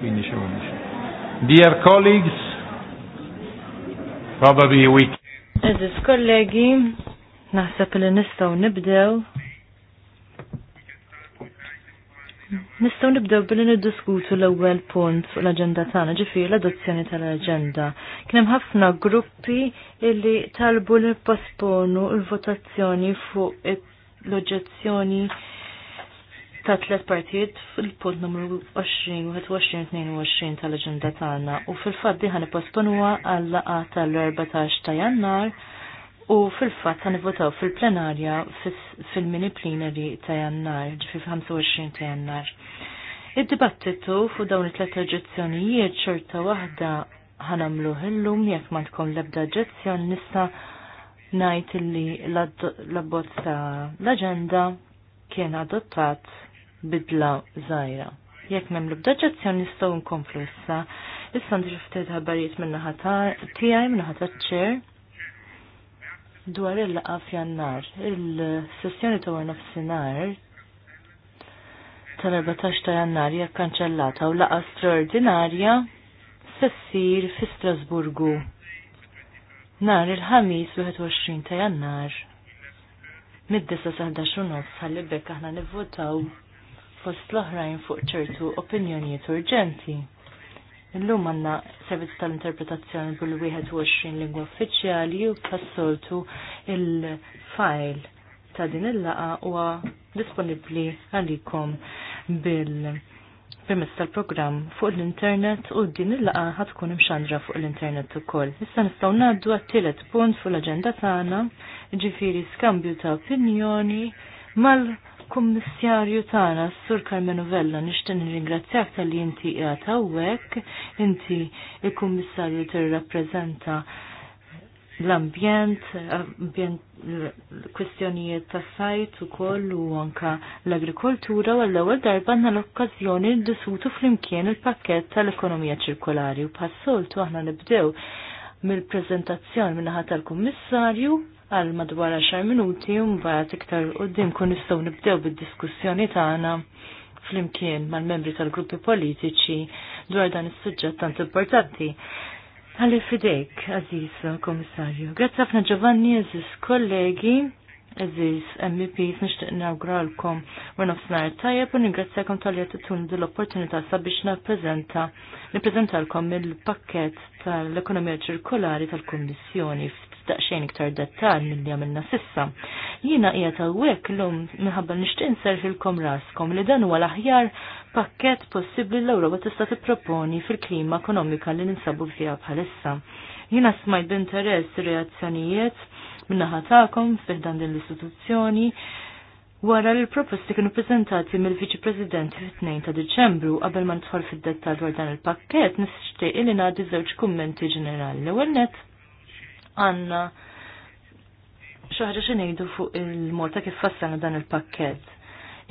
Dear colleagues, probably we Eżis kollegi, naħseb li nistaw nibdew. Nistaw nibdew billi niddiskutu l-ewwel punt fuq l-aġenda tagħna, ġifieri l-adozzjoni tal-aġenda. Kien hemm ħafna gruppi illi talbu li posponu l-votazzjoni fuq l-oġġezzjoni ta' tlet partijiet fil-punt numru 20-21-22 tal ġenda tagħna u fil-fatt diħan ipposponuha għall laqa tal-14 ta' Jannar u fil-fatt ħan votaw fil-plenarja fil-mini plenary ta' Jannar, ġifi 25 ta' Jannar. Id-dibattitu fu dawn it-tlet oġġezzjonijiet xorta waħda ħanamlu illum jekk ma tkun l-ebda oġġezzjon nista' ngħid illi l-abbozz ta' l-aġenda kien adottat bidla zaħira. Jekk mem l-bda ġazzjoni nistaw nkomplu issa, issa għandu ftit ħabarijiet minna ħatar, tijaj minna ħatar ċer, dwar il-laqa f'jannar, il-sessjoni ta' għarna f-sinar, tal-14 ta' jannar hija kkanċellata u laqa straordinarja sessir fi Strasburgu. Nar il-ħamis 21 ta' jannar. Mid-disa sa' ħalli bekk aħna nivvotaw fost l-oħrajn fuq ċertu opinjonijiet urġenti. Illum għanna servizz tal-interpretazzjoni bil-21 lingwa uffiċjali u passoltu il-file ta' din il-laqa huwa disponibbli għalikom bil permess tal-programm fuq l-internet u din il-laqa ħatkun imxandra fuq l-internet ukoll. Issa nistgħu ngħaddu għat-tielet punt fuq l-aġenda tagħna, ġifiri skambju ta' opinjoni mal- kummissarju tagħna Sur Carmenu Vella nixtieq nirringrazzjak tal-li inti qiegħed inti il-kummissarju tirrappreżenta l-ambjent, kwestjonijiet ta' sajt u kollu u anka l-agrikoltura u l-ewwel darba għandna l-okkażjoni diskutu flimkien il-pakket tal-ekonomija ċirkolari u passoltu aħna nibdew mill-prezentazzjoni minna tal-kummissarju għal madwar 10 minuti u mbagħad iktar qudiem kun nistgħu nibdew bid-diskussjoni tagħna flimkien mal-membri tal-gruppi politiċi dwar dan is-suġġett tant importanti. Għalli fidejk, Aziz Komissarju. Grazzi ħafna Giovanni, Aziz kollegi, Aziz MEPs, nishtiq nawgralkom u nofsnar tajjeb u ningrazzjakom tal-li għattun dil-opportunità sabiex napprezenta, nipprezentalkom il-pakket tal-ekonomija ċirkolari tal-Kommissjoni xejn iktar dettal milli għamilna sissa. Jiena qiegħed hawnhekk lum minħabba nixtieq inserħilkom raskom li dan huwa l-aħjar pakkett possibbli l-Ewropa tista' tipproponi fil-klima ekonomika li ninsabu fiha bħalissa. Jiena smajt b'interess reazzjonijiet minnaħa tagħkom dan din l-istituzzjoni Wara li l-proposti kienu prezentati mill-Viċi President fit-2 ta' Diċembru qabel ma ntħol fid-dettal dwar dan il-pakkett nixtieq li ngħaddi żewġ kummenti ġenerali. L-ewwel nett għanna xaħġa xinejdu fuq il morta kif fassana dan il-pakket.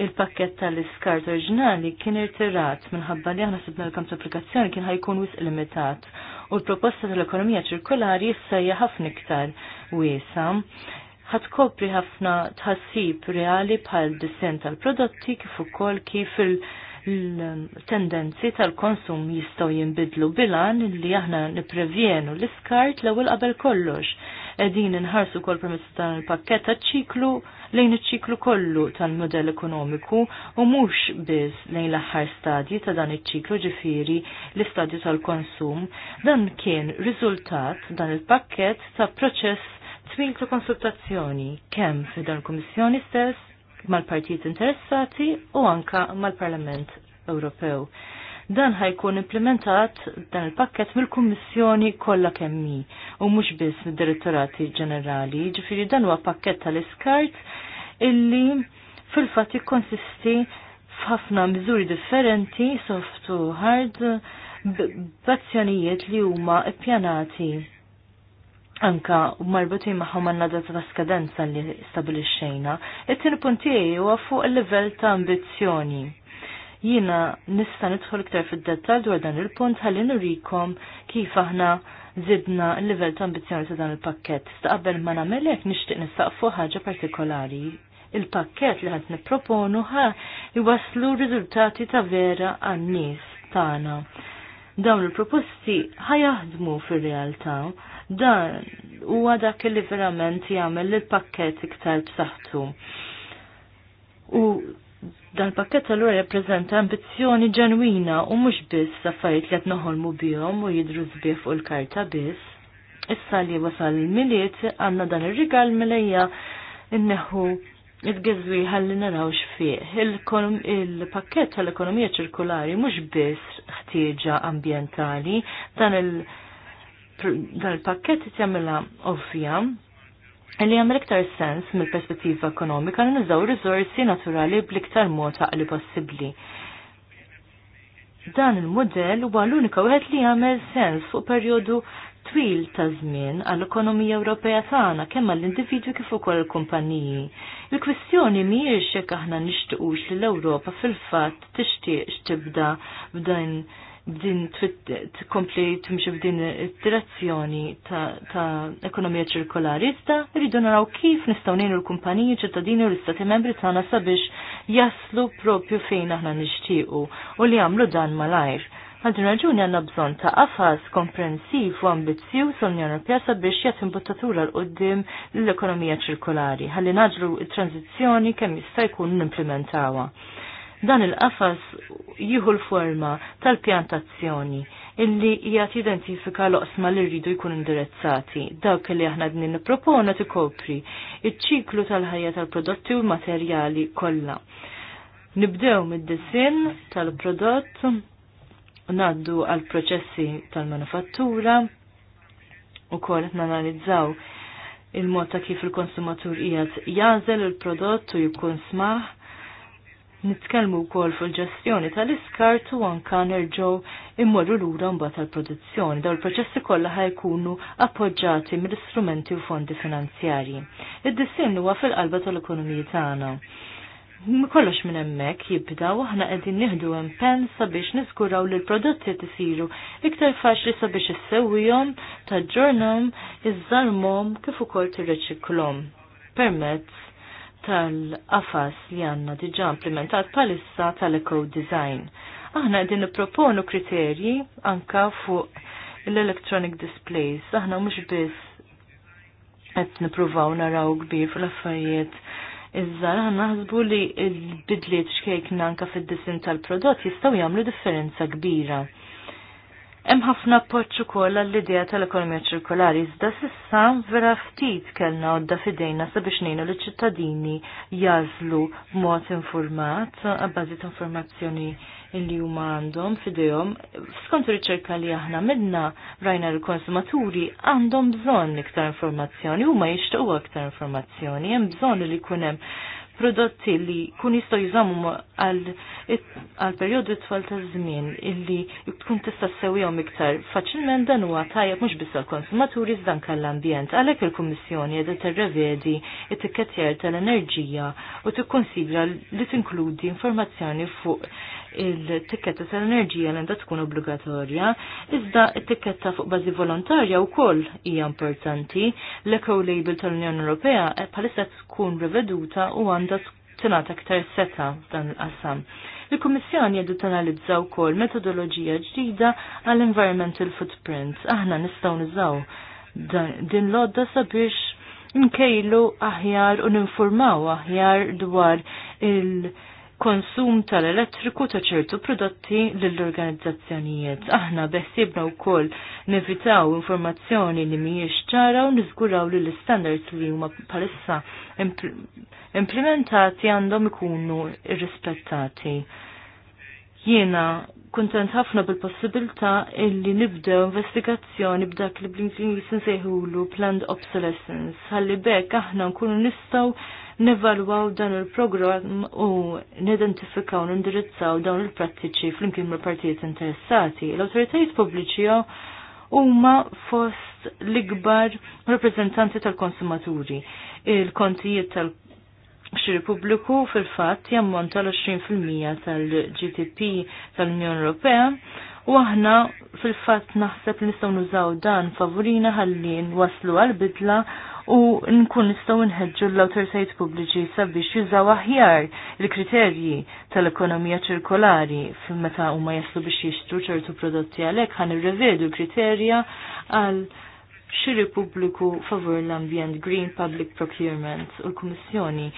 Il-pakket tal-iskart oriġinali kien irtirat minħabba li aħna sibna l-kamp applikazzjoni kien ħajkun wis limitat u l-proposta tal-ekonomija ċirkolari jissajja ħafna iktar wiesa ħatkopri ħafna tħassib reali bħal disen tal-prodotti kif ukoll kif il- l-tendenzi tal-konsum jistaw jimbidlu bilan li aħna niprevjenu l-iskart l-ewwel qabel kollox. Edin nħarsu kol permezz dan il-pakket ċiklu lejn iċ-ċiklu kollu tal-modell ekonomiku u mhux biss lejn l-aħħar stadji ta' dan iċ-ċiklu ġifieri l-istadju tal-konsum. Dan kien riżultat dan il-pakket ta' proċess twil ta' konsultazzjoni kemm fid-dan kummissjoni stess mal-partijiet interessati u anka mal-Parlament Ewropew. Dan ħajkun implementat dan il-pakket mill-Kummissjoni kollha kemmi u mhux biss mid-Direttorati Ġenerali, ġifieri dan huwa pakket tal-iskart illi fil-fatt jikkonsisti f'ħafna miżuri differenti, soft u hard, b'azzjonijiet li huma pjanati. Anka, marbutin maħom għanna data ta' skadenza li stabilixxejna, it-tini puntijiet huwa fuq il-livell ta' ambizzjoni. Jina nista' nidħol iktar fid-dettal dwar dan il-punt ħalli nurikom kif aħna zidna l-livell ta' ambizzjoni ta' dan il-pakket. Sta' qabel ma nagħmel hekk nixtieq nistaqfu ħaġa partikolari. Il-pakket li ħadd nipproponu ħa jwaslu riżultati ta' vera għan-nies tagħna. Dawn il-proposti ħajaħdmu fir-realtà Dan huwa dak li verament jagħmel lil pakket iktar b'saħħtu. U dan pakket allura jirrappreżenta ambizzjoni ġenwina u mhux biss affarijiet li qed noħolmu bihom u jidru sbieħ fuq il-karta biss. Issa li wasal il-miliet għandna dan ir-rigal milejja inneħu il-gizwi ħalli naraw xfieq. Il-pakket tal-ekonomija ċirkulari mhux biss ħtieġa ambjentali, dan il- dal-pakket jagħmilha ovvija li jagħmel iktar sens mill-perspettiva ekonomika li nużaw rizorsi naturali bl-iktar mod għaqli possibbli. Dan il-modell huwa l-unika wieħed li jagħmel sens fuq perjodu twil ta' żmien għall-ekonomija Ewropea tagħna kemm għall-individwi kif ukoll il-kumpaniji. Il-kwistjoni mhijiex jekk aħna nixtiequx li l-Ewropa fil-fatt tixtieq tibda b'dan din tkompli timxi b'din id-direzzjoni ta' ekonomija ċirkolari. Iżda rridu naraw kif nistgħu l-kumpaniji ċittadini u l-istati membri tagħna sabiex jaslu propju fejn aħna nixtiequ u li jagħmlu dan malajr. Għadin raġuni għandna bżonn ta' għafas komprensiv u ambizju l-Unjoni Ewropea sabiex jagħti imbuttatura l qoddim l-ekonomija ċirkolari ħalli naġlu t-tranzizzjoni kemm jista' jkun n-implementawa. Dan il-qafas jieħu l-forma tal-pjantazzjoni illi jgħat identifika l-oqsma li rridu jkun indirizzati. Dawk li aħna din niproponu tikopri il ċiklu tal-ħajja tal-prodotti u materjali kollha. Nibdew mid-disin tal-prodott, naddu għal proċessi tal-manufattura, u kol nanalizzaw il-mod ta' kif il-konsumatur jgħat jażel il-prodott u jkun smaħ nitkellmu wkoll fuq il-ġestjoni tal-iskart u anka nerġgħu immorru lura mbagħad tal-produzzjoni. Daw il-proċessi kollha ħajkunu appoġġjati mill-istrumenti u fondi finanzjarji. Id-dissin huwa fil-qalba tal-ekonomija tagħna. Kollox minn hemmhekk jibda u aħna qegħdin nieħdu impenn sabiex niskuraw li l-prodotti tisiru iktar faċli sabiex issewwihom, taġġornhom, iżżarmhom kif ukoll tirreċiklhom permezz tal-qafas li għanna diġa implementat palissa tal-eco design. Aħna din proponu kriterji anka fuq l-electronic displays. Aħna mux biss qed nipruvaw naraw kbir fl-affarijiet Iżda aħna naħsbu li l-bidliet xkejk nanka fid-disin tal-prodott jistaw jagħmlu differenza kbira. Hemm ħafna appoġġ ukoll għall-idea tal-ekonomija ċirkolari iżda s'issa vera ftit kellna għodda fidejna sabiex ngħinu li ċittadini jażlu mod informat għabbażi ta' informazzjoni li huma għandhom fidejhom, skont riċerka li aħna midna rajna l-konsumaturi għandhom bżonn iktar informazzjoni, huma jixtiequ aktar informazzjoni, hemm bżonn li jkun hemm prodotti li kun jistgħu jżommu għal t twal ta' żmien illi tkun tista' għom iktar faċilment dan huwa tajjeb mhux biss għall-konsumaturi zdan kall ambjent Għalhekk il-Kummissjoni qiegħda revedi it-tikketjer tal-enerġija u tikkonsidra li tinkludi informazzjoni fuq il-tikketta tal-enerġija l-għanda tkun obbligatorja, iżda il-tikketta fuq bazi volontarja u koll hija importanti, l-eco label tal-Unjoni Ewropea palissa tkun reveduta u għanda tinata aktar seta dan l qasam Il-Kummissjoni jeddu tanalizzaw kol metodologija ġdida għall-environmental footprint. Aħna nistaw nizzaw din lodda sabiex nkejlu aħjar u ninformaw aħjar dwar il- konsum tal-elettriku ta' ċertu prodotti lill-organizzazzjonijiet. Aħna beħsibna wkoll nevitaw informazzjoni li mhijiex ċara u niżguraw li l-standards li huma palissa implementati għandhom ikunu irrispettati. Jiena kuntent ħafna bil-possibilità illi nibdew investigazzjoni b'dak li bl-Ingliż nsejħulu planned obsolescence. Ħalli bekk aħna nkunu nistgħu nevalwaw dan il-programm u nidentifikaw nindirizzaw dawn il-prattiċi fl-imkien mill-partijiet interessati. L-autoritajiet pubbliċi huma fost l-ikbar rappresentanti tal-konsumaturi. Il-kontijiet tal xiri pubbliku fil-fatt jammonta l-20% tal-GDP tal-Unjoni Ewropea u aħna fil-fatt naħseb li nistgħu nużaw dan favorina ħallin waslu għal-bidla u nkun nistgħu nħeġġu l-awtoritajiet pubbliċi sabiex jużaw aħjar il-kriterji tal-ekonomija ċirkolari meta huma jaslu biex jixtru ċertu prodotti għalhekk ħan irrevedu kriterja għal xiri pubbliku favur l-ambjent Green Public Procurement u l-Kummissjoni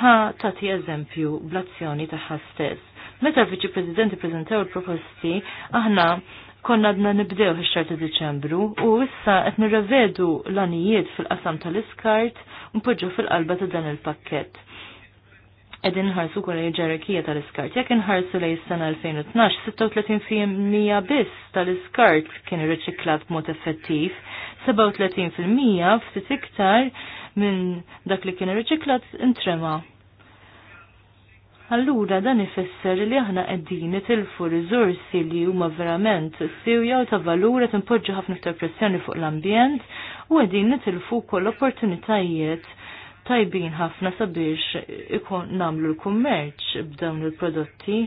ħa tagħti eżempju bl-azzjoni tagħha stess. Meta l-Viċi Presidenti preżentew il-proposti, aħna konna għadna nibdew ħiċċar ta' Deċembru u issa qed nirrevedu l-anijiet fil-qasam tal-iskart mpoġġu fil-qalba ta' dan il-pakket. Edin nħarsu kol ġerarkija tal-iskart. Jekk inħarsu lej s-sena 2012, 36% biss tal-iskart kien irriċiklat b'mod effettiv, 37% ftit iktar minn dak li kien irriċiklat intrema allura dan ifisser li aħna qegħdin nitilfu riżorsi li huma verament sewja u ta' valura tinpoġġu ħafna iktar pressjoni fuq l-ambjent u qegħdin nitilfu wkoll opportunitajiet tajbin ħafna sabiex ikon namlu l-kummerċ b'dawn il-prodotti,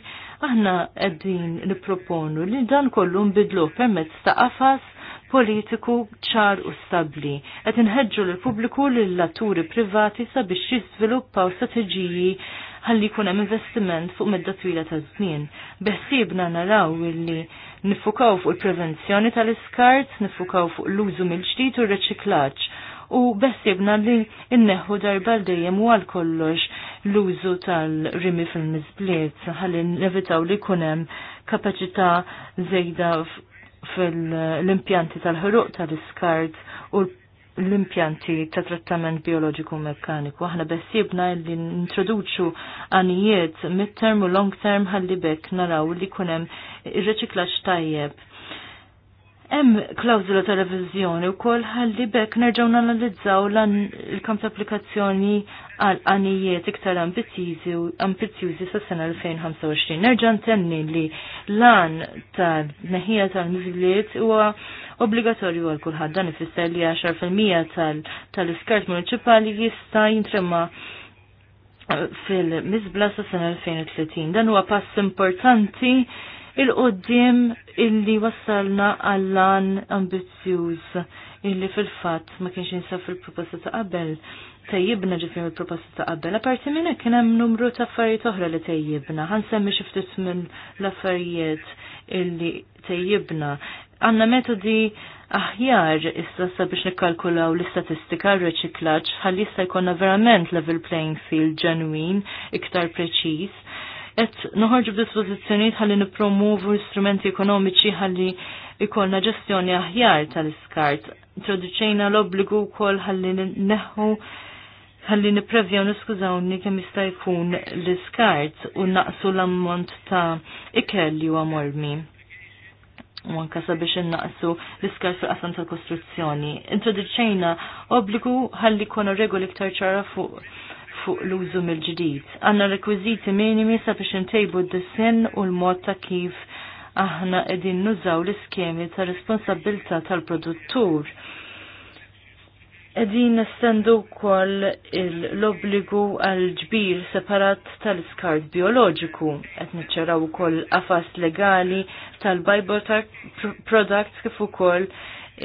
aħna qegħdin nipproponu li dan kollu nbidlu permezz ta' qafas politiku ċar u stabli. Qed inħeġġu l-pubbliku l-laturi privati sabiex jiżviluppaw strateġiji ħalli jkun hemm investiment fuq medda twila ta' żmien. Beħsiebna naraw illi nifukaw fuq il-prevenzjoni tal-iskart, nifukaw fuq l-użu mill-ġdid u r-reċiklaġġ u bessibna li inneħu darba dejjem u għal kollox l-użu tal-rimi fil-mizbliet, ħalli nevitaw li kunem kapacita zejda fil-impjanti tal-ħruq tal-iskart u l-impjanti ta' trattament biologiku mekkaniku. Aħna bessibna li introduċu għanijiet mid-term u long-term ħalli bekk naraw li kunem ir-reċiklaċ tajjeb. Hemm klawzula ta' revizjoni wkoll ħalli bekk nerġgħu nanalizzaw il kamp ta' applikazzjoni għal għanijiet iktar ambizjużi sa' sena 2025. Nerġa' ntenni li lan ta' neħija tal-miżliet huwa obbligatorju għal kulħadd dan ifisser li 10% tal-iskart municipali jista' jintrema uh, fil-mizbla sa sena 2030. Dan huwa pass importanti il-qoddim illi wassalna għallan ambizzjuż illi fil-fatt ma kienx jinsab fil-proposta ta' qabel. Tejjibna ġifim il-proposta ta' qabel, A parti minna kien hemm numru ta' affarijiet oħra li tejjibna. Ħansemmi xi ftit minn l-affarijiet illi tejjibna għanna metodi aħjar issa sabiex nikkalkulaw l-istatistika r-reċiklaġġ ħalli issa jkollna verament level playing field ġenwin iktar preċiż. Et noħorġu b'dispożizzjonijiet ħalli nipromovu strumenti ekonomiċi ħalli jkollna ġestjoni aħjar tal-iskart. Introduċejna l-obbligu wkoll ħalli neħu ħalli niprevjaw niskużawni kemm jista' jkun l-iskart u naqsu l-ammont ta' ikelli u amormi u anka sabiex innaqsu l-iskar fil-qasam tal-kostruzzjoni. Introduċejna obbligu ħalli kuna regoli ktar ċara fuq fuq l-użu mill-ġdid. Għanna rekwiziti minimi sabiex intejbu d-disin u l-mod ta' kif aħna edin nużaw l-iskemi ta' responsabilta tal-produttur Edin nestendu kol l-obligu għal-ġbir separat tal skart bioloġiku, et nċaraw kol afas legali tal-bajbor tal-product kif ukoll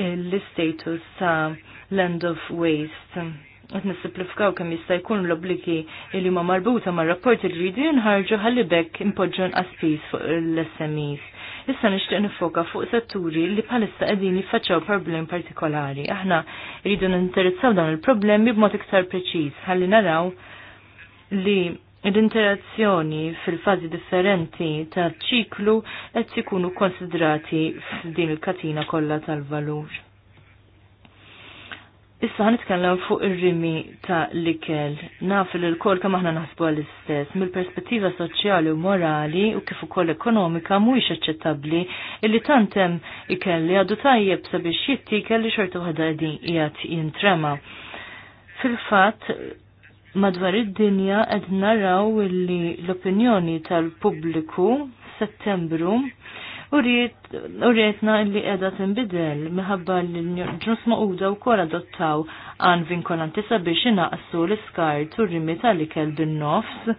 l-status ta' land of waste. Et nisimplifikaw kemm jista' jkun l-obligi li huma marbuta mar-rapporti li jridu jinħarġu ħalli bekk impoġġu nqas fuq l-SMEs. Issa nixtieq nifoka fuq setturi li bħalissa qegħdin jiffaċċaw problem partikolari. Aħna rridu ninteressaw dawn il-problemi b'mod iktar preċiż ħalli naraw li l-interazzjoni fil-fazi differenti ta' ċiklu qed ikunu konsidrati f'din il-katina kollha tal-valur. Issa ħan nitkellem fuq ir-rimi ta' likel Naf li l-kol kemm aħna naħsbu għall istess mill-perspettiva soċjali u morali u kif ukoll ekonomika mhuwiex aċċettabbli illi tant hemm ikel li għadu tajjeb sabiex jittikel li xorta waħda din qiegħed jintrema. Fil-fatt madwar id-dinja qed naraw li l-opinjoni tal-pubbliku f'Settembru u rritna li edha tinbidel minħabba li l-ġnus u kol adottaw għan vinkolanti sabiex inaqsu l skar turrimi tal-ikel bin-nofs.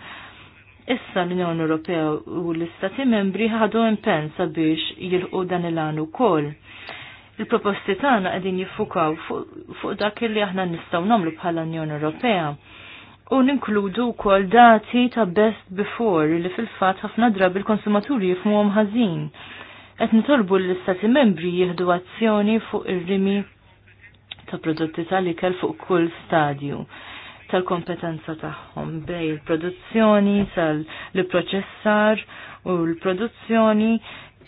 Issa l-Unjoni Ewropea u l-Istati membri ħadu impenn sabiex jilqu dan il-għan ukoll. Il-proposti tagħna qegħdin jiffukaw fuq dak li aħna nistgħu nagħmlu bħala Unjoni Ewropea. U ninkludu kol dati ta' best before li fil-fat ħafna drabi l-konsumaturi jifmuhom ħażin qed nitolbu l-istati membri jieħdu azzjoni fuq ir-rimi ta' prodotti tal-ikel fuq kull stadju tal-kompetenza tagħhom bej il-produzzjoni tal-proċessar u l-produzzjoni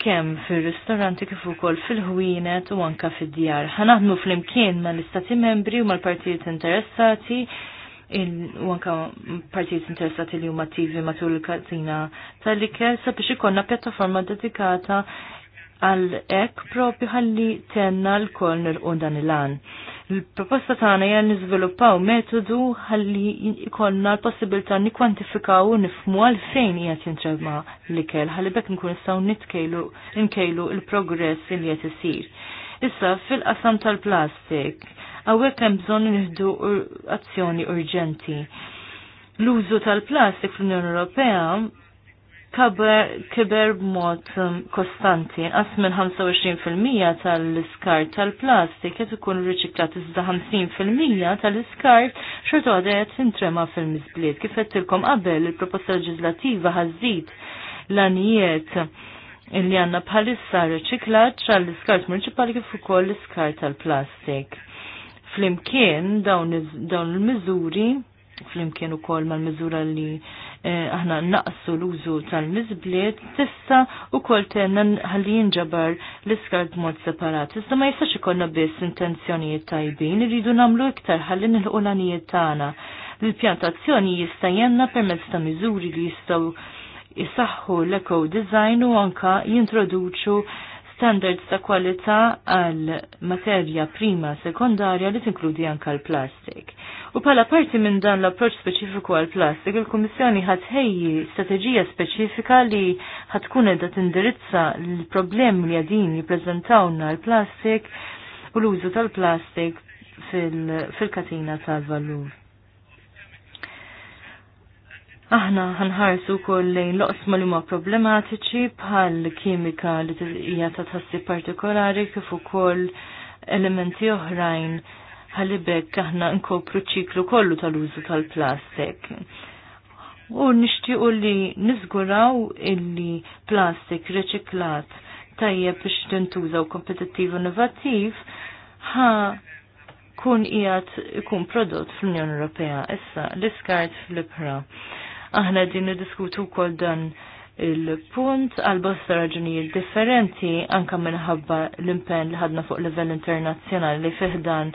kemm fir-ristoranti kif ukoll fil-ħwienet u anka fid-djar. Ħanaħdmu flimkien mal-istati membri u mal-partijiet interessati u anka partijiet interessati li huma attivi matul il-katina tal-ikel sabiex ikonna pjattaforma dedikata għal ek propju ħalli tenna l kolner u dan il-għan. Il-proposta tagħna hija niżviluppaw metodu ħalli jkollna l-possibilità nikkwantifikaw u nifhmu għal fejn qiegħed jintrema l-ikel ħalli bekk nkun nistgħu nitkejlu nkejlu l-progress li qed isir. Issa fil-qasam tal-plastik, hawnhekk hemm bżonn nieħdu azzjoni urġenti. L-użu tal-plastik fl-Unjoni Ewropea kiber b'mod um, kostanti. As minn 25% tal iskar tal-plastik qed ikun riċiklat iżda 50% tal iskar xorta għadha qed intrema fil-miżbliet. Kif qed tilkom qabel il-proposta leġislattiva ħazzit l-anijiet li għanna bħalissa riċiklat għall iskar municipali kif ukoll l iskar tal-plastik. Flimkien dawn il-miżuri, flimkien ukoll mal-miżura li Eh, aħna naqsu l-użu tal-mizbliet, tissa u kol tenna ħalli jinġabar l-iskart mod separat. Iżda ma jistax ikonna biss intenzjonijiet tajbin, irridu namlu iktar ħalli nil-qolanijiet tagħna. L-pjantazzjoni jista' jenna permezz ta' miżuri li jistgħu jisaħħu l-eco design u anka jintroduċu standards ta' kwalità għal materja prima sekondarja li tinkludi anka l-plastik. U pala parti minn dan l-approċ speċifiku għal plastik, il-Kummissjoni ħatħejji strateġija speċifika li ħatkun edha tindirizza l-problemi li għadin li prezentawna l-plastik u l-użu tal-plastik fil-katina tal-valur. Aħna ħanħarsu koll lejn loqsma li huma problematiċi bħal kimika li hija ta' tħassib partikolari kif ukoll elementi oħrajn għalibek aħna nkopru ċiklu kollu tal-użu tal-plastik. U nixtiequ li niżguraw illi plastik reċiklat tajjeb biex tintużaw kompetittiv innovativ ħa kun qiegħed ikun prodott fl-Unjoni Ewropea issa l-iskart fl ipra Aħna din niddiskutu wkoll dan il-punt għal bosta raġunijiet differenti anka minħabba l-impenn li ħadna fuq livell internazzjonali li fiħdan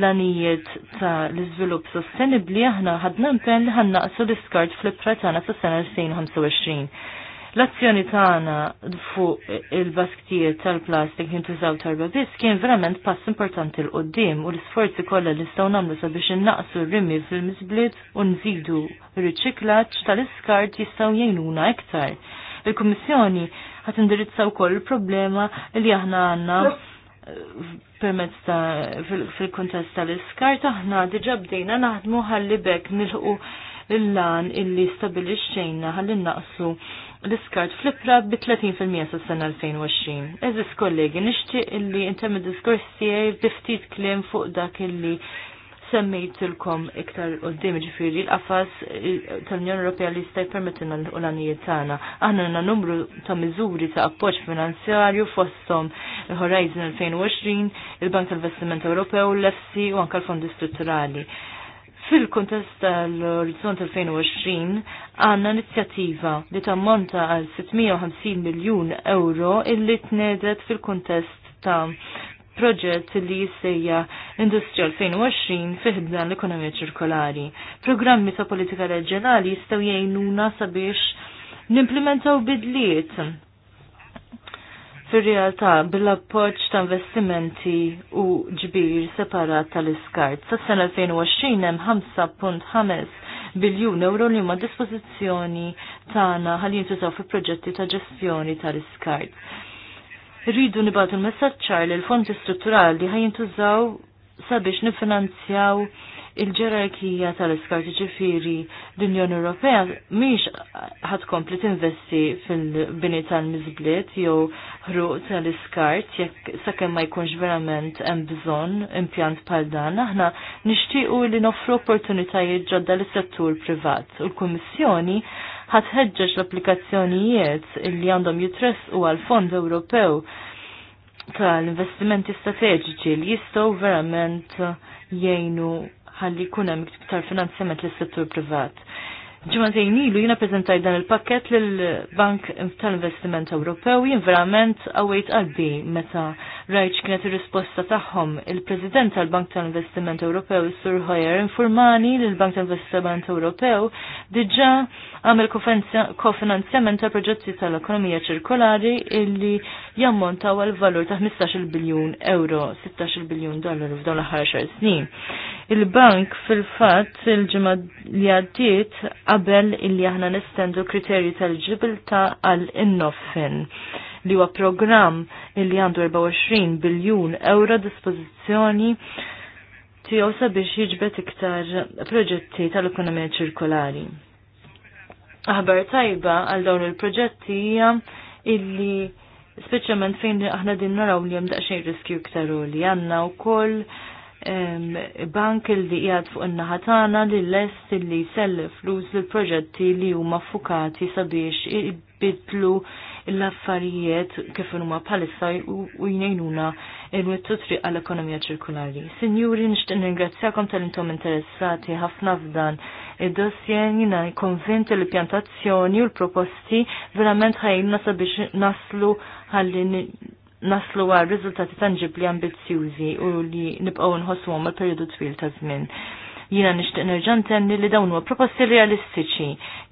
l-anijiet ta' l-izvilup sostenibli aħna ħadna mpen li ħannaqsu l-iskart fl-ippra tagħna sas-sena 2025. L-azzjoni tagħna fuq il-basktijiet tal-plastik jintużaw tarba biss kien verament pass importanti l qoddim u l-isforzi kollha li staw nagħmlu sabiex innaqsu r-rimmi fil mizblit u nżidu riċiklaġġ tal-iskart jistgħu jgħinuna iktar. Il-Kummissjoni għat indirizzaw koll il-problema li aħna għandna permezz ta' fil-kontest tal-iskart aħna diġa bdejna naħdmu ħalli bekk nilħu l-lan illi stabilixxejna ħalli naqsu l-iskart fl bi 30% sa' sena 2020. Eżis kollegi, nixtieq illi intemm id-diskors tiegħi biftit kliem fuq dak illi semmejtilkom iktar qoddim ġifiri l-qafas eh, tal-Unjoni Ewropea li jista' jpermettilna l għanijiet tagħna. Aħna għandna numru ta' miżuri ta' appoġġ finanzjarju fosthom Horizon 2020, il-Bank tal-Vestiment Ewropew, l-EFSI u anke l-Fondi Strutturali. Fil-kontest tal-Orizzont 2020 għanna inizjattiva li tammonta għal 650 miljun euro illi t-nedet fil-kontest ta' proġett li jissejja Industrija 2020 fiħdan l-ekonomija ċirkolari. Programmi ta' politika reġjonali jistgħu jgħinuna sabiex nimplementaw bidliet fir-realtà bil-appoġġ ta' investimenti u ġbir separat tal-iskart. Sas-sena 2020 hemm 5.5 biljun euro li huma dispożizzjoni tagħna ħalli jintużaw fi proġetti ta' ġestjoni tal-iskart rridu nibatu l-messagġar li l-fondi strutturali ħajintużaw sabiex nifinanzjaw il-ġerarkija tal-iskarti ġifiri l-Unjoni Ewropea miex ħatkompli tinvesti fil-bini tal-mizbliet jew ħruq tal-iskart jekk sakemm ma jkunx verament hemm bżonn impjant bħal dan, aħna nixtiequ li noffru opportunitajiet ġodda lis settur privat u l-Kummissjoni ħatħeġġeġ l-applikazzjonijiet li għandhom jitress u għal-Fond Ewropew tal-investimenti strateġiċi li jistgħu verament jgħinu ħalli jkun hemm iktar finanzjament lis settur privat. Ġimma ilu jina prezentaj dan il-pakket l-Bank tal-Investiment Ewropew jien verament għawajt qalbi meta rajċ kienet il-risposta tagħhom. Il-President tal-Bank tal-Investiment Ewropew, Sur Hoyer, informani li l-Bank tal-Investiment Ewropew diġa għamil kofinanzjament ta' proġetti tal-ekonomija ċirkolari illi jammontaw għal valur ta' 15 biljun euro, 16 biljun dollaru f'dawn l-ħar snin. Il-bank fil-fatt il-ġimgħa li għaddiet qabel illi aħna nistendu kriterji tal-ġibilta għal innoffin li huwa programm illi għandu 24 biljun euro dispożizzjoni tiegħu sabiex jiġbed iktar proġetti tal-ekonomija ċirkolari. Aħbar tajba għal dawn il-proġetti hija illi speċjalment fejn aħna din naraw li hemm daqsxejn riskju iktar li għandna wkoll bank li jgħad fuq il naħa tagħna li lest li jselli flus l proġetti li huma fukati sabiex ibidlu l-affarijiet kif huma bħalissa u jnejnuna il wittu triq għall-ekonomija ċirkulari. Sinjuri, nixtieq ningrazzjakom tal-intom interessati ħafna f'dan id-dossier jina konvint il-pjantazzjoni u l-proposti verament ħajna sabiex naslu għalli naslu għal riżultati tangibli ambizzjużi u li nibqgħu nħossuhom għal perjodu twil ta' żmien. Jiena nixtieq nerġa' ntenni li dawn huwa proposti realistiċi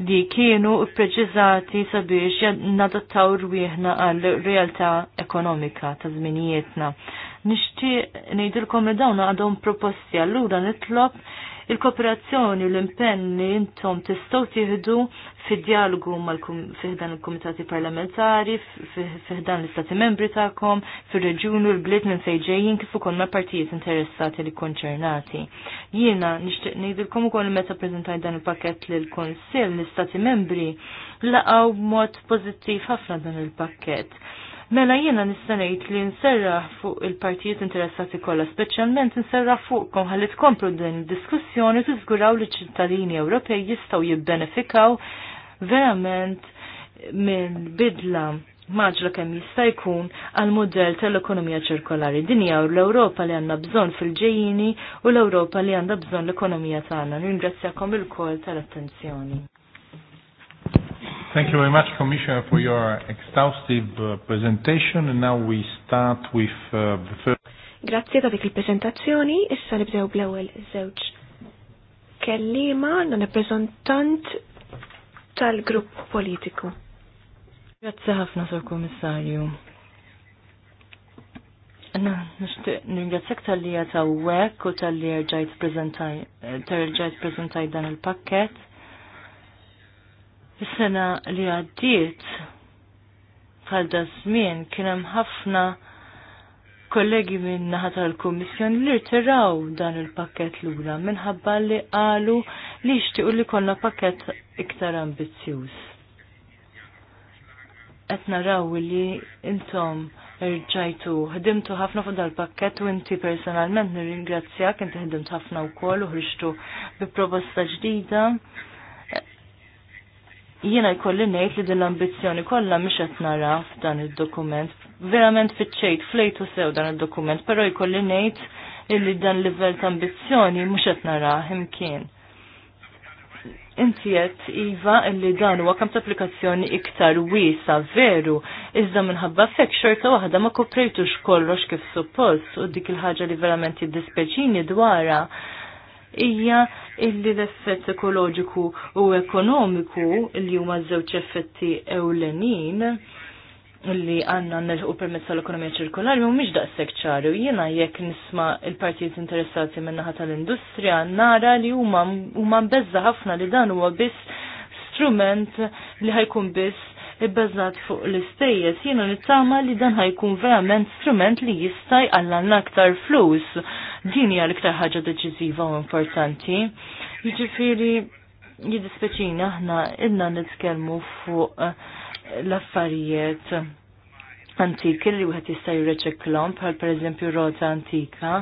li kienu ppreċiżati sabiex nadottaw rwieħna għal realtà ekonomika ta' żminijietna. Nixtieq ngħidilkom li dawn għadhom proposti allura nitlob Il-kooperazzjoni l-impenni intom tistgħu tieħdu fid-dialogu fiħdan il-kumitati parlamentari, fiħdan l-istati membri tagħkom, fir-reġjun u l-bliet minn fejn kif ukoll ma' partijiet interessati li konċernati. Jiena nixtieq ngħidilkom ukoll meta preżentaj dan il-pakett lil konsil l-istati membri laqgħu b'mod pożittiv ħafna dan il pakkett Mela jiena nistanejt li nserra fuq il-partijiet interessati kollha, speċjalment nserra fuqkom ħalli tkomplu din id-diskussjoni tiżguraw li ċittadini Ewropej jistgħu jibbenefikaw verament minn bidla maġla kemm jista' jkun għal modell tal-ekonomija ċirkolari. dinja u l-Ewropa li għandna bżonn fil-ġejjini u l-Ewropa li għandha bżonn l-ekonomija tagħna. Ningrazzjakom il-kol tal-attenzjoni. Thank you very much, Commissioner, for your exhaustive uh, presentation. And now we start with uh, the first... Grazie ta' dik il-prezentazzjoni, issa nibdew bl-ewwel żewġ Kelliema, non rappresentant tal-grupp politiku. Grazzi ħafna, Sur Kummissarju. Anna, nishtiq nirgazzek tal-li għata u tal-li rġajt eh, prezentaj dan il-pakket. Is-sena li għaddiet bħal dażmien żmien kien hemm ħafna kollegi minn naħa tal-Kummissjoni li rtiraw dan il-pakket lura minħabba li qalu li jixtiequ li kollha pakket iktar ambizzjuż. Qed naraw li intom rġajtu, ħdimtu ħafna fuq dal-pakket u inti personalment nirringrazzjak, inti ħdimt ħafna wkoll u ħriġtu bi proposta ġdida jiena jkolli ngħid li din l-ambizzjoni kollha mhix qed nara f'dan id-dokument. Verament fiċċejt flejtu sew dan id-dokument, però jkolli ngħid illi dan livell ta' ambizzjoni mhux qed nara imkien. Inti qed iva illi dan huwa kemm applikazzjoni iktar wiesa veru, iżda minħabba fek xorta waħda ma koprejtux kollox kif suppost u dik il-ħaġa li verament jiddispeċini dwarha hija illi l-effett ekoloġiku u ekonomiku li huma żewġ effetti ewlenin li għanna nerħu permezz tal-ekonomija ċirkolari mhumiex daqshekk ċaru. Jiena jekk nisma' il-partijiet interessati min-naħa tal-industrija nara li huma huma mbeżza ħafna li dan huwa biss strument li ħajkun biss ibbeżat fuq l-istejjes. Jiena nittama li dan ħajkun verament strument li jista' jqallan aktar flus din hija l-iktar ħaġa deċiżiva u importanti. Jiġifieri jidispeċina aħna idna nitkellmu fuq eh, l-affarijiet antiki li wieħed jista' jirreċeklhom bħal pereżempju rota antika.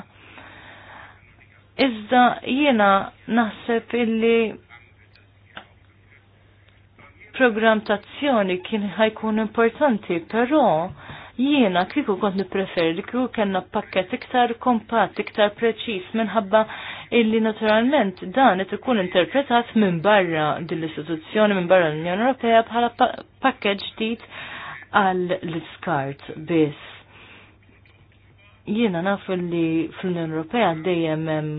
Iżda jiena naħseb illi program tazzjoni kien ħajkun importanti, però Jiena kieku kont nippreferi li kieku kellna pakket iktar kompatt, iktar preċis minħabba illi naturalment dan qed ikun interpretat minn barra din l-istituzzjoni minn barra l-Unjoni Ewropea bħala pakket ġdid għal l-iskart biss. Jiena naf li fl-Unjoni Ewropea dejjem hemm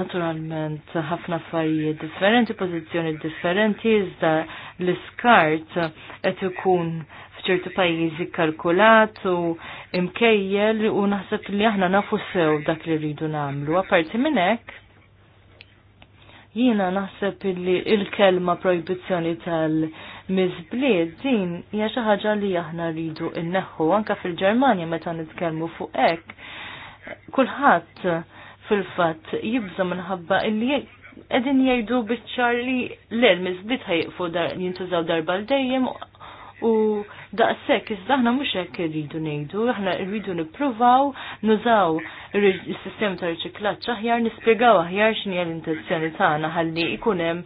naturalment ħafna affarijiet differenti, pożizzjoni differenti, iżda l-iskart qed ikun ċertu pajjiżi kalkulat u imkejjel u naħseb li aħna nafu sew dak li rridu nagħmlu. Apparti minn hekk, jiena naħseb li il-kelma proibizzjoni tal-miżbliet din hija xi ħaġa li aħna rridu inneħħu anke fil-Ġermanja meta nitkellmu fuq hekk. Kulħadd fil-fatt jibżgħu minħabba illi edin jajdu bitċar li l-elmis bit ħajqfu jintużaw darba l-dejjem u daqshekk iżda aħna mhux hekk rridu ngħidu, aħna rridu nippruvaw nużaw is-sistema ta' riċiklaġġ aħjar nispjegaw aħjar xini l-intenzjoni tagħna ħalli jkun hemm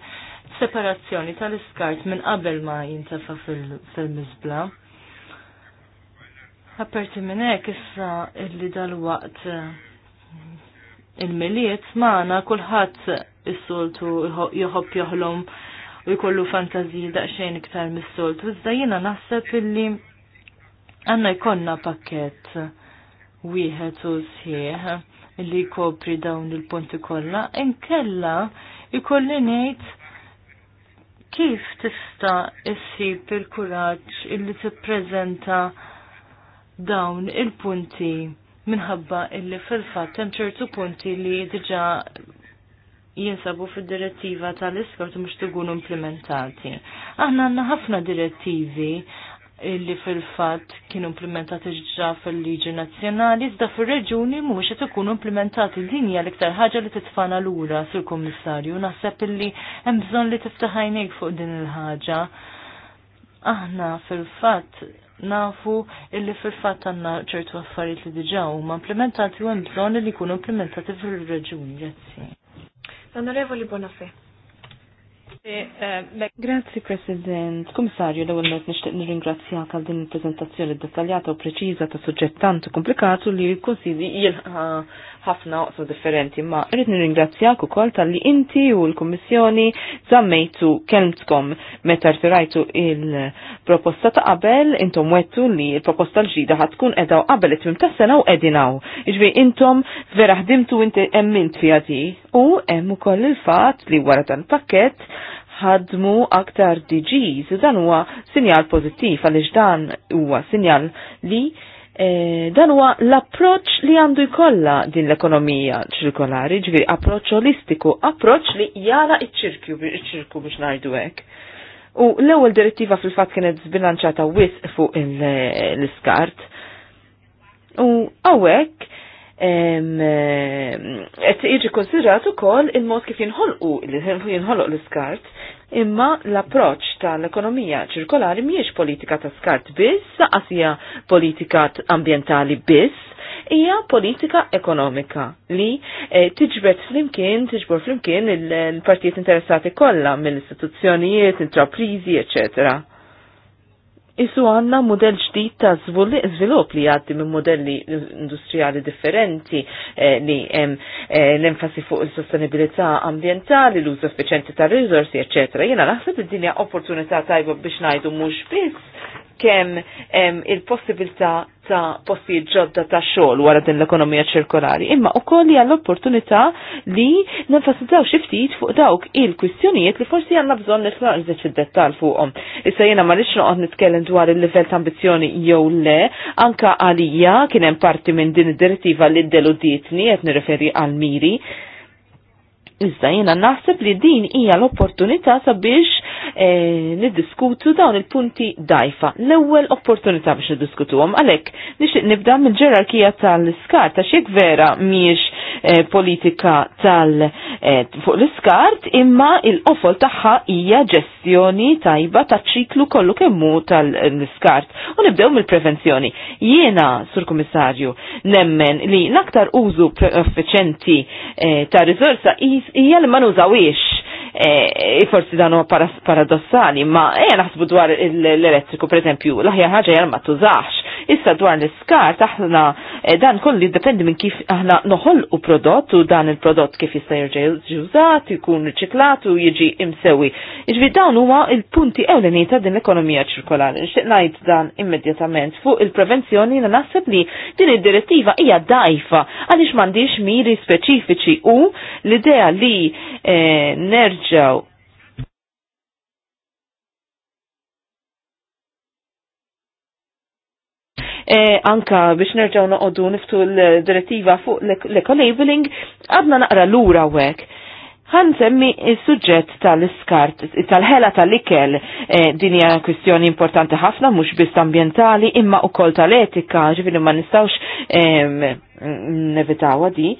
separazzjoni tal-iskart minn qabel ma jintafa fil-miżbla. Apparti minn hekk issa illi dal-waqt il-miliet maħna kulħadd is-soltu joħob joħlom u jkollu fantazija daqsxejn iktar mis-solt. Iżda jiena naħseb illi għandna jkollna pakkett wieħed u sħieħ illi jkopri dawn il-punti kollha, inkella jkolli ngħid kif tista' issib il-kuraġġ illi tippreżenta dawn il-punti minħabba illi fil-fatt hemm ċertu punti li diġà jinsabu fil-direttiva tal-iskort mux tugun implementati. Aħna għanna ħafna direttivi illi fil-fat kienu implementati ġġa fil-liġi nazjonali, iżda fil-reġuni mux qed ikunu implementati din hija l-iktar ħaġa li titfana lura fil komissarju Naħseb illi hemm bżonn li tiftaħajnek fuq din il-ħaġa. Aħna fil-fatt nafu illi fil-fat għanna ċertu affarijiet li diġa huma implementati u hemm bżonn li jkunu implementati fil-reġuni. Onorevoli Bonafè. E, eh, Grazzi President. Komissarju, l-ewwel net nixtieq nirringrazzjak għal din il-preżentazzjoni dettaljata u preċiża ta' suġġett tant komplikatu li l-Kunsilli jilħa ħafna oqsu differenti, ma rrid nirringrazzjak u kol tal-li inti u l-Kommissjoni zammejtu kelmtkom meta rtirajtu il-proposta ta' qabel, intom wettu li il-proposta l-ġida ħatkun edaw qabel it-tmim ta' sena u edinaw. Iġvi intom vera ħdimtu inti emmint fiha di u emmu koll il-fat li wara dan pakket ħadmu aktar DGs dan huwa sinjal pożittiv għaliex dan huwa sinjal li Eh, dan huwa l-approċ li għandu jkollha din l-ekonomija ċirkolari, ġifieri approċċ holistiku, approċċ li jara iċ-ċirkju iċ-ċirku biex ngħidu hekk. U l-ewwel direttiva fil-fatt kienet zbilanċata wisq fuq l-iskart. U hawnhekk Eh, qed jiġi konsidrat ukoll il-mod kif jinħolqu jinħolqu l-iskart imma l-approċ tal-ekonomija ċirkolari mhijiex politika ta' skart biss, saqasija politika ambientali biss, hija politika ekonomika li eh, tiġbed flimkien, tiġbor flimkien il-partijiet interessati kollha mill-istituzzjonijiet, intraprizi, eccetera Isu għanna model ġdid ta' zvilup li għaddi minn modelli industrijali differenti eh, li hemm eh, l-enfasi fuq il-sostenibilità ambientali, l-użu effiċenti ta' risorsi, eccetera. Jena naħseb id-dinja opportunità tajba biex najdu mhux biss kemm il-possibilità ta' postijiet ġodda ta' xogħol wara din l-ekonomija ċirkolari, imma wkoll hija l-opportunità li nenfasizzaw xi ftit fuq dawk il-kwistjonijiet li forsi għanna bżonn nisla għazet fil dettall fuqhom. Issa jiena ma rridx nitkellem dwar il-livell ta' ambizzjoni jew le, anka għalija kien hemm parti minn din id-direttiva li deludietni qed nirreferi għal miri Iżda jiena naħseb li din hija l-opportunità sabiex e, niddiskutu dawn il-punti dajfa. L-ewwel opportunità biex niddiskutuhom għalhekk nixtieq nibda mill-ġerarkija tal-iskart ta' jekk vera mhijiex e, politika tal e, fuq l-iskart imma il-qofol tagħha hija ġestjoni tajba taċ-ċiklu kollu kemm hu tal-iskart. U nibdew mill-prevenzjoni. Jiena, Sur Kummissarju, nemmen li l-aktar użu effiċenti ta' riżorsa hija li ma nużawiex. E, e, forsi dan huwa paradossali, ma ejja naħsbu dwar l-elettriku, pereżempju, l-aħjar ħaġa jgħal ma tużax. Issa dwar l-iskar aħna e, dan kolli dipendi minn kif aħna noħolqu prodott u dan il-prodott kif jista' jerġa' jużat, jkun riċiklat u jiġi imsewi. Iġvi dawn huma il-punti ewleni ta' din l-ekonomija ċirkolari. Nixtieq ngħid dan immedjatament fuq il-prevenzjoni li naħseb li din id-direttiva hija dajfa għaliex m'għandix miri speċifiċi u l-idea li eh, nerġaw E, anka biex nerġaw noqodu niftu l-direttiva fuq l-eco-labeling, għadna naqra l-ura wek. Għan semmi il-sujġet tal-iskart, tal-ħela tal-ikel, dinja e, din hija kwistjoni importanti ħafna, mux bist ambientali, imma u kol tal-etika, ġifiri ma nistawx e, nevitawa di,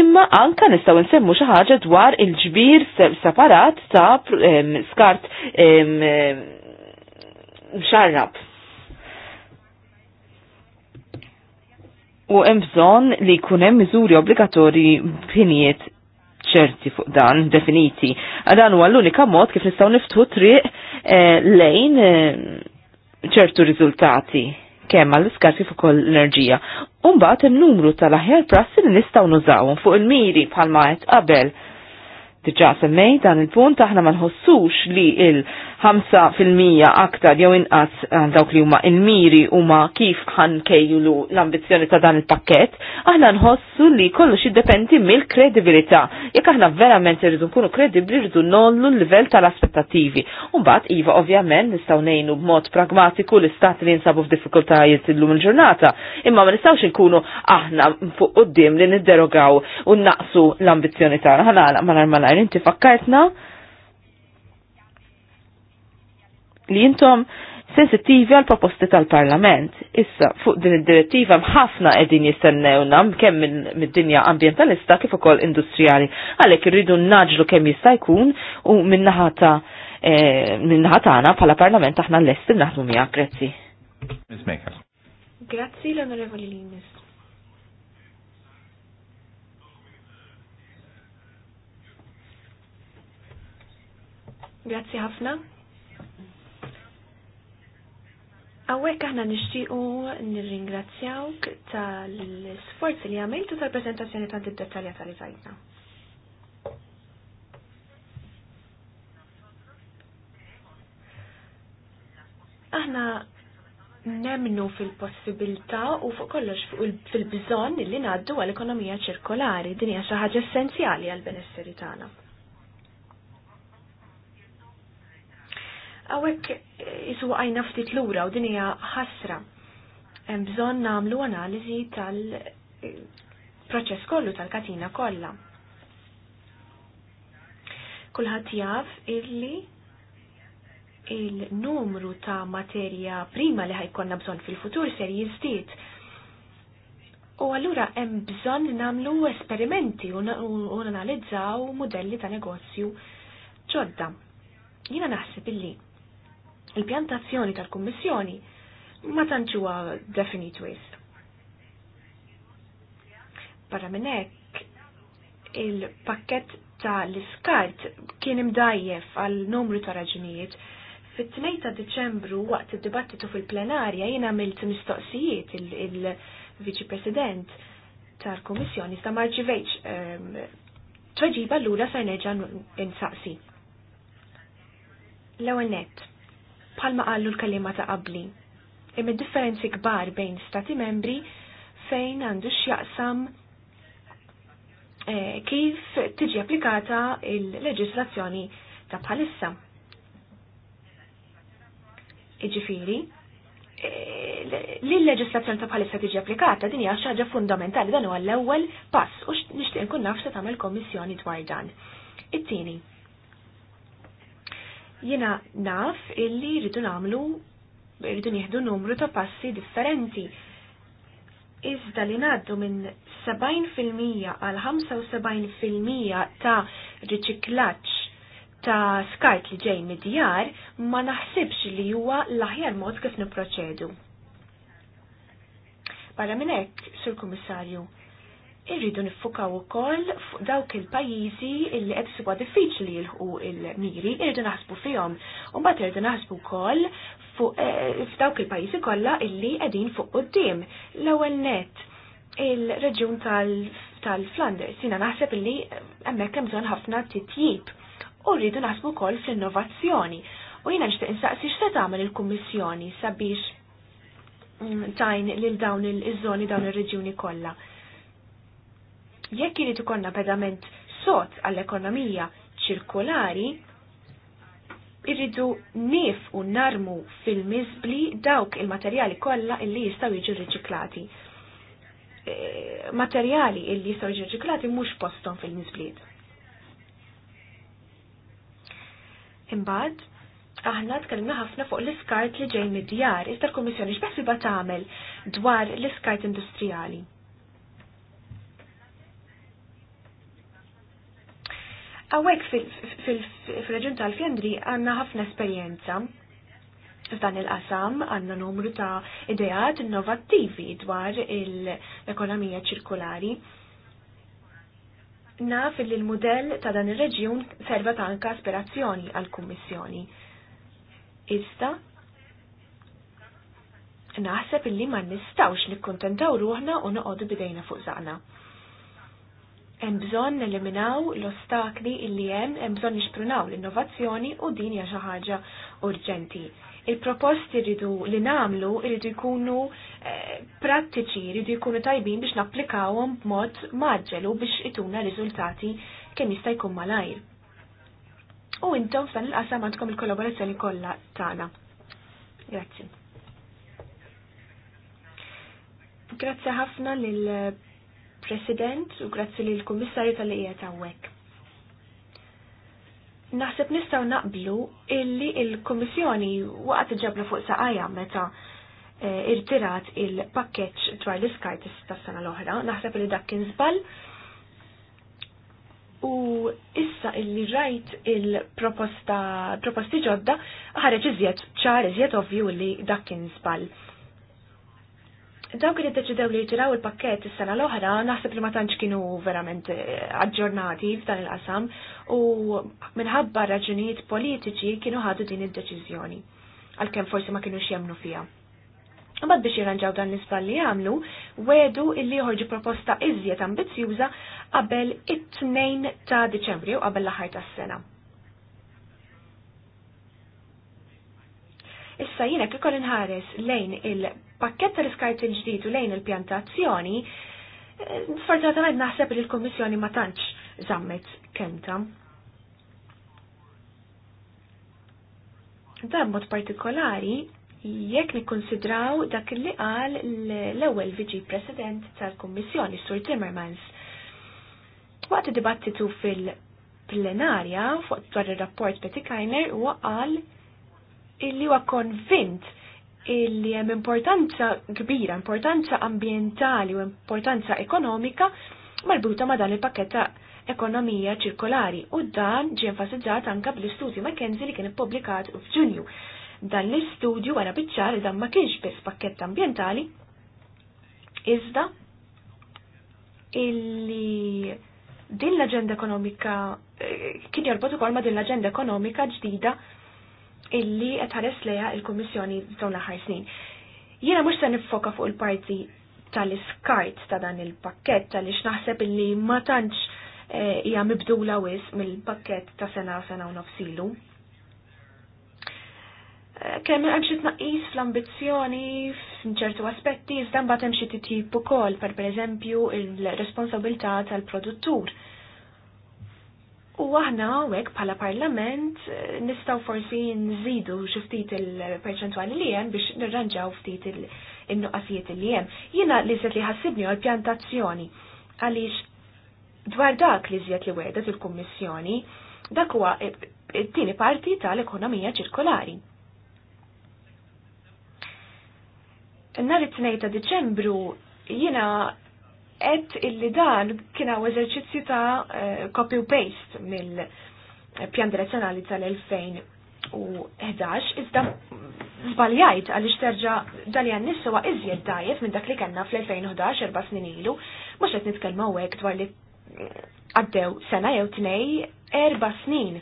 imma anka nistaw nsemmu xi ħaġa dwar il-ġbir separat ta' e, skart xarrab. U hemm bżonn li jkun hemm miżuri obbligatorji b'ħinijiet ċerti fuq dan, definiti. Dan huwa l-unika mod kif nistgħu niftu triq eh, lejn eh, ċertu riżultati kemm għall iskarti fuq koll l-enerġija. Umbagħad in-numru tal-aħjar prassi li nistgħu nużawhom fuq il-miri bħalma qed qabel diġa semmej dan il-punt aħna ma nħossux li il-5% aktar jew inqas eh, dawk li huma il-miri huma kif ħankejjulu l-ambizzjoni ta' dan il-pakket, aħna nħossu li kollox jiddependi mill-kredibilità. Jekk aħna verament irridu nkunu kredibbli rridu nollu l-livell tal-aspettattivi. Mbagħad iva ovvjament nistgħu ngħinu b'mod pragmatiku l-istat li jinsabu f'diffikultajiet illum il-ġurnata, imma ma nistgħux inkunu aħna fuq qudiem li nidderogaw u naqsu l-ambizzjoni tagħna. Ħanala ma malajr. Inti fakkartna li jintom sensittivi għal proposti tal-Parlament. Issa, fuq din id-direttiva mħafna edin jistennewna kemm mid-dinja ambientalista kif ukoll industrijali. Għalhekk irridu naġlu kemm jista' jkun u minnaħata eh, minnaħat għana pala parlament aħna l-est naħdmu mija. Grazzi. Grazzi l-Onorevoli Limis. Grazzi ħafna. Għawek aħna nishtiqu nirringrazzjawk tal-sforzi li għamiltu tal-prezentazzjoni tal dettalja tal-izajna. Aħna nemnu fil-possibilità u fuq kollox fil-bżonn li ngħaddu għall-ekonomija ċirkolari din hija xi ħaġa essenzjali għall-benesseri tagħna. Għawek jiswa eh, għajna ftit lura u dinija ħasra. Bżon namlu analizi tal-proċess eh, kollu, tal-katina kollha. Kulħadd jaf illi il-numru ta' materja prima li ħajkonna bżon fil-futur ser jiżdied. U allura hemm bżonn nagħmlu esperimenti u nanalizzaw modelli ta' negozju ġodda. Jiena naħseb illi il-pjantazzjoni tal-Kummissjoni ma tantx definit wisq. Barra minn hekk il-pakkett tal-iskart kien imdajjef għal numru ta' raġunijiet. Fit-2 ta' Deċembru waqt id-dibattitu fil-plenarja jien għamilt mistoqsijiet il-Viċi President tal-Kummissjoni sta' Veċ. tweġiba l ura sa' nerġa' insaqsi. L-ewwel nett palma għallu l-kalima ta' qabli. Imma differenzi kbar bejn stati membri fejn għandu x'jaqsam eh, kif tiġi applikata il-leġislazzjoni ta' bħalissa. Iġifiri, eh, li l-leġislazzjoni ta' bħalissa tiġi applikata din hija xaġa fundamentali dan huwa l-ewwel pass u nixtieq nkun nafsa tagħmel kommissjoni dwar dan. It-tieni, jina naf illi rridu namlu, rridu nieħdu numru ta' passi differenti. Iżda li naddu minn 70% għal 75% ta' riċiklaċ ta' skart li ġej mid-djar ma naħsibx li huwa l-aħjar mod kif niproċedu. Para minn hekk, Sur Kummissarju, irridu niffukaw ukoll fuq dawk il-pajjiżi li qed isibha diffiċli jilħu il-miri, irridu naħsbu fihom. U mbagħad irridu naħsbu wkoll fuq eh, f'dawk il-pajjiżi kollha illi qegħdin fuq quddiem. L-ewwel net il-reġjun tal-Flanders, jiena naħseb illi hemmhekk hemm bżonn ħafna titjib. U rridu naħsbu wkoll fl-innovazzjoni. U jiena nixtieq insaqsi x'se tagħmel il-Kummissjoni sabiex mm, tajn lil dawn il-żoni dawn ir-reġjuni kollha. Jekk irid ikollna pedament sot għall-ekonomija ċirkolari, irridu nif u narmu fil-mizbli dawk il-materjali kollha illi jistgħu jiġu riċiklati. E, materjali illi jistgħu jiġu riċiklati mhux poston fil-miżbliet. Imbagħad, aħna tkellimna ħafna fuq l-iskart li ġej mid-djar, iżda l-Kummissjoni iba tagħmel dwar l-iskart industrijali. Għawek fil-reġun tal-Fjandri għanna ħafna esperienza. F'dan il-qasam għanna numru ta' ideat innovattivi dwar l-ekonomija ċirkolari. Naf li l-modell ta' dan il-reġjun serva ta' anka aspirazzjoni għal-Kummissjoni. Issa naħseb illi ma nistawx nikkontentaw ruħna u noqogħdu bidejna fuq zaqna. Hemm bżonn neliminaw l-ostakli illi hemm hemm bżonn nixprunaw l-innovazzjoni u din hija xi ħaġa urġenti. Il-proposti rridu li nagħmlu rridu jkunu eh, prattiċi, rridu jkunu tajbin biex napplikawhom b'mod maġġel u biex ituna riżultati kemm jista' jkun malajr. U intom f'dan il-qasam għandkom il-kollaborazzjoni kollha tagħna. Grazzi. Grazzi ħafna lil President, u grazzi li l-Kummissarju tal-Ijiet għawek. Naħseb nistaw naqblu illi il-Kommissjoni waqt ġabla fuq saqajja meta eh, irtirat il-pakkeċ dwar l-iskaj tas-sena l-oħra, naħseb li dak kien żball u issa illi rajt il-proposta proposti ġodda ħareġ iżjed ċar iżjed ovvju li dak kien żball Dawk li deċidew li jġiraw il-pakket is-sena l-oħra naħseb li ma tantx kienu verament eh, aġġornati f'dan il-qasam u minħabba raġunijiet politiċi kienu ħadu din id-deċiżjoni għalkemm forsi ma kienux jemnu fiha. Mbagħad biex jirranġaw dan l-isbal li għamlu, wedu illi joħorġu proposta iżjed ambizzjuża qabel it-2 ta' Diċembri u qabel l-aħħar tas-sena. Issa jiena kikol inħares lejn il- pakket ta' riskajt il-ġdid u lejn il-pjantazzjoni, fortunatament naħseb li l komissjoni ma tantx zammet kemta. Dan mod partikolari jekk nikkonsidraw dak li qal l-ewwel viċi President tal-Kummissjoni Sur Timmermans. Waqt dibattitu fil-plenarja fuq dwar ir-rapport Petty Kajner huwa qal illi huwa konvint illi hemm importanza kbira, importanza ambientali u importanza ekonomika marbuta ma dan il-pakket ta' ekonomija ċirkolari u dan ġie enfasizzat anka bl-istudju McKenzie li kien ippubblikat f'Ġunju. Dan l-istudju wara biċċar li dan ma kienx biss pakket ambientali iżda illi din l-aġenda ekonomika eh, kien jorbot ukoll ma din l-aġenda ekonomika ġdida illi qed ħares leja il-Kummissjoni dawn l-aħħar snin. Jiena mhux se niffoka fuq il-parti tal-iskart ta' dan il-pakket tal-ix naħseb illi ma tantx eh, hija mibdula wis mill-pakket ta' sena sena u nofsilu. Eh, kemm hemm xi tnaqqis fl-ambizzjoni f'ċertu aspetti, iżda mbagħad hemm xi titjib ukoll per pereżempju il-responsabilità tal-produttur U aħna għek bħala parlament eh, nistgħu forsi nżidu xi ftit il perċentuali li jem biex nirranġaw ftit il-nuqqasijiet li jem. Jiena li zjet li ħassibni għal pjantazzjoni għaliex dwar dak li żjed li wedet il-Kummissjoni dak huwa t tieni parti tal-ekonomija ċirkolari. N-nar it-tnejn ta' Diċembru jiena et illi dan kien hawn eżerċizzju ta' eh, copy u paste mill-pjan eh, direzzjonali tal-2011 iżda zbaljajt għaliex terġa' daljan nissu wa iżjed dajjef minn dak li kellna fl-2011 erba' snin ilu, mhux qed nitkellmu hekk dwar li għaddew sena jew tnej erba' snin.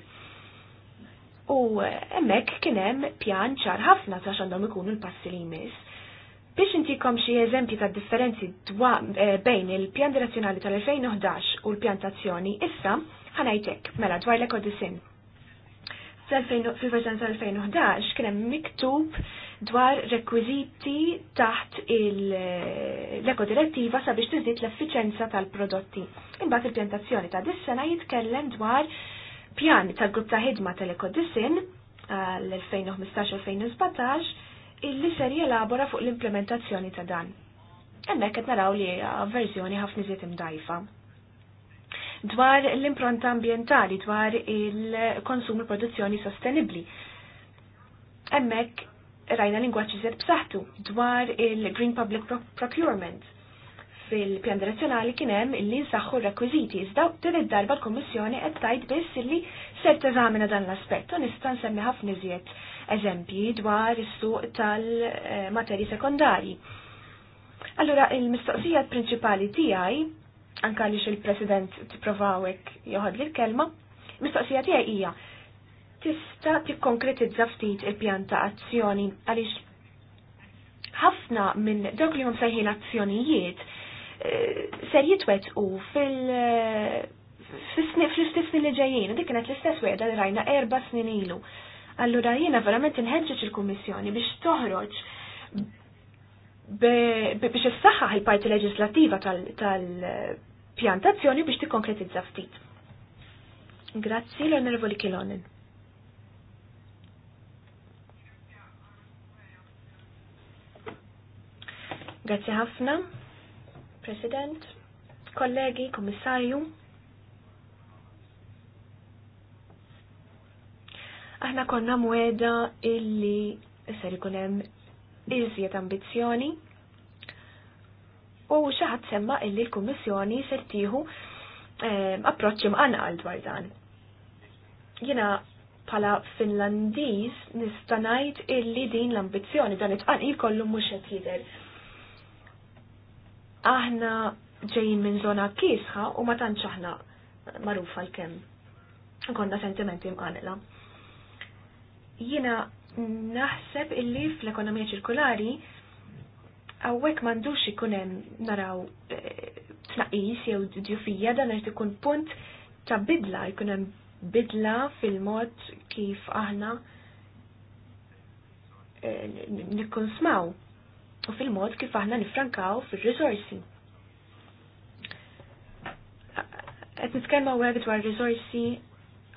U eh, hemmhekk kien hemm pjan ċar ħafna ta' x'għandhom ikunu l-passi li jmiss. Biex intikom xi eżempji ta' differenzi dwa eh, bejn il-pjan direzzjonali tal-2011 u l-pjan tazzjoni, issa ħanajtek mela dwar l-ekodisin. fil verżjoni tal-2011 kien hemm miktub dwar rekwiżiti taħt eh, l-ekodirettiva sabiex tiżdied l-effiċenza tal-prodotti. Imbagħad il-pjantazzjoni ta' dis-sena jitkellem dwar pjan tal-grupp ta' ħidma tal-ekodisin l 2015-2017 illi ser jelabora fuq l-implementazzjoni ta' dan. Hemmhekk qed naraw li verżjoni ħafna iżjed imdajfa. Dwar l-impronta ambjentali, dwar il-konsum u produzzjoni sostenibbli. Hemmhekk rajna lingwaċi iżjed b'saħħtu dwar il-Green Public Procurement. Fil-pjan direzzjonali kien hemm illi nsaħħu r-rekwiżiti iżda din id-darba l-Kummissjoni qed tgħid biss illi se teżamina dan l-aspett u nista' nsemmi ħafna iżjed eżempji dwar is-suq tal-materji sekondari. Allura il-mistoqsija prinċipali tiegħi anka li il-President tipprovawek joħad li l-kelma, mistoqsija tiegħi hija tista tikkonkretizza ftit il-pjan ta' azzjoni għaliex ħafna minn dawk li hum sejħin azzjonijiet eh, ser jitwetqu fil- eh, fl-istess li ġejjin, dik kienet l-istess weda li rajna erba' snin ilu. Allura jiena verament inħeġġeġ il-Kummissjoni biex toħroġ biex issaħħaħ il-parti leġislattiva tal-pjantazzjoni biex tikkonkretizza ftit. Grazzi l-Onorevoli Kilonen. Grazzi ħafna, President, kollegi, Kommissarju. Aħna konna mweda illi ser ikun hemm iżjed ambizzjoni u xi ħadd semma illi l-Kummissjoni ser tieħu ehm, approċċ imqanqal dwar dan. Jiena bħala Finlandiż nista' ngħid illi din l-ambizzjoni dan it tqan kollu mhux qed jidher. Aħna ġejjin minn zona kisħa u ma tantx aħna magħrufa l-kemm. Konna sentimenti mqanqla. Jiena naħseb illi fl-ekonomija ċirkolari għawek mandux ikunem naraw eh, tnaqis jew djufija dan għet ikun punt ta' bidla, ikunem bidla fil-mod kif aħna eh, smaw, u fil-mod kif aħna nifrankaw fil-rizorsi. Qed nitkellmu hawnhekk dwar resorsi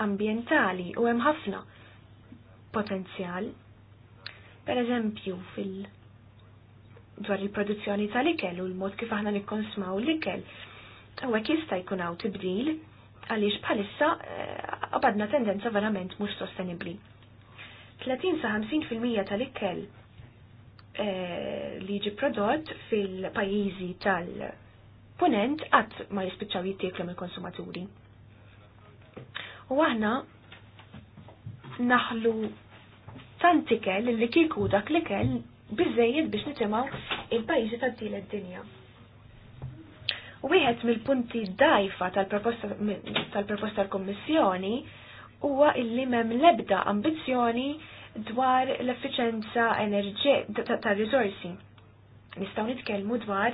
ambjentali u hemm ħafna potenzjal. Per eżempju, fil- dwar il-produzzjoni tal-ikel u l-mod kif aħna nikkonsmaw l-ikel. għek jista' jkun hawn tibdil għaliex bħalissa qabadna eh, tendenza verament mhux sostenibbli. 30 sa 50% tal-ikel eh, li jiġi prodott fil-pajjiżi tal-punent qatt ma jispiċċaw jittieklu mill-konsumaturi. U aħna naħlu tantikel li kiku dak li kell bizzejjed biex nitimaw il-pajjiżi tad-dil id-dinja. Wieħed mill-punti dajfa tal-proposta tal-Kommissjoni tal huwa illi m'hemm l-ebda ambizzjoni dwar l-effiċenza tar-riżorsi. Nistgħu nitkellmu dwar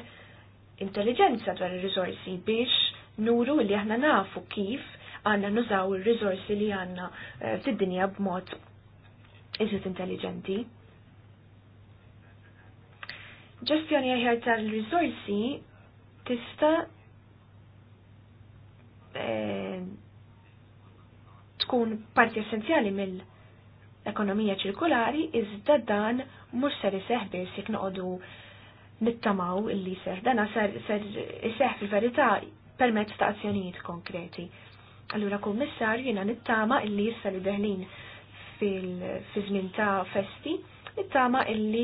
intelligenza dwar ir-riżorsi biex nuru li aħna nafu kif għanna nużaw il-rizorsi li għanna eh, fid-dinja b'mod iżjed intelligenti. Ġestjoni aħjar tal-rizorsi tista' eh, tkun parti essenzjali mill-ekonomija ċirkulari iżda dan mhux ser iseħħ biss jekk noqogħdu nittamaw illi seħ. Dan ser iseħħ fil-verità permezz ta' azzjonijiet konkreti. Allura kummissar jiena nittama illi jissa li Berlin fil-żmien ta' festi, nittama illi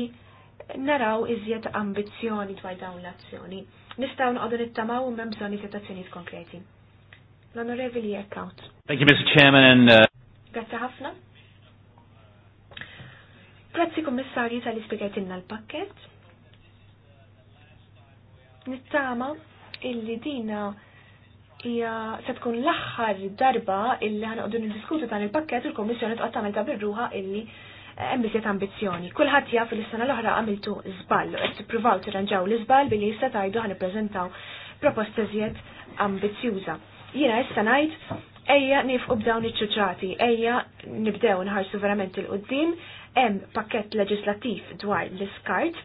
naraw iżjed ambizzjoni dwar dawn l-azzjoni. Nistgħu noqogħdu nittamaw u hemm bżonn azzjonijiet konkreti. L-Onorevoli Eckhout. Thank you, Mr. Chairman. And, uh... Grazie ħafna. Grazzi Kummissarju tal-ispiegatinna l-pakket. Nittama illi dina hija se tkun l-aħħar darba illi il niddiskutu dan il-pakkett il-Kommissjoni tqgħod tagħmel birruħa illi eh, hemm biżjed ambizzjoni. Kulħadd jaf li sena l-oħra għamiltu żball u qed tippruvaw tirranġaw l zbal billi jista' tajdu ħan ippreżentaw proposta żjed ambizzjuża. Jiena issa ngħid eja nifqu b'dawn iċ-ċuċati, eja nibdew nħarsu verament il qoddim hemm pakket leġislattiv dwar l-iskart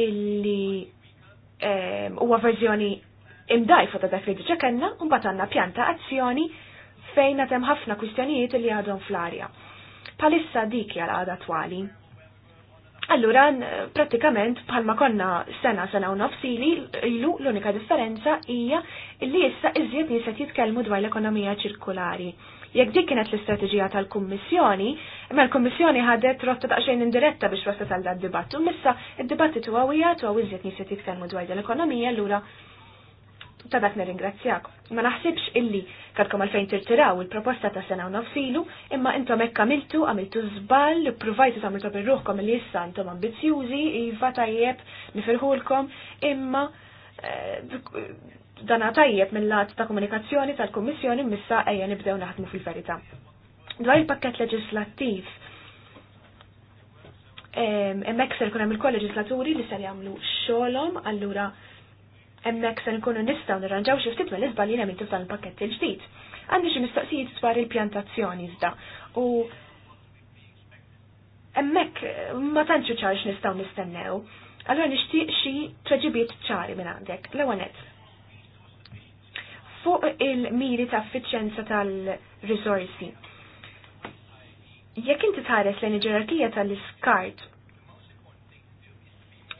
illi eh, huwa verżjoni imdajfa ta' dak li diġa kellna u mbagħad għandna pjanta azzjoni fejn hemm ħafna kwistjonijiet li għadhom fl-arja. Palissa dik hija għada twali. Allura, pratikament, bħalma konna sena, sena u nofsili, illu l-unika differenza hija li issa iżjed nisa jitkellmu dwar l-ekonomija ċirkulari. Jekk dik kienet l-istrateġija tal-Kummissjoni, imma l-Kummissjoni ħadet rotta xejn indiretta biex waslet għal dibattu, missa id-dibattitu għawija u għaw iżjed nies jitkellmu dwar l-ekonomija, allura ta' dak nirringrazzjak. Ma naħsibx illi kadkom għalfejn tirtiraw il-proposta ta' sena u nofsilu, imma intom hekk għamiltu, għamiltu żball, provajtu tagħmlu tobin ruħkom illi issa intom ambizzjużi, iva tajjeb, nifirħulkom, imma eh, dana tajjeb mill-lat ta' komunikazzjoni tal-Kummissjoni missa ejja nibdew naħdmu fil-verità. Dwar il-pakket leġislattiv, hemmhekk ser kunem hemm il-kolleġislaturi li ser jagħmlu xogħolhom, allura Emmek se nkunu nistaw nirranġaw xi ftit mill-isba li hemm dan il-pakketti l-ġdid. Għandi xi mistoqsijiet dwar il-pjantazzjoni iżda u emmek ma tantxu ċarx nistaw nistennew. Allora nixtieq xi tweġibiet ċari minn għandek. L-ewwel Fuq il-miri ta' effiċjenza tal-risorsi. Jekk inti tħares lejn il-ġerarkija tal-iskart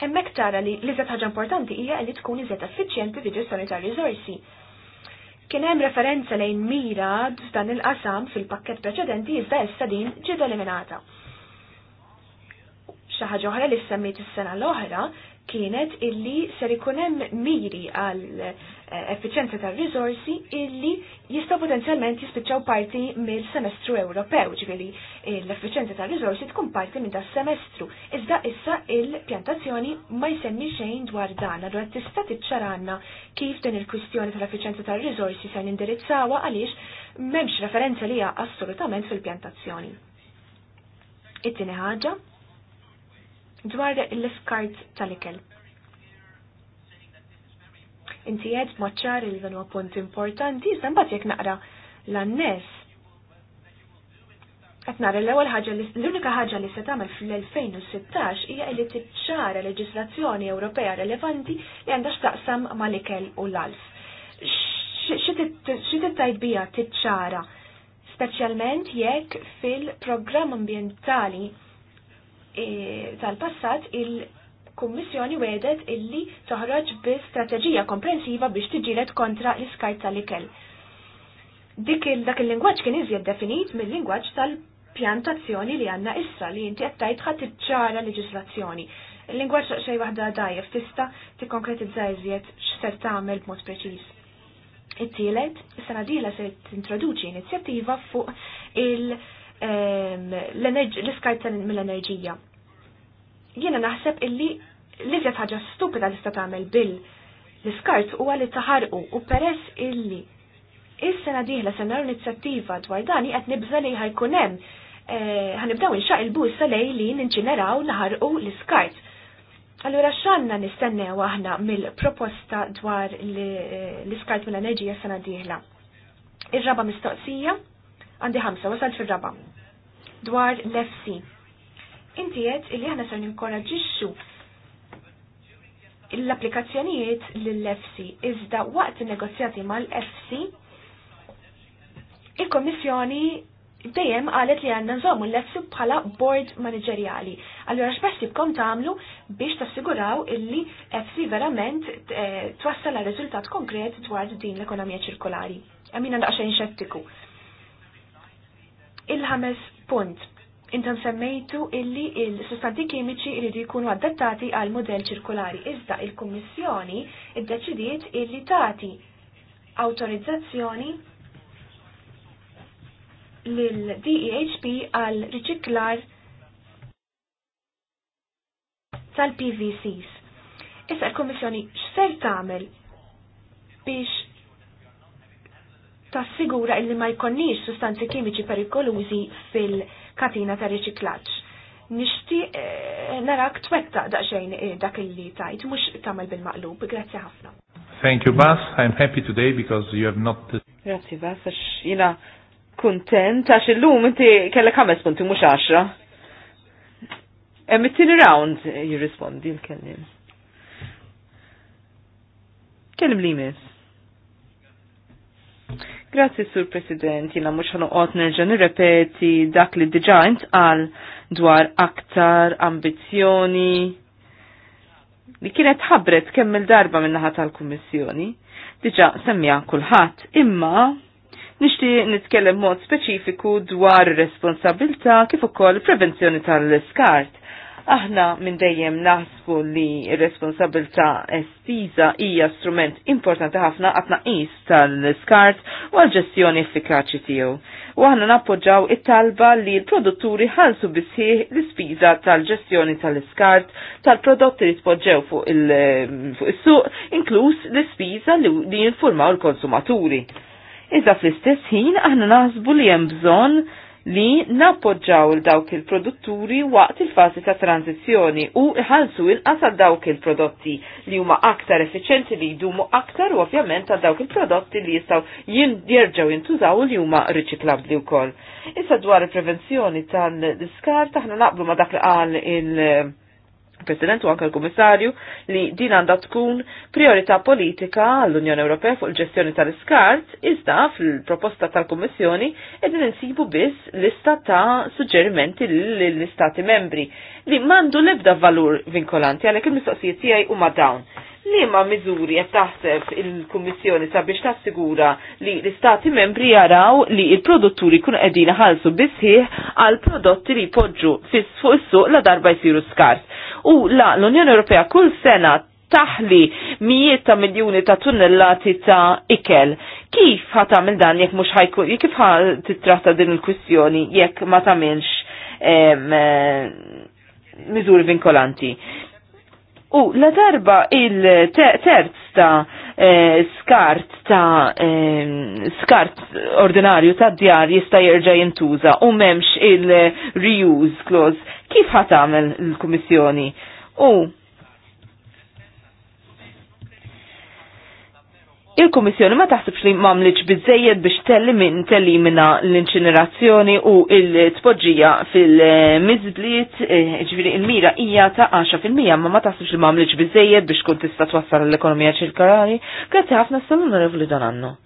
Hemmhekk tara li li ħaġa importanti hija li tkun iżet effiċjenti fi ġestjoni ta' riżorsi. Kien hemm referenza lejn mira f'dan il-qasam fil-pakket preċedenti iżda issa din ġiet eliminata xi ħaġa oħra li semmit is-sena l-oħra kienet illi ser ikun hemm miri għal eh, effiċenza tar risorsi illi jista' potenzjalment jispiċċaw parti mill-semestru Ewropew, ġifieri l-effiċenza tar risorsi tkun parti minn da' semestru Iżda issa il-pjantazzjoni ma jsemmi xejn dwar dan, allura tista' tiċċaranna kif din il-kwistjoni tal-effiċenza tar risorsi se nindirizzawa għaliex m'hemmx referenza liha assolutament fil-pjantazzjoni. It-tieni ħaġa dwar l-iskart tal-ikel. Inti għed maċċar il dan punt importanti, iżda mbagħad jekk naqra l-annes. Qed nara l-ewwel ħaġa l-unika ħaġa li se tagħmel fl-2016 hija li tiċċara leġislazzjoni Ewropea relevanti li għandha x'taqsam mal-ikel u l-alf. Xi tittajt bija tiċċara, speċjalment jekk fil-programm ambjentali Eh, tal-passat il-Kummissjoni wedet illi toħroġ bi strateġija komprensiva biex tiġilet kontra l-iskajt tal-ikel. Dik il dak il-lingwaġġ kien iżjed definit mill-lingwaġġ tal-pjantazzjoni li għandna issa li inti qed tajt ħadd iċċara leġislazzjoni. Il-lingwaġġ xej waħda dajjef tista' tikkonkretizza iżjed x'ser tagħmel b'mod preċiż. It-tielet, is-sena dila se tintroduċi inizjattiva fuq il- l-iskajt mill-enerġija. Jiena naħseb illi l-iżjed ħaġa stupida li sta tagħmel bil l-iskart huwa li taħarqu u peress illi is-sena dieħla se naru inizjattiva dwar dan qed nibża li ħajkun hemm eh, ħanibdew inxaq il busa lej li ninċineraw naħarqu l-iskart. Allura x'għandna nistennew aħna mill-proposta dwar eh, l-iskart mill-enerġija sena dieħla. Ir-raba mistoqsija għandi ħamsa, wasal fil-raba. Dwar l-FC. Inti qed illi aħna ser ninkoraġixxu l-applikazzjonijiet lill-FC iżda waqt in-negozjati mal-FC il komissjoni dejjem qalet li għandna nżommu l-FC bħala board manageriali. Allora x'bessibkom tagħmlu biex tassiguraw illi FC verament eh, twassal għal riżultat konkret dwar din l-ekonomija ċirkolari. Għamina daqsxejn inxettiku il-ħames punt. Intom semmejtu illi il-sustanti kimiċi irridu jkunu adattati għal modell ċirkolari. Iżda il-Kummissjoni iddeċidiet illi tati autorizzazzjoni lil-DEHP għal riċiklar tal-PVCs. Issa il-Kommissjoni x'ser tagħmel biex tassigura illi ma jkonniġ sustanzi kimiċi perikolużi fil-katina ta' riċiklaġġ. Nixtieq eh, narak twetta daqsxejn eh, dak illi tajt, mhux tagħmel bil-maqlub. Grazie ħafna. Thank you, Bas. I'm happy today because you have not... Grazzi, Bas, għax jina kuntent, għax illum inti kellek ħames punti, mhux għaxra. Emmi tini round eh, jirrispondi l-kellim. Kellim li miss. Grazzi, Sur President, jina mux ħanuqot nerġa nirrepeti dak li diġant għal dwar aktar ambizjoni li kienet ħabret kemm il-darba minnaħa tal-Kummissjoni. Diġa semmija kulħadd, imma nixtieq nitkellem mod speċifiku dwar responsabilta kif ukoll prevenzjoni tal-skart. Aħna minn dejjem naħsbu li responsabilta estiza hija strument importanti ħafna għatna is tal-skart u għal-ġestjoni effikaċi tiegħu. U aħna nappoġġaw it-talba li l-produtturi ħalsu bisħieħ l-ispiża tal-ġestjoni tal-iskart tal-prodotti li tpoġġew fuq il-suq, inkluż l-ispiża li jinformaw l-konsumaturi. Iżda fl-istess ħin aħna naħsbu li hemm bżonn li nappoġġaw il dawk il-produtturi waqt il fasi ta' tranzizjoni u iħalsu il-qas għal dawk il-prodotti li huma aktar effiċenti li jdumu aktar u ovvjament għal dawk il-prodotti li jistaw jerġaw jintużaw li huma riċiklabli wkoll. Issa dwar il-prevenzjoni tal-diskar taħna naqblu ma dak li qal il- President u anka l-Kummissarju li din għandha tkun priorità politika għall-Unjoni Ewropea fuq il-ġestjoni tal-iskart, iżda fil-proposta tal-Kummissjoni qegħdin insibu biss lista ta' suġġerimenti lill-Istati membri li mandu lebda valur vinkolanti għalhekk il-mistoqsijiet tiegħi huma dawn. Liema miżuri qed taħseb il-Kummissjoni sabiex tassigura li l-Istati membri jaraw li il-produtturi kun qegħdin ħalsu bisħieħ għal prodotti li jpoġġu fuq is-suq la darba jsiru skars U la, l-Unjoni Ewropea kull sena taħli mijiet ta' miljoni ta' tunnellati ta' ikel. Kif tagħmel dan jekk mhux ħajkun, kif ħa titratta din il-kwistjoni jekk ma tagħmilx eh, miżuri vinkolanti? U la darba il-terz ta' eh, skart ta' skart ordinarju ta' djar jista' jerġa' jintuża u memx il-reuse clause kif ħatamel l-Kummissjoni? U Il-Kummissjoni ma taħsibx li mamliċ bizzejed biex telli minn telli minna l-inċinerazzjoni u il-tpoġġija fil-mizbliet, eh, ġviri il-mira hija ta' 10% ma ma taħsibx li mamliċ bizzejed biex kun tista' twassal l-ekonomija ċirkolari. Grazzi ħafna sal-onorevoli dan anno.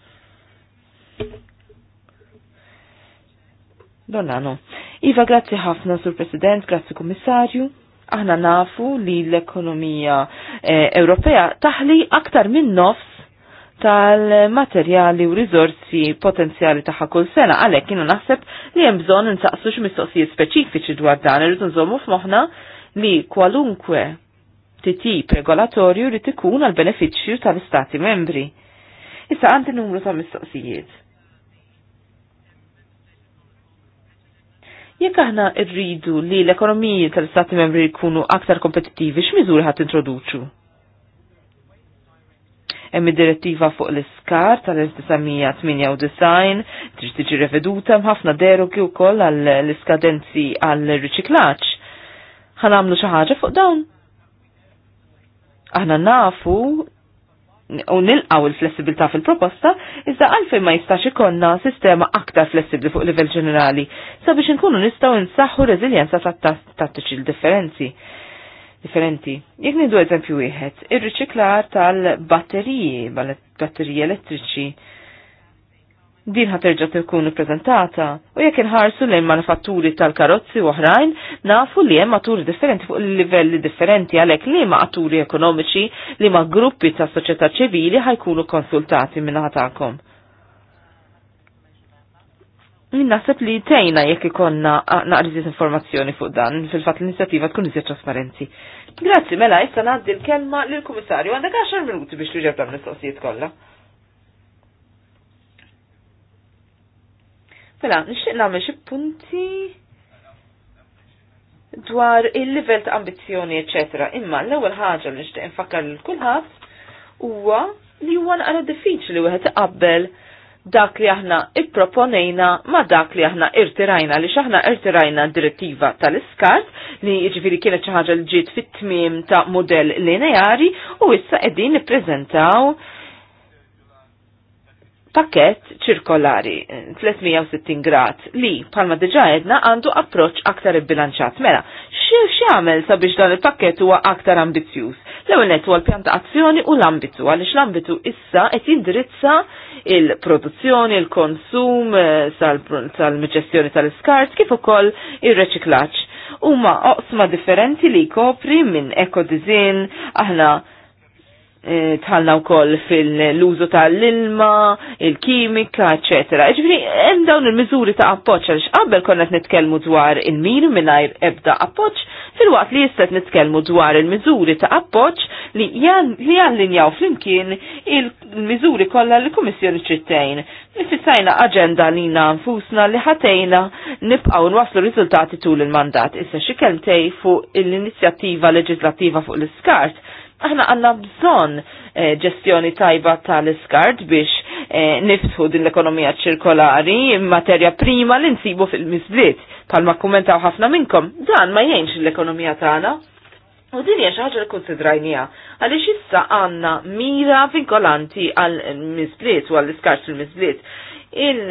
Donnano. Iva, grazzi ħafna, Sur President, grazzi Kummissarju. Aħna nafu li l-ekonomija eh, Ewropea taħli aktar minn nofs tal-materjali u rizorsi potenzjali taħħa kull sena, għalhekk kienu naħseb li hemm bżonn insaqsu mistoqsijiet speċifiċi dwar dan, irridu nżommu f'moħħna li kwalunkwe titip regolatorju li tikun għal benefiċċju tal-Istati membri. Issa għandi numru ta' mistoqsijiet. Jekk aħna rridu li l-ekonomiji tal-Stati membri jkunu aktar kompetittivi, x'miżuri ħadd introduċu? Hemm id-direttiva fuq l-iskar tal-1998 trid tiġi reveduta ħafna derogi wkoll għall-iskadenzi għall-riċiklaġġ. Ħanamlu xi ħaġa fuq dawn? Aħna nafu u nilqaw il-flessibilità fil-proposta, iżda għalfejn ma jistax ikonna sistema aktar flessibli fuq livell ġenerali, sabiex inkunu nistgħu nsaħħu reżiljenza tat-tattiċi differenzi differenti. Jek nidu eżempju wieħed, ir-riċiklar tal-batteriji, batteriji elettriċi, din ħaterġa tkun ippreżentata u jekk inħarsu lejn manifatturi tal-karozzi u oħrajn nafu li hemm atturi differenti fuq livelli differenti għalhekk li ma' atturi ekonomiċi li ma' gruppi ta' soċjetà ċivili ħajkunu konsultati minnaħa tagħkom. Naħseb li tejna jekk ikonna naqriżiet informazzjoni fuq dan fil-fatt l-inizjattiva tkun iżjed trasparenti. Grazzi, mela, issa ngħaddi l-kelma lill-Kummissarju għandek 10 minuti biex tuġeb dan l kollha. Mela, nixtieq nagħmel xi punti dwar il-livell ta' ambizzjoni, eċetera. Imma l-ewwel ħaġa li nixtieq infakkar lil kulħadd huwa li huwa naqra diffiċli wieħed iqabbel dak li aħna ipproponejna ma dak li aħna irtirajna li xaħna irtirajna direttiva tal iskart li ġviri jiġifieri kienet xaħġa l-ġiet fit-tmim ta' model lineari u issa qegħdin nippreżentaw pakket ċirkolari 360 eh, grad li palma deġa edna għandu approċ aktar bilanċat. Mela, x'għamel sabiex dan il-pakket huwa aktar ambizjuż? L-ewwel nett huwa l-pjanta azzjoni u l-ambitu għaliex l-ambitu issa qed jindirizza il-produzzjoni, il-konsum tal-ġestjoni eh, tal-iskart kif ukoll ir-reċiklaġġ. Huma oqsma differenti li kopri minn ekodizin aħna E, tħalla wkoll fil-użu tal-ilma, il-kimika, eċetera. Ġifieri hemm dawn il-miżuri ta' appoġġ għaliex qabel konna qed nitkellmu dwar il-mir mingħajr ebda appoġġ, filwaqt li jista' nitkellmu dwar il-miżuri ta' appoġġ li jallinjaw flimkien il-miżuri kollha li kummissjoni ċittejn. Nifissajna aġenda lina nfusna li ħatejna nibqgħu nwaslu riżultati tul il-mandat. Issa xi kelmtej fuq l-inizjattiva leġislattiva fuq l-iskart Aħna għanna bżon eh, ġestjoni tajba tal-iskart biex eh, niftħu din l-ekonomija ċirkolari, materja prima li nsibu fil-mizbliet. Palma kommentaw ħafna minnkom, dan ma jgħinx l-ekonomija tagħna. U din hija xi ħaġa li konsidrajnija għaliex issa għandna mira vinkolanti għal miżbliet u għall-iskart fil-miżbliet. Il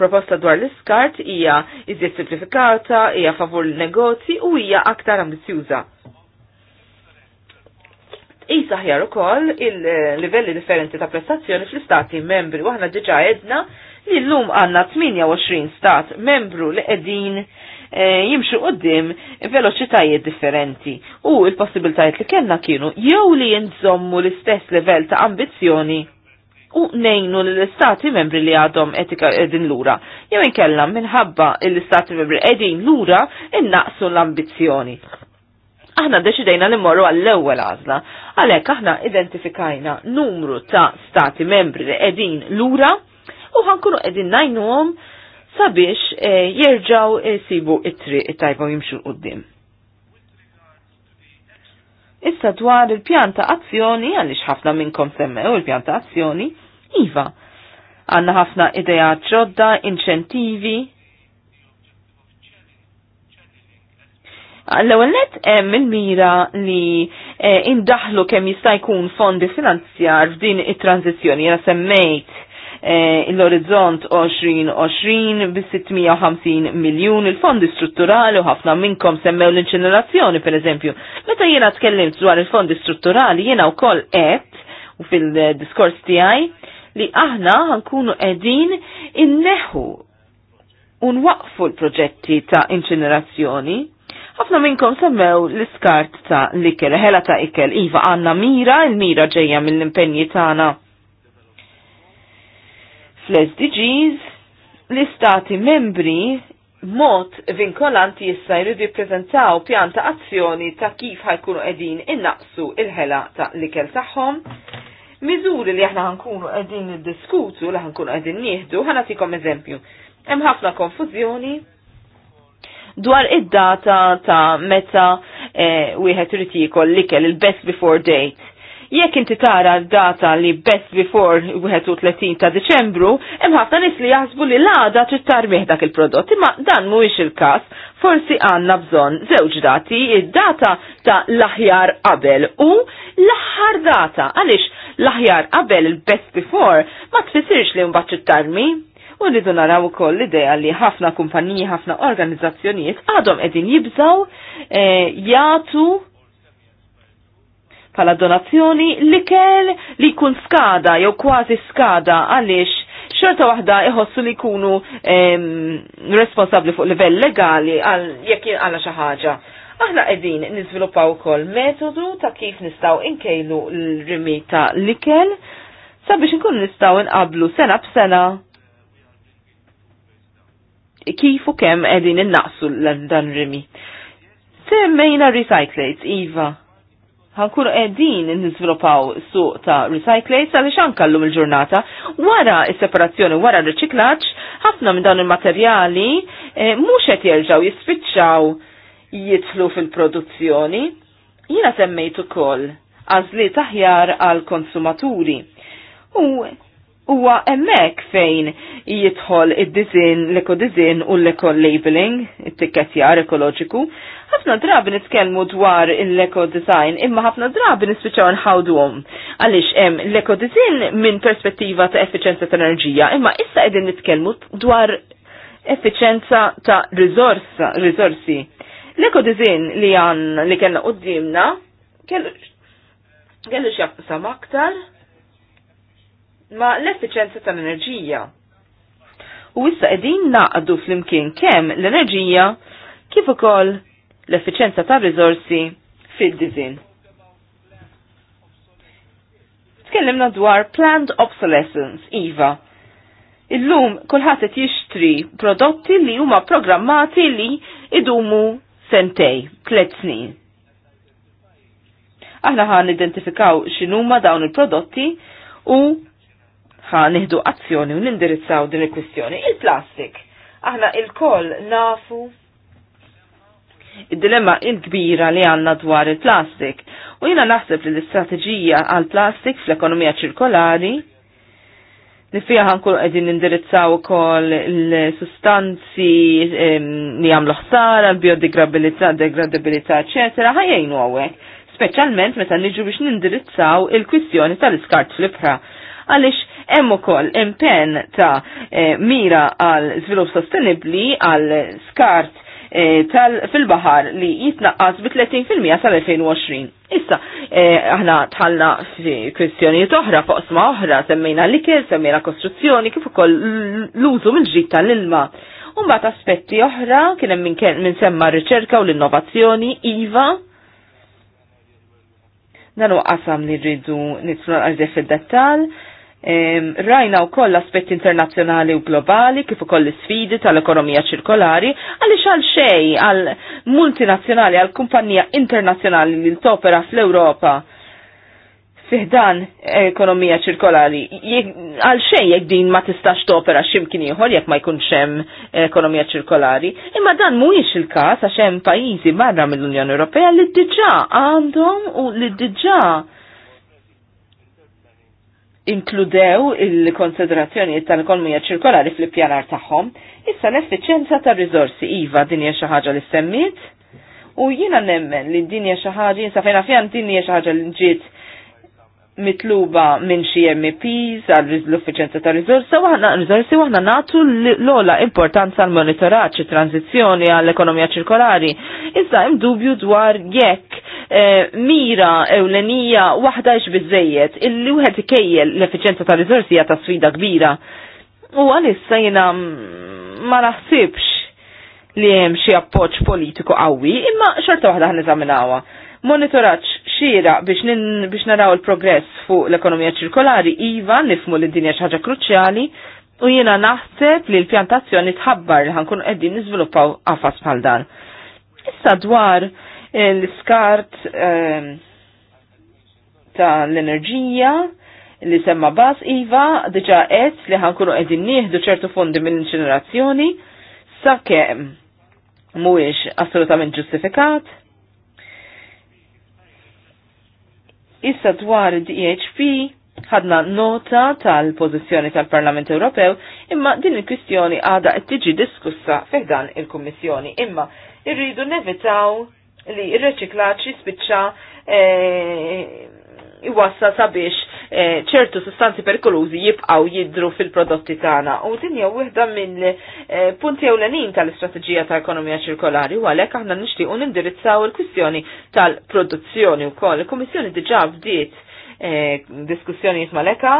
proposta dwar l-iskart hija iżjed simplifikata, hija favur l-negozji u hija aktar ambizjuża. Isa ħjar ukoll il-livelli differenti ta' prestazzjoni fl-istati membri u aħna diġa edna li l-lum għanna 28 stat membru li qegħdin eh, jimxu għoddim veloċitajiet differenti u il possibiltajiet li kellna kienu jew li jinżommu l-istess level ta' ambizzjoni u nejnu l-istati membri li għadhom etika edin lura. Jew inkella minħabba l-istati membri edin lura innaqsu l-ambizzjoni aħna deċidejna li morru għall-ewwel għażla. Għalhekk aħna identifikajna numru ta' stati membri li qegħdin lura u ħankunu qegħdin ngħinuhom sabiex e, jerġgħu isibu it-triq tajba jimxu l-qudiem. Issa dwar il-pjanta azzjoni, għaliex ħafna minnkom semmew il-pjanta azzjoni, iva. Għanna ħafna ideja ġodda, inċentivi, L-ewwel net hemm il-mira li eh, indaħlu kemm jista' jkun fondi finanzjar f'din it-tranzizzjoni. Jena semmejt e, l-orizzont 2020 bi 650 miljun il-fondi strutturali u ħafna minnkom semmew l-inċinerazzjoni per eżempju. Meta jiena tkellimt dwar il-fondi strutturali jiena wkoll et u fil-diskors tiegħi li aħna għankunu qegħdin inneħu un-waqfu l-proġetti ta' inċinerazzjoni ħafna minnkom semmew l-iskart ta' l-ikel, ħela ta' ikel, iva għanna mira, il-mira ġeja mill-impenji tagħna fl-SDGs, l-istati membri mod vinkolanti jissa jridu jippreżentaw pjan ta' azzjoni ta' kif ħajkunu qegħdin innaqsu il-ħela ta' l-ikel tagħhom. Miżuri li aħna ħankunu qegħdin diskutu, li ħankunu qegħdin nieħdu, ħanatikom eżempju. Hemm ħafna konfużjoni dwar id-data ta' meta eh, wieħed irid jikol l-ikel il-best before date. Jekk inti tara d-data li best before 31 ta' Deċembru, hemm ħafna nies li jaħsbu li l-għada trid tarmih dak il-prodott, imma dan mhuwiex il-każ, forsi għandna bżonn żewġ dati, id-data ta' l-aħjar qabel u l-aħħar data. Għaliex l-aħjar qabel il-best before ma tfissirx li mbagħad tarmi U donaraw naraw ukoll l-idea li ħafna kumpaniji, ħafna organizzazzjonijiet għadhom qegħdin jibżaw e, jagħtu pala donazzjoni li kell li jkun skada jew kważi skada għaliex xorta waħda iħossu li jkunu responsabli fuq livell legali għal jekk għala xi ħaġa. Aħna qegħdin nizviluppaw ukoll metodu ta' kif nistgħu inkejlu l rimita ta' likel sabiex nkun nistgħu nqablu sena b'sena Kifu u kemm qegħdin innaqsu dan rimi. Semmejna recyclates, Iva. edin qegħdin niżviluppaw suq ta' recyclates għaliex ankallum il-ġurnata wara s-separazzjoni wara r-riċiklaġġ ħafna minn dawn il-materjali eh, mhux qed jerġgħu jispiċċaw jitlu fil-produzzjoni. Jiena semmejt ukoll għazli taħjar għal konsumaturi. U huwa hemmhekk fejn jidħol id-dizin, l-ekodizin u l eko labeling it-tikketjar ekoloġiku. ħafna drabi nitkellmu dwar l eco imma ħafna drabi nispiċaw nħawduhom. Għaliex hemm l eko dizin minn perspettiva ta' effiċenza ta' enerġija, imma issa qegħdin nitkellmu dwar effiċenza ta' rizorsi. risorsi. L-eco-dizin li għan li kellna d kellu kellu x'jaqsam aktar ma l-effiċenza tal-enerġija. U issa qegħdin naqdu flimkien kemm l-enerġija kif ukoll l-effiċenza tal-rizorsi fid-dizin. Tkellimna dwar planned obsolescence, IVA. Illum kulħadd qed jixtri prodotti li huma programmati li idumu sentej, tliet snin. Aħna ħan identifikaw x'inhuma dawn il-prodotti u ħa nieħdu azzjoni u nindirizzaw din il-kwistjoni. Il-plastik. Aħna il-koll nafu id-dilemma il-kbira li għanna dwar il-plastik. U jina naħseb li l-istrateġija għal-plastik fl-ekonomija ċirkolari li fija ħankun għedin indirizzaw kol l-sustanzi li għamlu ħsara, l-biodegradabilità, degradabilità, eccetera, ħajjajnu għawek, specialment meta niġu biex nindirizzaw il-kwistjoni tal-iskart fl-ibħra. Għalix, hemm ukoll impenn ta' eh, mira għal żvilupp sostenibbli għal skart eh, tal fil-bahar li jitnaqqas bi 30% sal-2020. Issa, eh, aħna tħallna fi kwestjoni oħra, foqsma oħra, semmejna l-ikel, semmejna kostruzzjoni, kif ukoll l-użu mill-ġid tal-ilma. Umbat aspetti oħra kien hemm minn semma r-riċerka u l-innovazzjoni IVA. Dan huwa qasam li rridu nitfluna għal fid-dettal, Rajna u koll aspetti internazzjonali u globali kif ukoll l-sfidi tal-ekonomija ċirkolari għaliex għal xej għal multinazzjonali għal kumpanija internazzjonali li topera fl-Ewropa fiħdan ekonomija ċirkolari għal xej jekk din ma tistax topera x'imkien ieħor jekk ma jkunx hemm ekonomija ċirkolari. Imma dan mhuwiex il-każ għax hemm pajjiżi barra mill-Unjoni Ewropea li diġà għandhom u li diġà inkludew il-konsiderazzjoni tal-ekonomija ċirkolari fl-ippjanar tagħhom, issa l-effiċenza ta' rizorsi iva din hija xi ħaġa li semmiet u jiena nemmen li din hija xi ħaġa jinsa fejna fjan din hija xi ħaġa li ġiet mitluba minn xi MEPs għal l-uffiċenza ta' riżorsa waħna riżorsi waħna natu l-ola importanza għal monitoraġġ tranzizjoni għall ekonomija ċirkolari. Iżda hemm dubju dwar jekk eh, mira ewlenija waħda ix bizzejiet illi wieħed ikejjel l-effiċenza ta' rizorsi hija ta' sfida kbira. U għalissa jiena ma naħsibx li hemm xi appoġġ politiku qawwi, imma xorta waħda ħan eżaminawha. Monitoraġġ xira biex, biex naraw il-progress fuq l-ekonomija ċirkolari, iva nifmu li dinja xaġa kruċjali u jiena naħseb li l-pjantazzjoni tħabbar li ħankun qegħdin niżviluppaw għafas bħal dan. Issa dwar l skart eh, ta' l-enerġija li semma bas iva diġa qed li ħankunu qegħdin nieħdu ċertu fondi mill-inċinerazzjoni sakemm mhuwiex assolutament ġustifikat Issa dwar DHP ħadna nota tal-pożizzjoni tal-Parlament Ewropew imma din il-kwistjoni għada qed tiġi diskussa dan il-Kummissjoni imma irridu nevitaw li r-reċiklaċ jispiċċa eh, iwassa sabiex eh, ċertu sustanzi perikolużi jibqaw jidru fil-prodotti tagħna. U din hija wieħda minn eh, punti ewlenin tal-istrateġija tal-ekonomija ċirkolari u għalhekk aħna nixtiequ nindirizzaw il-kwistjoni tal-produzzjoni wkoll. Il-Kummissjoni diġà bdiet eh, diskussjonijiet maleka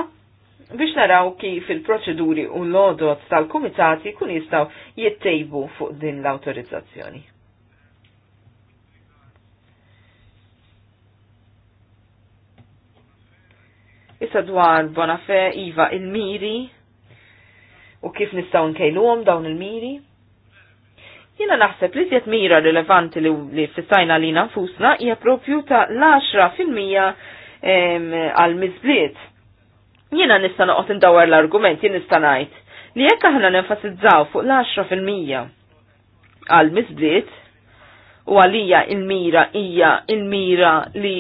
biex naraw kif il-proċeduri u l-odot tal-kumitati kun jistaw jittejbu fuq din l-autorizzazzjoni. Issa dwar Bonafè, Iva, il-miri, u kif nistaw nkejluhom dawn il-miri. Jina naħseb li zjed mira rilevanti li, li fissajna li nfusna hija propju ta' l-10% għal-mizbliet. Jina nista' noqgħod ndawar l-argument, jien nista' ngħid li jekk aħna nenfasizzaw fuq l-10% għal-mizbliet u għalija il-mira hija il-mira li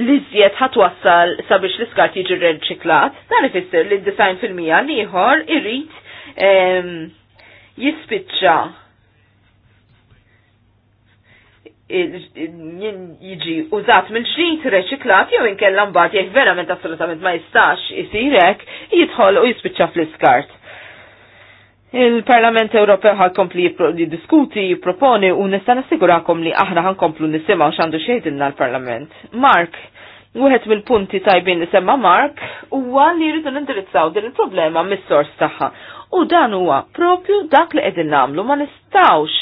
li zjed ħatwassal sabiex l-iskart jiġi reċiklat, dan ifisser li d-design fil-mija liħor irrit jispiċċa jiġi użat mill ġrid reċiklat jew inkella mbagħad jekk verament assolutament ma jistax isirek jidħol u jispiċċa fl-iskart. Il-Parlament Ewropew ħalkompli jiddiskuti, jipproponi u nistan assigurakom li aħna ħankomplu nisimgħu x'għandu xejdilna l-Parlament. Mark, wieħed mill-punti tajbin li semma Mark huwa li jridu nindirizzaw din il-problema mis-sors tagħha. U dan huwa propju dak li qegħdin nagħmlu ma nistgħux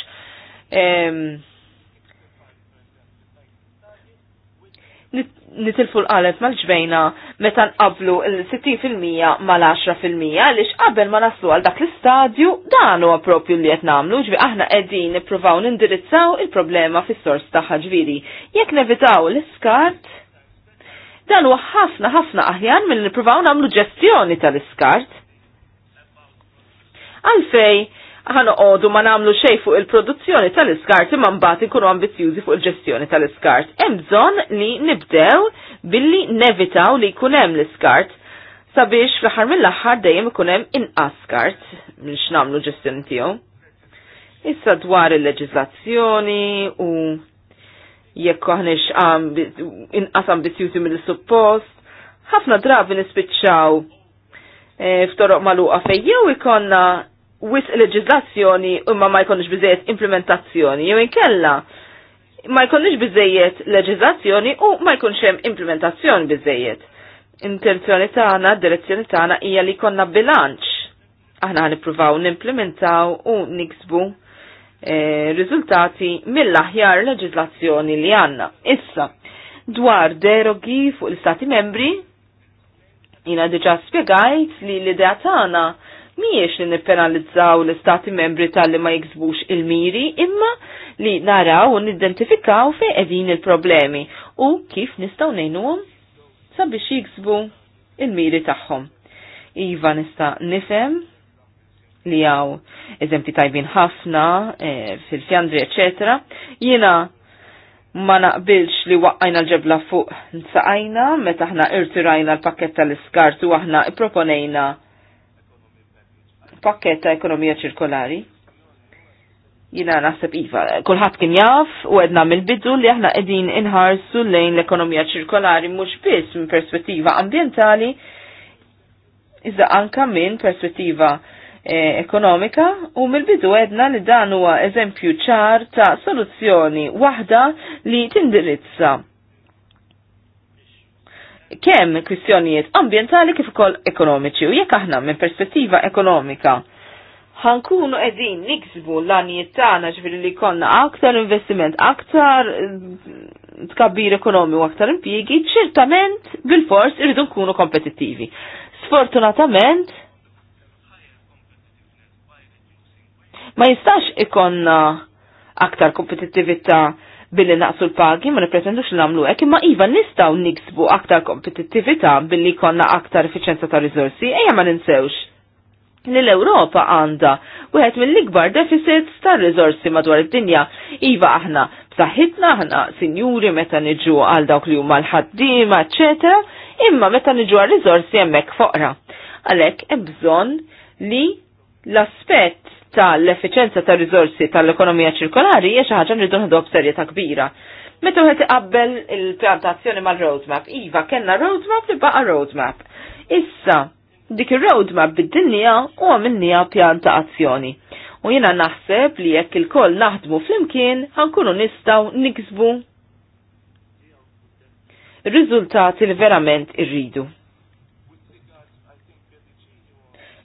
tilfu l-qalet mal-ġbejna meta nqablu l-60% mal-10% għaliex qabel ma naslu għal dak l-istadju dan huwa li jett namlu ġbi aħna qegħdin nippruvaw nindirizzaw il-problema fis-sors tagħha ġviri. Jekk nevitaw l-iskart dan huwa ħafna ħafna aħjar mill nippruvaw nagħmlu ġestjoni tal-iskart. Għalfej, ħana għodu ma namlu xej fuq il-produzzjoni tal-iskart imma mbagħad ikunu ambizjużi fuq il-ġestjoni tal-iskart. Hemm bżonn li nibdew billi nevitaw li jkun hemm l-iskart sabiex fl-aħħar mill-aħħar dejjem ikun hemm inqas skart biex nagħmlu ġestjoni tiegħu. Issa dwar il-leġiżlazzjoni u jekk aħniex inqas ambizjużi mill-suppost, ħafna drabi nispiċċaw eh, f'toroq maluqa fejjew ikonna wis leġizlazzjoni imma ma jkunx biżejjed implementazzjoni, jew inkella ma jkunx biżejjed leġizlazzjoni u ma jkunx hemm implementazzjoni biżejjed. Intenzjoni tagħna, direzzjoni tagħna hija li konna bilanċ. Aħna nippruvaw nimplementaw u niksbu eh, riżultati mill-aħjar leġizlazzjoni li għandna. Issa, dwar derogi fuq l istati membri, jina diġa spiegajt li l-idea tagħna miex li nippenalizzaw l-istati membri tal-li ma jiksbux il-miri, imma li naraw u nidentifikaw fe edin il-problemi u kif nistaw nejnuhom sabiex jiksbu il-miri tagħhom. Iva nista nifem li għaw eżempi tajbin ħafna e, fil-fjandri, eccetera, jina ma naqbilx li waqqajna l-ġebla fuq nsaqajna, meta ħna irtirajna l-pakket tal-iskart u aħna proponejna pakket ta' ekonomija ċirkolari. Jina naħseb Iva, kulħadd kien jaf u għedna mill-bidu li aħna qegħdin inħarsu lejn l-ekonomija ċirkolari mhux biss minn perspettiva ambientali, iżda anka minn perspettiva eh, ekonomika u mill-bidu edna li dan huwa eżempju ċar ta' soluzzjoni waħda li tindirizza kemm kwistjonijiet ambientali kif ukoll ekonomiċi u jekk aħna minn perspettiva ekonomika ħankunu qegħdin niksbu l-għanijiet tagħna ġifieri li konna aktar investiment, aktar eh, tkabbir ekonomi u aktar impjiegi, ċertament bil-fors irridu nkunu kompetittivi. Sfortunatament ma jistax ikonna aktar kompetittività billi naqsu l-pagi, ma nipretendux li nagħmlu hekk, imma iva nistgħu niksbu aktar kompetittività billi konna aktar effiċenza ta' riżorsi, ejja ma ninsewx li l-Europa għanda wieħed mill-ikbar deficit ta' rizorsi madwar id-dinja. Iva aħna b'saħħitna aħna sinjuri meta niġu għal dawk li huma l-ħaddiema, eċetera, imma meta niġu għal rizorsi hemmhekk foqra. Għalhekk hemm bżonn li l-aspett tal-effiċenza ta' rizorsi tal-ekonomija ċirkolari hija xi ħaġa nridu nħdu b'serjetà kbira. Meta wieħed iqabbel il-pjantazzjoni mal-roadmap, iva kellna roadmap li baqa' roadmap. Issa dik ir-roadmap bid-dinja u għamilnija pjan azzjoni. U jiena naħseb li jekk il-koll naħdmu flimkien ħankunu nistgħu nikzbu riżultati li verament irridu.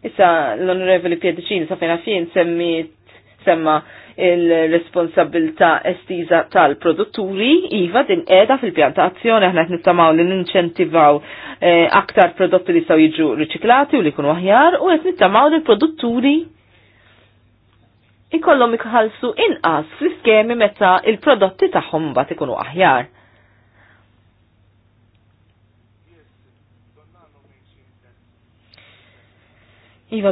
Issa l-Onorevoli Piediċin sa fejna fien semmit semma il-responsabilta estiza tal-produtturi, iva din edha fil-pjantazzjoni aħna nittamaw li ninċentivaw eh, aktar prodotti li saw jiġu riċiklati u li kunu aħjar u qed nittamaw li l-produtturi ikollhom ikħallsu inqas fl-iskemi meta il-prodotti tagħhom bat ikunu aħjar. Iva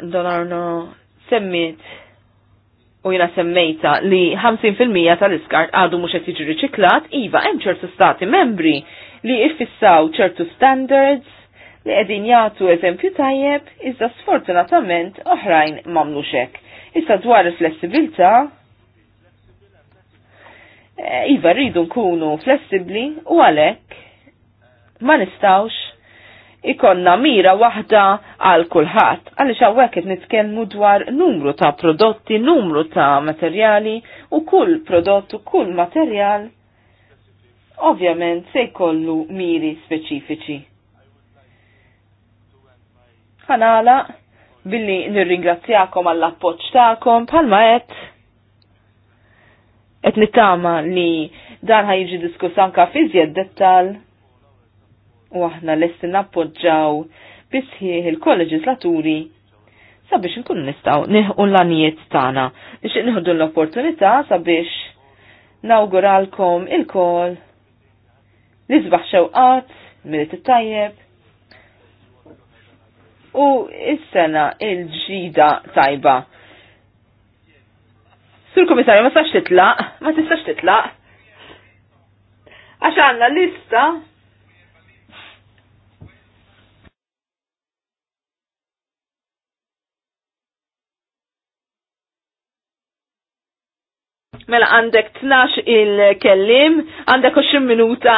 Donarno semmit u jina semmejta li 50% tal-iskart għadu mux qed jiġi riċiklat, iva hemm ċertu stati membri li jiffissaw ċertu standards li qegħdin jagħtu eżempju tajjeb, iżda sfortunatament oħrajn m'għamlux hekk. Issa dwar il-flessibilità, eh, Iva rridu nkunu flessibli u għalhekk ma nistawx ikonna mira waħda għal kulħadd. Għaliex hawnhekk qed nitkellmu dwar numru ta' prodotti, numru ta' materjali u kull prodott u kull materjal ovvjament se jkollu miri speċifiċi. Ħanala billi nirringrazzjakom għall appoġġ tagħkom bħalma qed qed nittama li dan ħajġi diskuss anka fi dettal u aħna lesti nappoġġaw bisħieħ il-kolleġislaturi sabiex nkunu nistaw neħu l-anijiet tagħna biex nħuddu l-opportunità sabiex nawguralkom il-kol li sbaħ xewqat milit it-tajjeb u is-sena il-ġida tajba. Sur komissarju ma sax titlaq, ma tistax titlaq. Għax għandna lista Mela għandek 12 il-kellim, għandek 20 minuta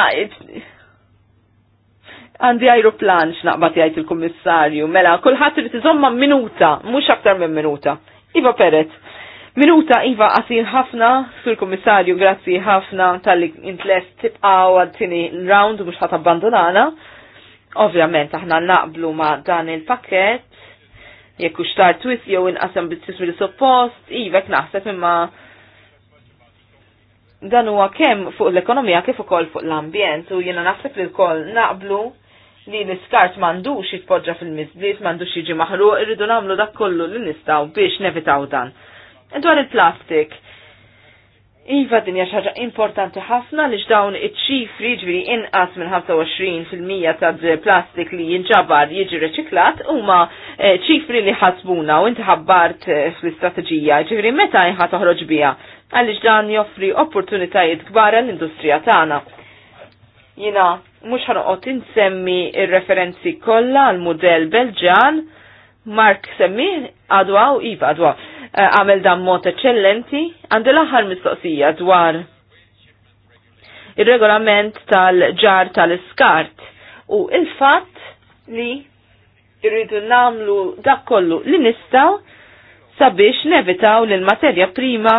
għandi aeroplan x'naqbad jgħid il-kummissarju. Mela, kulħadd irid iżomma minuta, mhux aktar minn minuta. Iva Peret. Minuta Iva qasin ħafna sur kummissarju grazzi ħafna tal-li intlest tibqaw għad-tini round mhux ħat abbandonana. Ovvjament aħna naqblu ma' dan il-pakket jekk u xtar twist jew inqasem bit-tismi li suppost, ivek naħseb imma dan huwa kemm fuq l-ekonomija kif ukoll fuq l-ambjent u jiena naħseb li l-koll naqblu li l-iskart m'għandux jitpoġġa fil-miżbliet, m'għandux jiġi maħruq, irridu nagħmlu dak kollu li nistgħu biex nevitaw dan. Dwar il-plastik, Iva din hija ħaġa importanti ħafna li dawn iċ-ċifri ġifieri inqas minn 25% fil-mija ta' plastik li jinġabar jiġi reċiklat huma eh, ċifri li ħasbuna u inti ħabbart eh, fl-istrateġija, ġifieri meta jħa toħroġ biha għaliex dan joffri opportunitajiet kbar għall-industrija tagħna. Jina mhux ħanoqgħod insemmi ir-referenzi kollha għal mudell Belġan, Mark semmi Adwa u Iva Adwa. Eh, għamel dan mod eċċellenti għandi l-aħħar mistoqsija dwar il-regolament tal-ġar tal-iskart u il-fatt li irridu namlu dak kollu li nistaw sabiex nevitaw l materja prima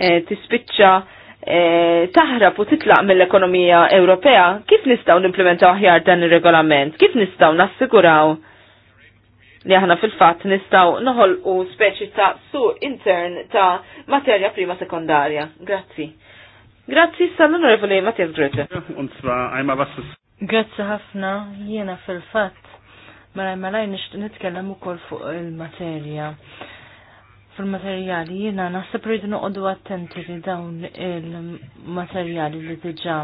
Eh, tispiċċa eh, taħrab u titlaq mill-ekonomija Ewropea, kif nistgħu nimplementaw aħjar dan ir-regolament? Kif nistgħu nassiguraw li aħna fil-fatt nistgħu noħolqu speċi ta' su intern ta' materja prima sekondarja. Grazzi. Grazzi sal-Onorevoli Mattias Grete. Grazzi ħafna, jiena fil-fatt Mela malaj nishtu nitkellem ukoll fuq il-materja fil-materjali, jina naħseb rridu noqogħdu attenti li dawn il-materjali li diġà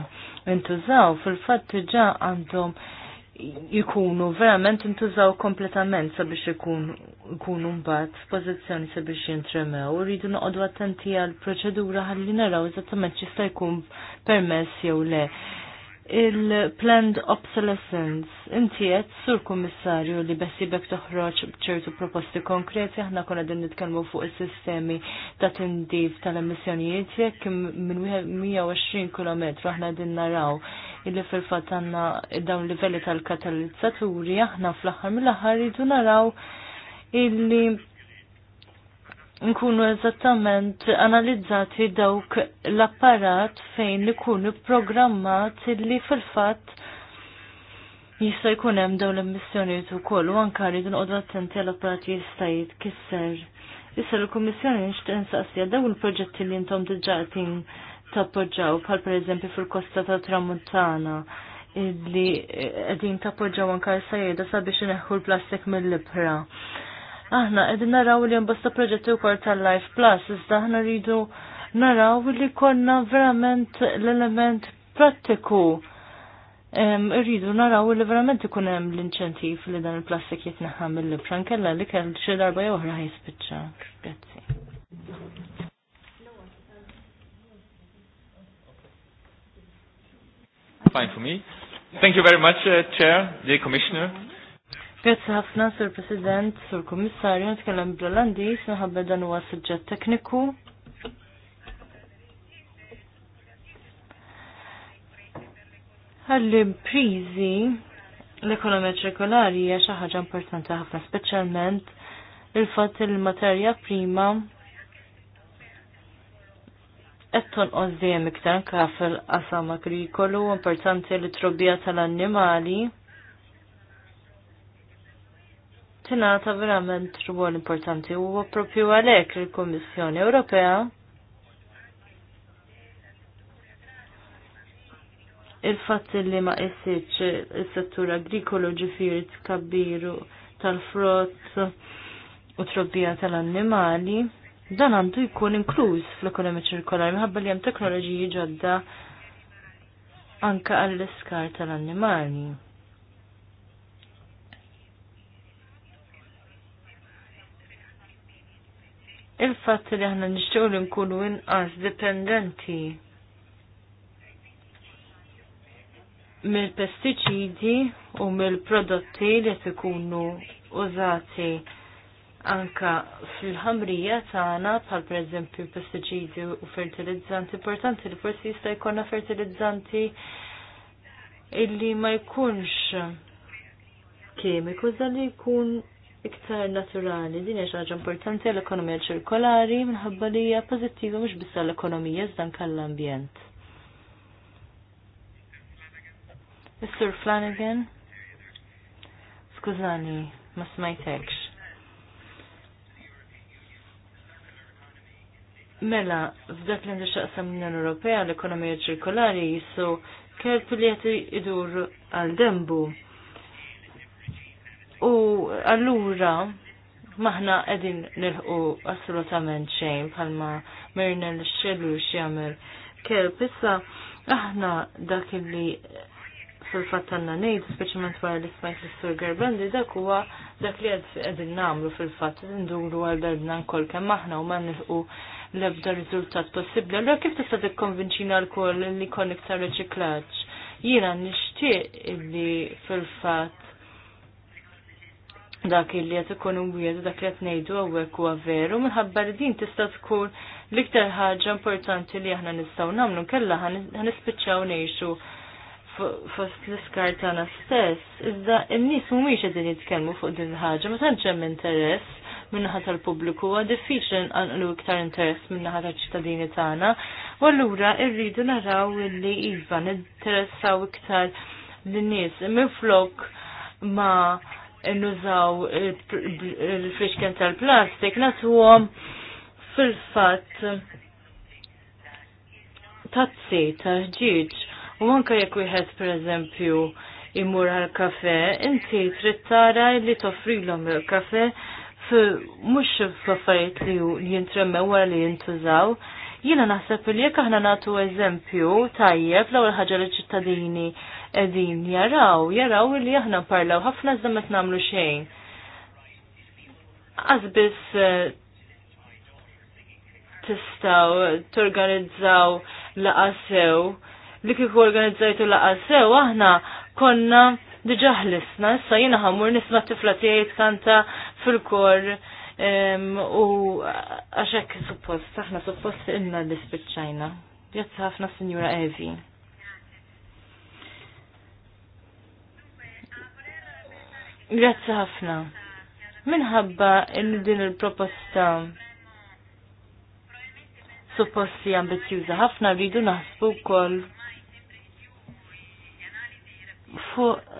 intużaw, fil-fatt diġà għandhom jikunu verament intużaw kompletament sabiex ikunu mbagħad f'pożizzjoni sabiex jintremew, rridu noqogħdu attenti għal proċedura ħalli naraw eżattament jista' jkun permess jew le il-planned obsolescence. Inti qed sur kummissarju li besibek toħroġ bċertu proposti konkreti aħna konna din nitkellmu fuq is-sistemi ta' tindif tal-emissjonijiet jekk minn 120 km aħna din naraw illi fil-fatt għandna dawn livelli tal-katalizzaturi aħna fl-aħħar mill-aħħar idu naraw illi nkunu eżattament analizzati dawk l-apparat fejn li kunu programmat li fil-fatt jista' jkun hemm dawn l-emissjonijiet ukoll u anke rridu noqogħdu attenti għal apparat jista' jitkisser. Issa l-Kummissjoni nixtieq insaqsija dawn il-proġetti li intom diġà qegħdin tappoġġaw bħal pereżempju fil-Kosta tat Tramuntana li qegħdin tappoġġaw anke sajjeda sabiex ineħħu l-plastik mill-libra. Aħna qegħdin naraw li mbasta proġetti wkoll tal-Life Plus, iżda aħna rridu naraw li konna verament l-element prattiku. Irridu naraw li verament ikun hemm l-inċentiv li dan il-plastik jitneħħa mill-libra nkella li kell xi darba oħra jispiċċa. Grazzi. Fine for me. Thank you very much, uh, Chair, the Commissioner. Grazzi ħafna, Sur President, Sur Kommissarju, nitkellem bl-Olandis, naħabba dan huwa suġġett tekniku. Għalli prizi l-ekonomija ċirkolari hija xi ħaġa importanti ħafna, speċjalment il-fatt il-materja prima qed tonqos dejjem iktar kafel qasam agrikolu importanti li trobbija tal-annimali tingħata verament rwol importanti u propju għalhekk il-Kummissjoni Ewropea il-fatt li ma jessieċ is-settur agrikolu ġifieri tkabbiru tal-frott u trobbija tal-annimali dan għandu jkun inkluż fl ekonomi ċirkolari minħabba li hemm teknoloġiji ġodda anka għall-iskar tal-annimali. il-fatt li aħna nixtiequ li nkunu inqas dipendenti mill-pestiċidi u mill-prodotti li qed ikunu użati anka fil-ħamrija tagħna bħal pereżempju pesticidi u fertilizzanti importanti li forsi jista' jkollna fertilizzanti illi ma jkunx kemiku iżda li jkun iktar naturali. Din hija ħaġa importanti għall ekonomija ċirkolari minħabba li hija pożittiva mhux biss għall ekonomija iżda anke ambjent. Mr. Flanagan, skużani, ma smajtekx. Mela, f'dak li ndixaqsam l-Unjoni Ewropea l-ekonomija ċirkolari jissu kelb li qed idur għal dembu U allura maħna qegħdin nilħu assolutament xejn bħalma mirna l-xellu x'jagħmel kelb issa aħna dak li fil-fatt nejt, ngħid, għal wara li l-Sur Gerbrandi, dak huwa dak li qegħdin nagħmlu fil-fatt nduru għal darbna nkoll kemm aħna u ma nilħu l-ebda rizultat possibbli. Allura kif tista' tikkonvinċina l-koll li kon iktar reċiklaġġ? Jiena nixtieq li fil-fatt dak li qed ikun wieħed dak li qed ngħidu għawek huwa veru minħabba li din tista' tkun l-iktar ħaġa importanti li aħna nistgħu nagħmlu għan ispiċaw ngħixu fost l-iskar tagħna stess. Iżda n-nies mhumiex qegħdin jitkellmu fuq din il-ħaġa, ma tantx hemm interess minnaħa tal-pubbliku huwa diffiċli nqanqlu iktar interess minnaħa tal-ċittadini tagħna. U allura rridu naraw li iva ninteressaw iktar lin-nies minflok ma' nużaw il-friċken tal-plastik, nasuhom fil-fat tazzi ta' ġiġ. U anka jekk wieħed pereżempju imur għal kafe, inti trid tara li toffrilhom il-kafe mhux fajt li jintremme wara li jintużaw. Jiena naħseb li jekk aħna nagħtu eżempju tajjeb l-ewwel ħaġa li ċittadini edin jaraw, jaraw li aħna parlaw ħafna iżda namlu nagħmlu xejn. Għazbis eh, tistaw torganizzaw laqasew li kieku organizzajtu laqasew aħna konna diġa ħlisna, issa jiena ħamur nisma' tifla tiegħi kanta fil-kor u għaxek suppost, aħna suppost inna l-ispiċċajna. Grazzi ħafna Sinjura Evi. Grazzi ħafna. Minħabba il-din il-proposta supposti ambizjuża ħafna rridu naħsbu wkoll fuq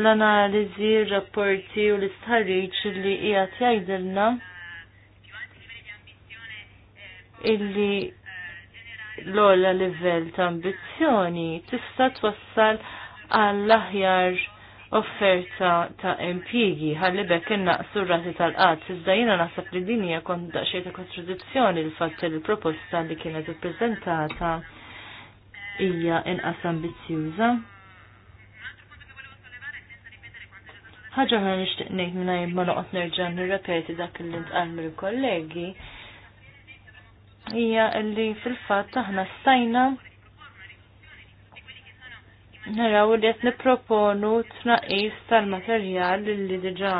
l-analiżi, rapporti u l istħarriċ li jgħat jgħidilna illi l-ogħla livell ta' ambizzjoni tista' twassal għall aħjar offerta ta' impjigi ħalli bekk innaqsu rati tal-qatt. Iżda jiena naħseb li din hija kont daqsxejn kontradizzjoni l fatt li l-proposta li kienet ippreżentata hija inqas ambizzjuża. ħaġa ħana nixtieq ngħid mingħajr ma noqgħod nerġa' nirrepeti dak li ntqal mill-kollegi hija li fil-fatt aħna stajna naraw li qed nipproponu tnaqis tal-materjal li diġà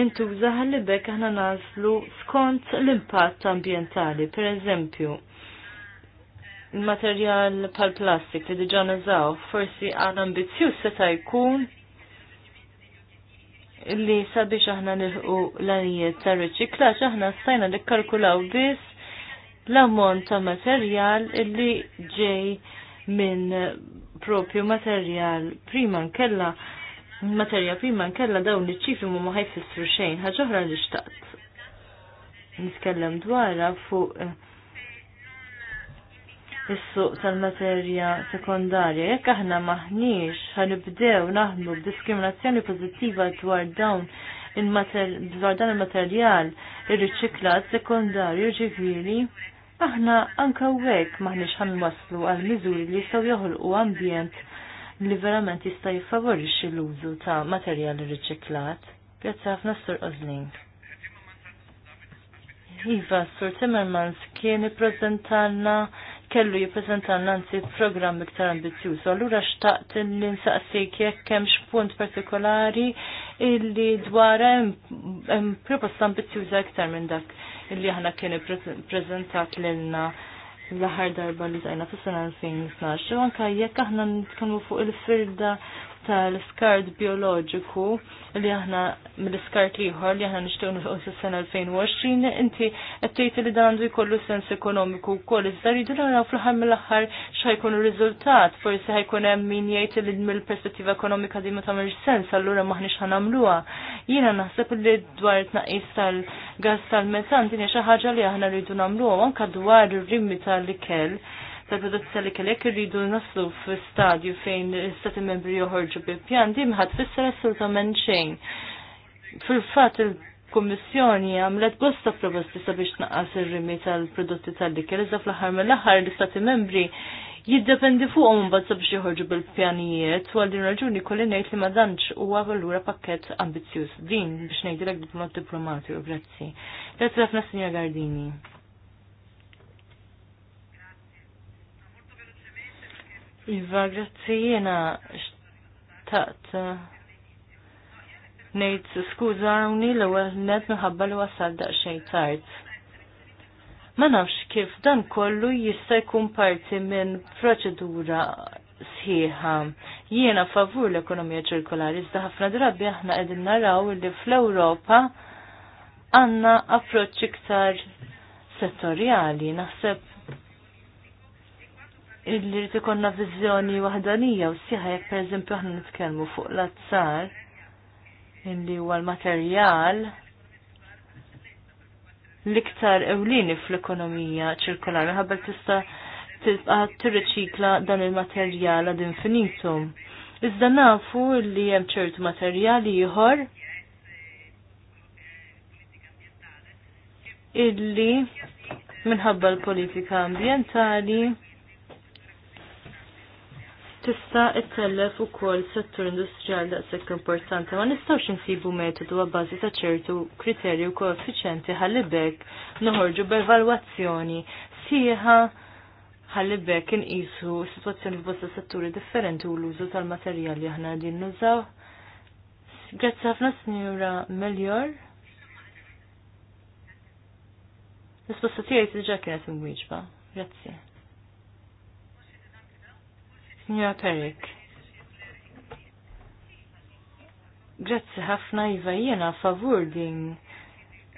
intuża li bekk aħna naslu skont l-impatt ambjentali, pereżempju. Il-materjal pal plastik li diġà nazaw, forsi għal ambizju seta' jkun li sabiex aħna nilħu l-anijiet ta' riċiklaġġ aħna stajna nikkalkulaw biss l-ammont ta' materjal li ġej minn propju materjal prima nkella materja prima nkella dawn iċ-ċifri mu ma ħajfissru xejn, ħaġa oħra li xtaqt. Nitkellem dwarha fuq eh, is-suq tal-materja sekondarja, jekk aħna maħniex ħanibdew naħdmu b'diskriminazzjoni pożittiva dwar dawn dwar dan il-materjal irriċiklat sekondarju ġifieri aħna anka wek maħniġ ħan waslu għal miżuri li jistaw joħolqu ambjent li verament jista' jiffavorixxi l-użu ta' materjali riċiklat. Grazzi ħafna Sur Ozling. Iva, Sur Timmermans kien prezentanna kellu jippreżentanna anzi programm iktar ambizzjuż. Allura xtaqt l nsaqsik jekk hemm punt partikolari illi dwar hemm proposta ambizzjuża iktar minn dak illi aħna kien ippreżentat lilna l-aħħar darba li tajna fis sena 2012, u jekk aħna nitkellmu fuq il-firda tal-skart bioloġiku li aħna mill-skart ieħor li aħna nixtiequ nifqgħu s sena 2020, inti qed li dan għandu jkollu sens ekonomiku wkoll iżda rridu naraw fl-aħħar mill-aħħar x'ħajkun ir-riżultat, forsi ħajkun hemm min jgħid li mill-perspettiva ekonomika di ma tagħmilx sens allura maħniex ħanamluha. Jiena naħseb li dwar tnaqqis tal-gas tal-metan din hija xi ħaġa li aħna rridu nagħmluha anke dwar ir-rimmi tal likel tal-prodotti li kellek irridu naslu f-stadju fejn l-istati membri joħorġu bil pjan di mħad fissar assolutament xejn. Fil-fat il-Kommissjoni għamlet bosta proposti sabiex naqas ir-rimi tal-prodotti tal-likel, iżda fl-ħar mill-ħar l-istati membri jiddependi fuqhom imbagħad sabiex joħorġu bil-pjanijiet u għal din raġuni kolli ngħid li ma danx huwa pakket pakkett din biex ngħidilek b'mod diplomatiku, grazzi. Grazzi għafna, Sinja Gardini. Iva, grazzi jena xtaqt eh, nejt skuza għawni l ewwel net minħabba li għasal daqxej tard. Ma nafx kif dan kollu jista' jkun parti minn proċedura sħiħa. Jiena favur l-ekonomija ċirkolari, iżda ħafna drabi aħna qegħdin naraw li fl-Ewropa għandna approċċ iktar settorjali. Naħseb illi rrit ikonna vizjoni wahdanija u siħa jek per eżempju aħna nitkellmu fuq l-azzar illi huwa l-materjal l-iktar ewlini fl-ekonomija ċirkolari ħabel tista' tibqa' tirriċikla dan il-materjal ad infinitum. Iżda nafu li hemm ċertu materjali ieħor illi minħabba l-politika ambientali tista' ittellef ukoll settur industrijali daqshekk importanti. Ma nistgħux insibu metodu għabbażi ta' ċertu kriterji u koeffiċjenti ħallibek noħorġu b'evalwazzjoni sieħa ħallibek inqisu sitwazzjoni f'bosta setturi differenti u l-użu tal-materjali aħna din nużaw. Grazzi ħafna Sinjura Meljor. L-isposta tiegħi diġà kienet imwieġba. Grazzi. Ja, Perik. Grazzi ħafna Iva jiena favur din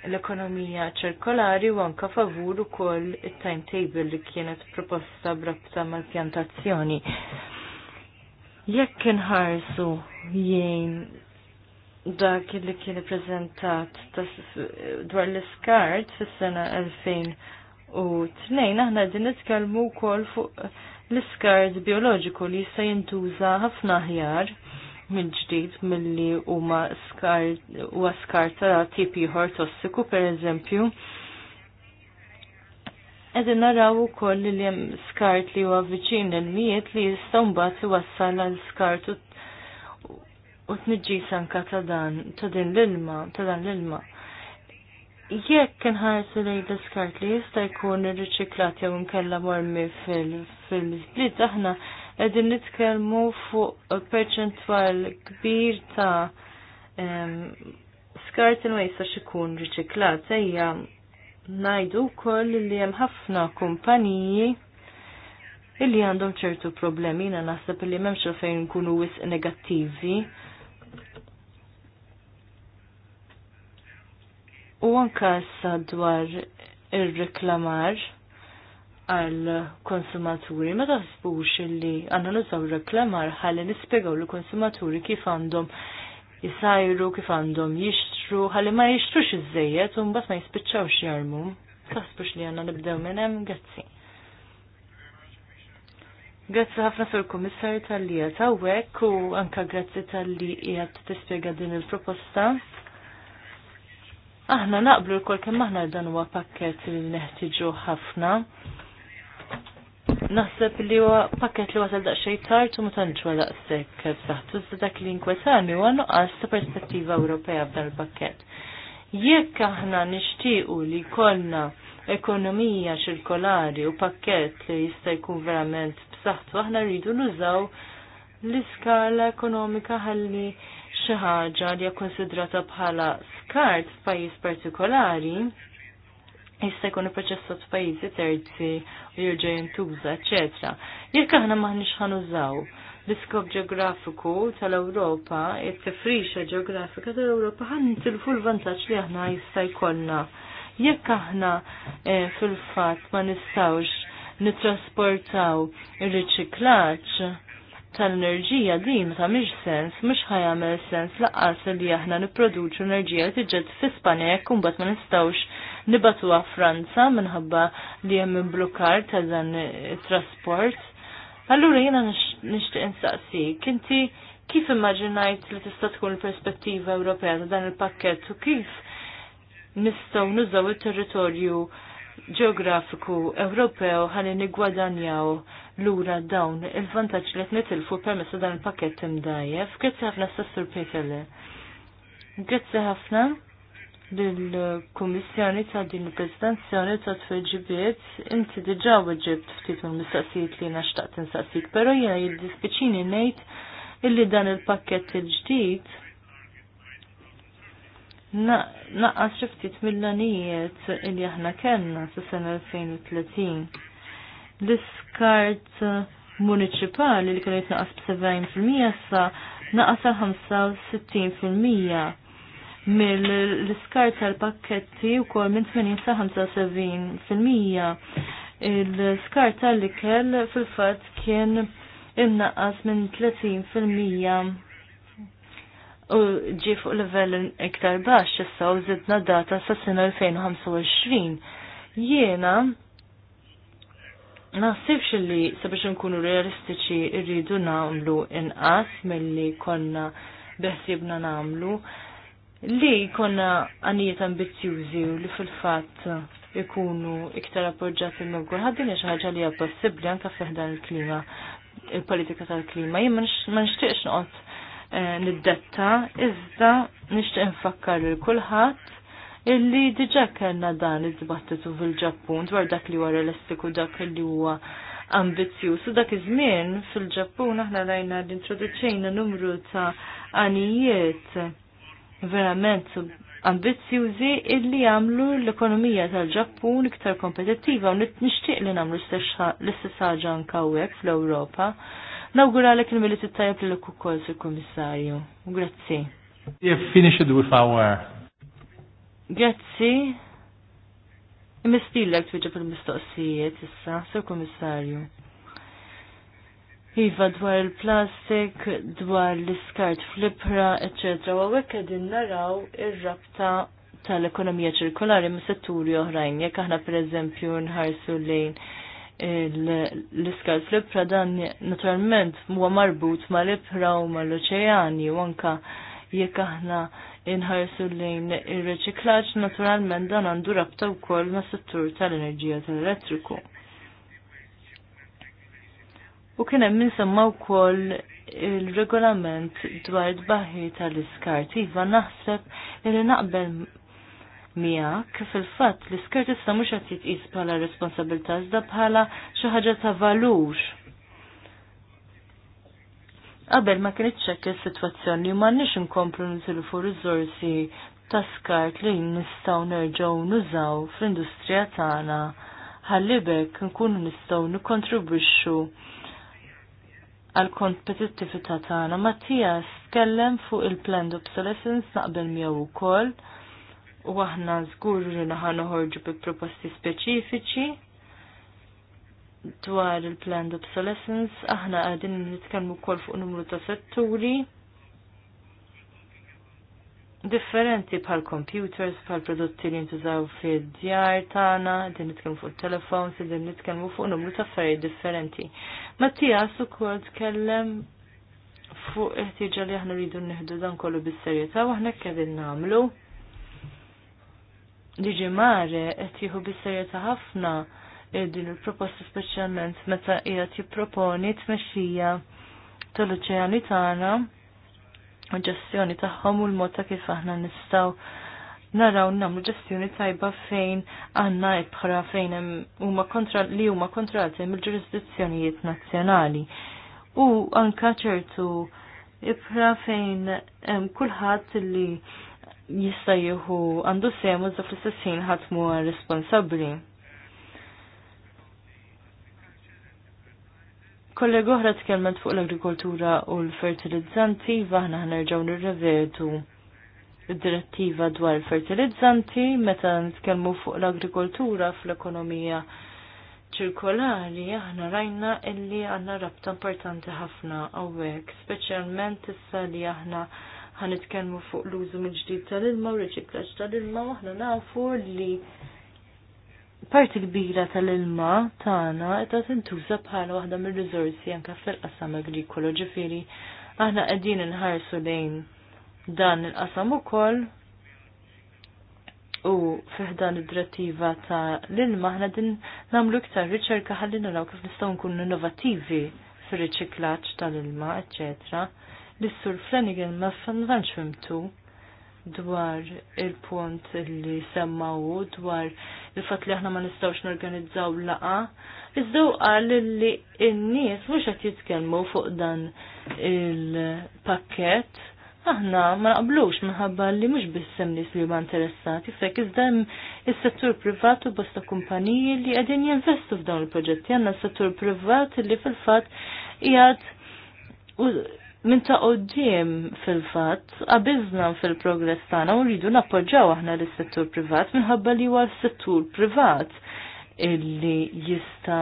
l-ekonomija ċirkolari u anka favur ukoll it-timetable li kienet proposta brabta mal-pjantazzjoni. Jekk inħarsu jien dak li kien prezentat dwar l-iskart fis-sena 2002 aħna din nitkellmu wkoll fuq l-iskard bioloġiku li jista' jintuża ħafna aħjar minn ġdid milli huma skar huwa skar ta' tip ieħor tossiku pereżempju. Qegħdin naraw ukoll li hemm skart li huwa viċin il-miet li jistgħu mbagħad iwassal għal skart u tniġġis anka ta' dan ta' din l-ilma ta' dan l-ilma jekk kien lejn l diskart li jista' jkun irriċiklat jew nkella marmi fil-bliet aħna qegħdin nitkellmu fuq perċentwal kbir ta' skart jistax ikun riċiklat ejja ngħidu wkoll li hemm ħafna kumpaniji illi għandhom ċertu problemi, jiena naħseb li m'hemmx fejn nkunu wisq negattivi U anka sa dwar ir-reklamar għal konsumaturi, ma taħsbux li għanna nużaw reklamar ħalli nispiegaw li konsumaturi kif għandhom jisajru, kif għandhom jixtru, ħalli ma jixtrux iż-żejjed, un bas ma jispiċċawx jarmu. Taħsbux li għanna nibdew minn hemm grazzi. Grazzi ħafna sur kummissarju tal-li għatawek u anka grazzi tal-li għat tispiega din il-proposta. Aħna naqblu l-kol kemm aħna dan huwa pakket li neħtiġu ħafna. Naħseb li huwa pakket li wasal daqsxejn tard u ma tantx wara daqshekk b'saħħtu iżda dak li nkwetani huwa nuqqas ta' perspettiva Ewropea f'dan il-pakket. Jekk aħna nixtiequ li jkollna ekonomija ċirkolari u pakket li jista' jkun verament b'saħħtu aħna rridu nużaw l-iskala ekonomika ħalli xi ħaġa li hija konsidrata bħala skart f'pajjiż partikolari, jista' jkun ipproċessat f'pajjiżi terzi u jerġa' jintuża, eċetera. Jekk aħna maħniex ħanużaw l-iskop ġeografiku tal-Ewropa, it-tifrixa ġeografika tal-Ewropa ħan nitilfu l-vantaġġ li aħna jista' jkollna. Jekk aħna eh, fil-fatt ma nistgħux nitrasportaw ir-riċiklaġġ tal-enerġija din ma tagħmilx sens, mhux ħajamel sens laqqas li aħna nipproduċu enerġija tiġġed fi Spanja jekk imbagħad ma nistgħux nibatuha Franza minħabba li hemm imblukkar ta' dan it-trasport. Allura jiena nixtieq insaqsik, Kinti kif immaġinajt li tista' tkun il-perspettiva Ewropea ta' dan il-pakkett u kif nistgħu nużaw it-territorju ġeografiku Ewropew ħalli nigwadanjaw lura dawn il-vantaġġ li qed nitilfu permezz dan il-pakett imdajjef. Grazzi ħafna Sassur Pekele. Grazzi ħafna lill-Kummissjoni ta' din il-Presidenzazzjoni ta' tfeġibiet inti diġà weġibt ftit mill-mistaqsijiet li naxtaqt insaqsik, però jiena jiddispiċini ngħid illi dan il-pakket il-ġdid naqqas xiftit mill-lanijiet illi aħna kellna sa sena 2030. L-iskart municipali li kienu jitnaqqas b-70% sa naqqas għal 65% mill-iskart tal-pakketti u kol minn 80 sa 75%. il iskart tal-ikel fil-fat kien imnaqqas minn 30% u ġi fuq level iktar baxx jissa u zidna data sa' sena 2025. Jiena naħsibx li sabiex nkunu realistiċi rridu nagħmlu inqas milli konna beħsibna nagħmlu li konna għanijiet ambizjużi u li fil-fatt ikunu iktar appoġġati minn kulħadd din xi ħaġa li hija possibbli anke fiħdan il-klima il-politika tal-klima. Jiena ma nixtieqx noqgħod Eh, niddetta, iżda nixtieq infakkar lil kulħadd illi diġà kellna dan id-dibattitu fil-Ġappun dwar dak li huwa realistiku dak li huwa ambizzjuż. U dak iż-żmien fil-Ġappun aħna rajna l-introduċejna numru ta' għanijiet verament ambizzjużi illi għamlu l-ekonomija tal-Ġappun iktar kompetittiva u nixtieq li nagħmlu l-istess ħaġa anke hawnhekk fl-Ewropa. Nawguralek il-militi tajab l kol sur kommissarju. Grazzi. Yeah, finished with our... Grazzi. Imistillek twiġa fil-mistoqsijiet issa, sur kommissarju. Iva dwar il-plastik, dwar l-iskart fl etc. eccetera. Għawek għedin naraw ir-rabta tal-ekonomija ċirkolari mis setturi oħrajn, jekk aħna per eżempju nħarsu lejn l-iskal fl-ibra dan naturalment huwa marbut mal-ibra u mal oċejani u anka jekk aħna inħarsu lejn ir-reċiklaġġ naturalment dan għandu rabta wkoll mas-settur tal-enerġija tal-elettriku. U kien hemm insemma wkoll il-regolament dwar id-baħi tal-iskart iva naħseb li naqbel kif fil-fatt l-iskert issa mhux qed jitqis bħala responsabilità iżda bħala xi ħaġa ta' valur. Qabel ma kien iċċekkja s-sitwazzjoni u m'għandniex inkomplu nitilfu riżorsi ta' skart li nistgħu nerġgħu nużaw fl-industrija tagħna ħallibek nkunu nistgħu nikkontribwixxu għal kompetittività tagħna Mattias tkellem fuq il-planned obsolescence naqbel miegħu wkoll u aħna zgur li naħan uħorġu bi proposti speċifiċi dwar il-planned obsolescence, aħna għadin nitkellmu wkoll fuq numru ta' setturi differenti bħal computers, bħal prodotti li jintużaw fid-djar tagħna, din nitkellmu fuq telefons, din nitkellmu fuq numru ta' affarijiet differenti. Mattias ukoll tkellem fuq ħtieġa li aħna rridu nieħdu dan kollu bis-serjetà u aħna qegħdin nagħmlu. Liġi mare qed jieħu bis-serjetà ħafna e, din il-proposta speċjalment meta qiegħed jipproponi tmexxija tal-oċeani tagħna u ġestjoni tagħhom u l-mod ta' kif aħna nistgħu naraw nagħmlu ġestjoni tajba fejn għandna ibħra fejn huma kontra li huma kontrati mill-ġurisdizzjonijiet nazzjonali. U anka ċertu ibħra e, fejn kulħadd li jista' jieħu għandu semu za fl istessin ħatmu ħadd Kollegu responsabbli. Kollega oħra tkellmet fuq l-agrikoltura u l-fertilizzanti, aħna ħnerġgħu nirrevedu id-direttiva dwar fertilizzanti meta nitkellmu fuq l-agrikoltura fl-ekonomija ċirkolari aħna rajna illi għanna rabta importanti ħafna għawek, speċjalment issa li aħna ħanitkellmu fuq l-użu mill-ġdid tal-ilma u riċiklaġġ tal-ilma u aħna nafu li parti kbira tal-ilma tagħna qed tintuża bħala waħda mir-riżorsi anke fil-qasam agrikolo ġifieri aħna qegħdin inħarsu lejn dan il-qasam ukoll u fiħdan id-direttiva ta' l-ilma ħna din namlu iktar riċerka ħalli naraw kif nistgħu nkunu innovattivi fir-riċiklaġġ tal-ilma, eċċetera l-Sur Flanagan ma fanvanx fimtu dwar il-punt li semmaw dwar il-fat li aħna ma nistawx norganizzaw laqa. Iżdaw qal li n-nies mhux qed jitkellmu fuq dan il pakket Aħna ma naqblux minħabba li mhux biss hemm nies li huma interessati fek iżda hemm is-settur privat u bosta kumpaniji li qegħdin jinvestu f'dawn il-proġetti. Għandna s-settur privat li fil-fatt qiegħed minn ta' qoddim fil-fatt għabizna fil-progress tagħna u rridu nappoġġaw aħna lis-settur privat minħabba li huwa s-settur privat illi jista'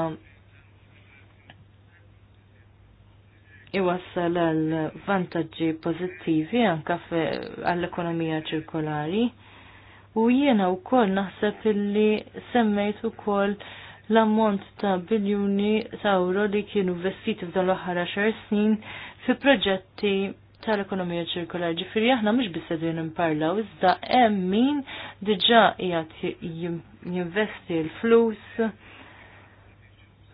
iwassal għal vantaġġi pożittivi anke għall-ekonomija ċirkolari u jiena wkoll naħseb illi semmejt ukoll l-ammont ta' biljuni ta' euro li kienu vestiti f'dan l ħara xar snin fi proġetti tal-ekonomija ċirkolari. Ġifieri aħna mux biss qegħdin imparlaw, iżda hemm min diġà qiegħed jinvesti l-flus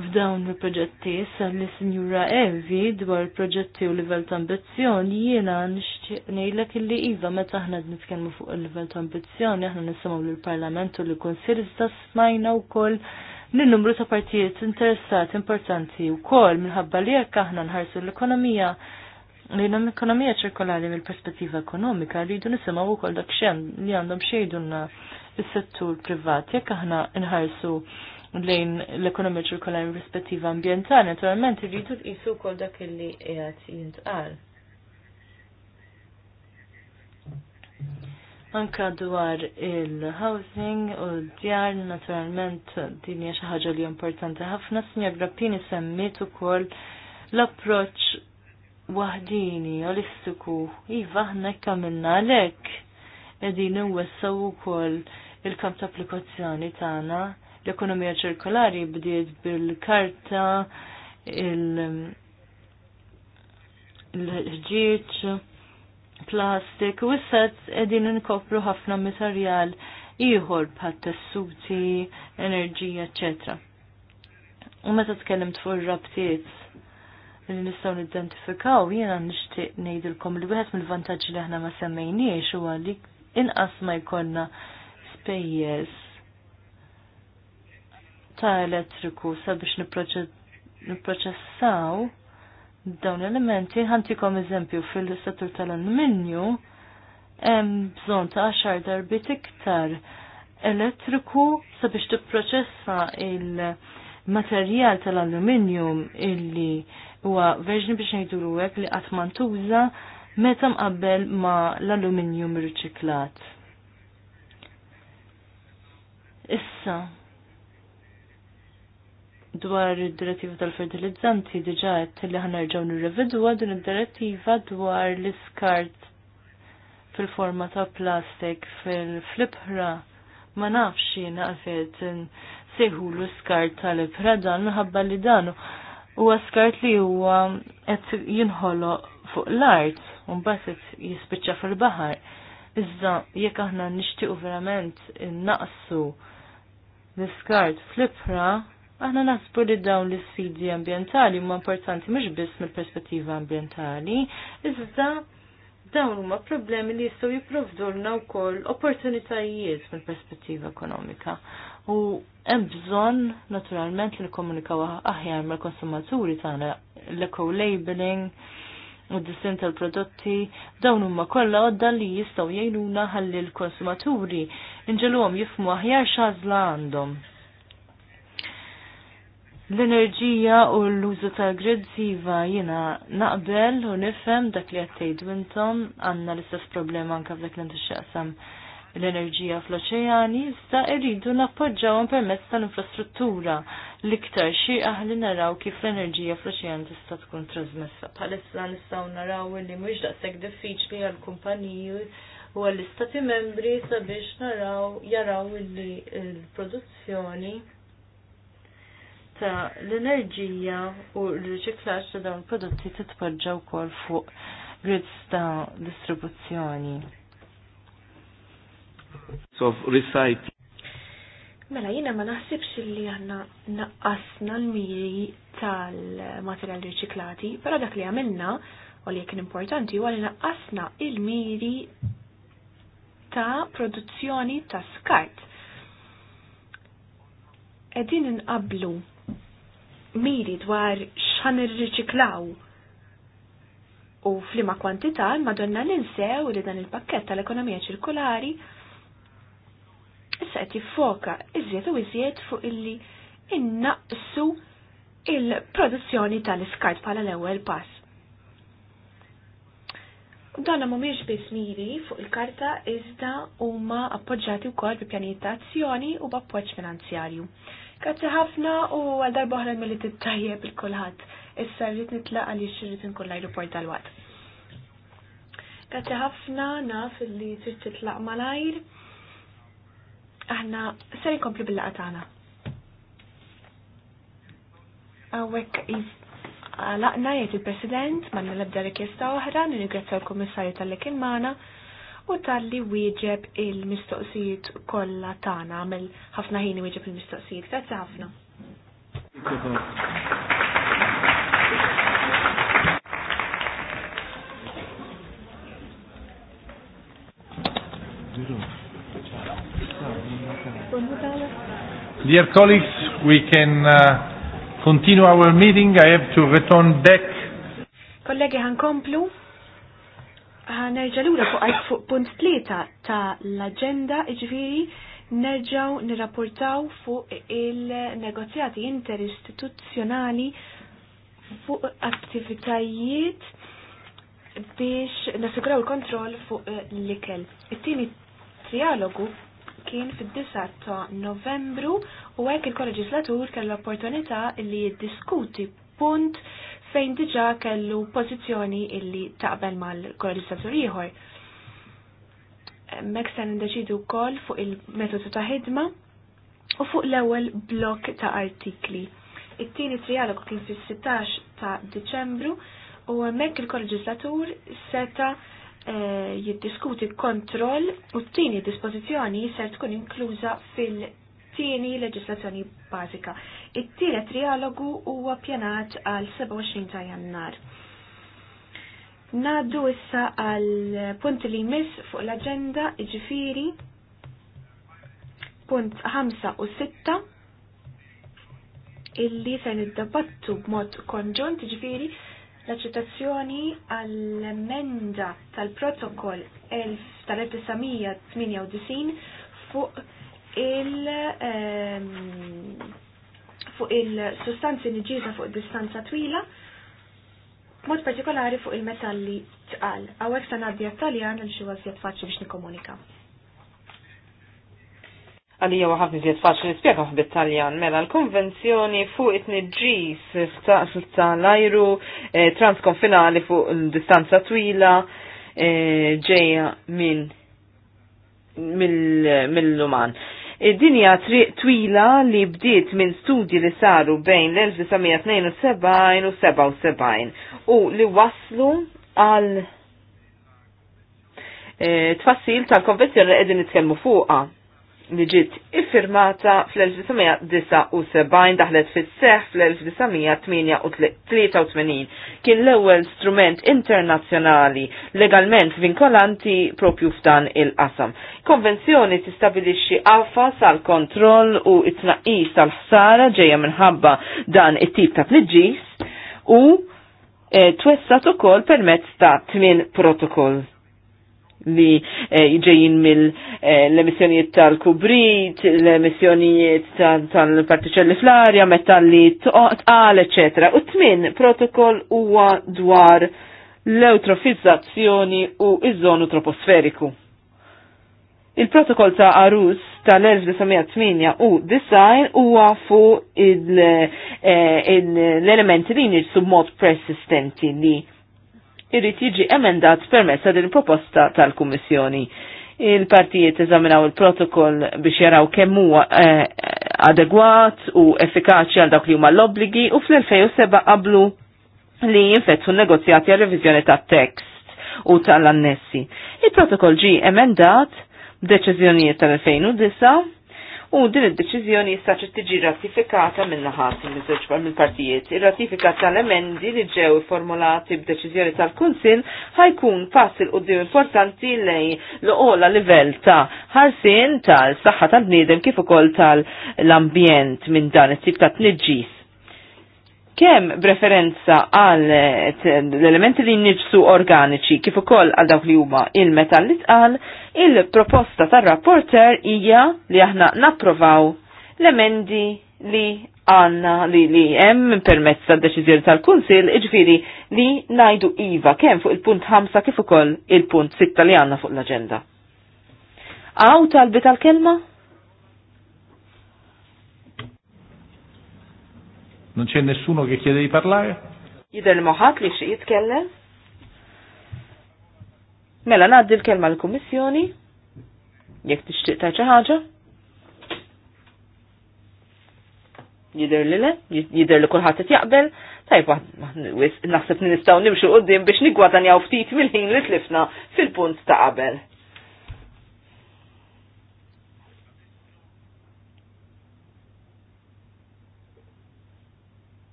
f'dawn il-proġetti issa li sinjura Evi dwar proġetti u livell ta' ambizzjoni jiena nixtieq ngħidlek illi iva meta aħna nitkellmu fuq il-livell ta' ambizzjoni aħna nisimgħu lill-Parlament u l-Kunsill iżda smajna wkoll nil numru ta' partijiet interessat importanti wkoll minħabba li jekk aħna nħarsu l-ekonomija li l-ekonomija ċirkolari mill-perspettiva ekonomika rridu nisimgħu u kol xejn li għandhom xejdunna il settur privat jekk aħna nħarsu lejn l-ekonomija ċirkolari mill-perspettiva ambjentali, naturalment irridu tqisu wkoll dak li jgħat jintqal. anka dwar il-housing u d djar naturalment din hija xi ħaġa li importanti ħafna Sinja Grappini semmit ukoll l-approċċ waħdini olistiku iva aħna għamilna għalhekk qegħdin iwessaw ukoll il-kamp ta' applikazzjoni tagħna l-ekonomija ċirkolari bdiet bil-karta il-ħġieġ il plastik u issa qegħdin nkopru ħafna materjal ieħor bħal tessuti, enerġija, eċetera. U meta tkellimt fuq ir-rabtiet li nistgħu nidentifikaw, jiena nixtieq ngħidilkom li wieħed mill-vantaġġi li aħna ma semmejniex huwa li inqas ma jkollna spejjeż ta' elettriku sabiex nipproċessaw dawn elementi. Ħantikom eżempju fil-settur tal-alluminju hemm bżonn ta' għaxar darbit iktar elettriku sabiex tipproċessa il-materjal tal-alluminjum illi huwa verġni biex ngħidulu hekk li qatt mantuża meta mqabbel ma' l-alluminjum riċiklat. Issa, dwar id-direttiva tal-fertilizzanti diġa qed li ħanerġgħu nirrevidwa din id-direttiva dwar l-iskart fil-forma ta' plastik fil flipra ma nafx jiena qed sejħu l-iskart tal ipra dan minħabba li dan huwa skart li huwa qed jinħoloq fuq l-art u mbagħad qed jispiċċa fil-baħar. Iżda jekk aħna nixtiequ verament innaqsu l-iskart fl-ibħra Aħna naħsbu li dawn l-isfidi ambientali huma importanti mhux biss mill-perspettiva ambientali, iżda dawn huma problemi li jistgħu jipprovdulna wkoll opportunitajiet mill-perspettiva ekonomika. U hemm bżonn naturalment li nikkomunikaw aħjar mal-konsumaturi tagħna l-eco-labeling u d-disin tal-prodotti dawn huma kollha għodda li jistgħu jgħinuna ħalli l-konsumaturi inġelhom jifmu aħjar x'għażla għandhom L-enerġija u l-użu tal-grid jina naqbel u nifhem dak li għattejdu intom għanna l-istess problema anka f'dak li xaqsam l-enerġija fl oċejani sta irridu nappoġġawhom permezz tal-infrastruttura l-iktar xi aħli naraw kif l-enerġija fl oċejan tista' tkun trasmessa. Bħalissa nistgħu naraw li mhux daqshekk diffiċli għall-kumpaniji u għall-istati membri sabiex naraw jaraw li l-produzzjoni ta' l-enerġija u l-riċiklaġġ ta' dawn prodotti titpoġġa wkoll fuq grids ta' distribuzzjoni. So, recite. Mela, jina ma naħsibx li għanna naqqasna l-miri tal-materjal riċiklati, pero dak li għamilna, u li kien importanti, u għalli naqqasna il-miri ta' produzzjoni ta' skart. Edin nqablu miri dwar xan irriċiklaw u flima kwantità madonna ninsew li dan il-pakket tal-ekonomija ċirkulari issa qed jiffoka iżjed u iżjed fuq illi innaqsu il-produzzjoni tal-iskart bħala l-ewwel pass. Donna mhumiex biss miri fuq il-karta iżda huma appoġġati wkoll bi pjanijiet ta' azzjoni u b'appoġġ finanzjarju. Grazzi ħafna u għal darba oħra milli tittajjeb il-kulħadd. Issa rrid nitlaq għaliex xirrit inkun l tal-waqt. Grazzi ħafna naf li trid titlaq malajr. Aħna ser inkomplu bil laqa tagħna. Għawek laqna jgħid il-President, manna l-ebda rikjesta oħra, nirringrazzja l-Kummissarju tal-li kien u tal-li wieġeb il-mistoqsijiet kollha tagħna għamel ħafna ħin wieġeb il-mistoqsijiet. Grazzi ħafna. Dear colleagues, we can uh, continue our meeting. I have to return back. Kollegi, komplu. Nerġa' lura fuq fuq punt tlieta ta' l-aġenda iġviri nerġaw nirrapportaw fuq il-negozjati interistituzzjonali fuq attivitajiet biex nasigraw il-kontroll fuq l-ikel. It-tieni trialogu kien fid-9 ta' Novembru u għek il-Kolleġislatur kell l-opportunità li jiddiskuti punt fejn diġa kellu pozizjoni illi taqbel mal-korrelissatur ieħor. Mek se ndeċidu wkoll fuq il-metodu ta' ħidma u fuq l-ewwel blok ta' artikli. It-tieni trialog kien fis-16 ta' Diċembru u hemmhekk il-korreġislatur seta' eh, jiddiskuti kontroll u t-tieni dispożizzjoni ser tkun inkluża fil- tieni leġislazzjoni bażika. It-tielet trialogu huwa pjanat għal 27 ta' jannar. Naddu issa għal punt li jmiss fuq l-agenda ġifiri punt 5 u 6 illi se niddabattu b'mod konġunt ġifiri l-accettazzjoni għall-emenda tal-protokoll 1998 fuq il- ehm, fuq il-sustanzi niġiża fuq distanza twila, mod partikolari fuq il-metalli tqal. Għawek sa naddi għattaljan li xi għazjed faċli biex nikomunika. Għalija huwa ħafna iżjed faċli nispjega bit-Taljan mela l-konvenzjoni fuq it ta' tal-ajru eh, transkonfinali fuq distanza twila eh, ġejja minn mill-Luman. Id-dinja triq twila li bdiet minn studji li saru bejn l-1972 u 77 u li waslu għal e, tfassil tal-konvenzjoni li qegħdin nitkellmu fuqha li ġiet iffirmata fl-1979 daħlet fis-seħħ fl-1983 kien l-ewwel strument internazzjonali legalment vinkolanti propju f'dan il-qasam. Konvenzjoni tistabilixxi għafa sal-kontroll u it-tnaqqis tal-ħsara ġejja minħabba dan it-tip ta' tniġġis u eh, twessat ukoll permezz ta' tmien protokoll li eh, ġejjin mill-emissjonijiet eh, l tal-kubrit, l-emissjonijiet tal-partiċelli fl-arja, metalli tqal, etc. U tmin protokoll huwa dwar l-eutrofizzazzjoni u iż-żonu troposferiku. Il-protokoll ta' Arus tal-1908 u design huwa fu eh, l-elementi li nirsu mod persistenti li irrit jiġi emendat permessa din proposta tal-Kummissjoni. Il-partijiet eżaminaw il-protokoll biex jaraw kemm huwa eh, adegwat u effikaċi għal dawk li huma l-obbligi u fl-2007 qablu li jinfetħu negozjati għal reviżjoni tat-tekst u tal-annessi. Il-protokoll ġi emendat b'deċiżjonijiet tal-2009 u din id-deċiżjoni issa trid tiġi ratifikata minnaħat miż-żewġ mill-partijiet. Ir-ratifika tal-emendi li ġew formulati b'deċiżjoni tal-Kunsill ħajkun pass il qudiem importanti lejn l-ola livell ta' ħarsien tal-saħħa tal-bniedem kif ukoll tal-ambjent minn dan it-tip ta' tniġġis kem preferenza għal eh, l-elementi li nġbsu organiċi kif ukoll għal dawk li huma il-metall li tqal, il-proposta tar-rapporter hija li aħna napprovaw l-emendi li għanna li li hemm permezz tad-deċiżjoni tal-Kunsil, iġifieri li ngħidu iva kemm fuq il-punt 5 kif ukoll il-punt 6 li għandna fuq l-aġenda. Għaw talbi tal-kelma? Non c'è nessuno che chiede di parlare? Jider maħat li xie jitkellem? Mela naddi l-kelma l-Kummissjoni? Jek tixtieq ta' xi ħaġa? Jider li le, jider li kulħadd qed jaqbel, tajb naħseb nistgħu nimxu għoddim biex nigwadanjaw ftit mill-ħin li tlifna fil-punt ta' qabel.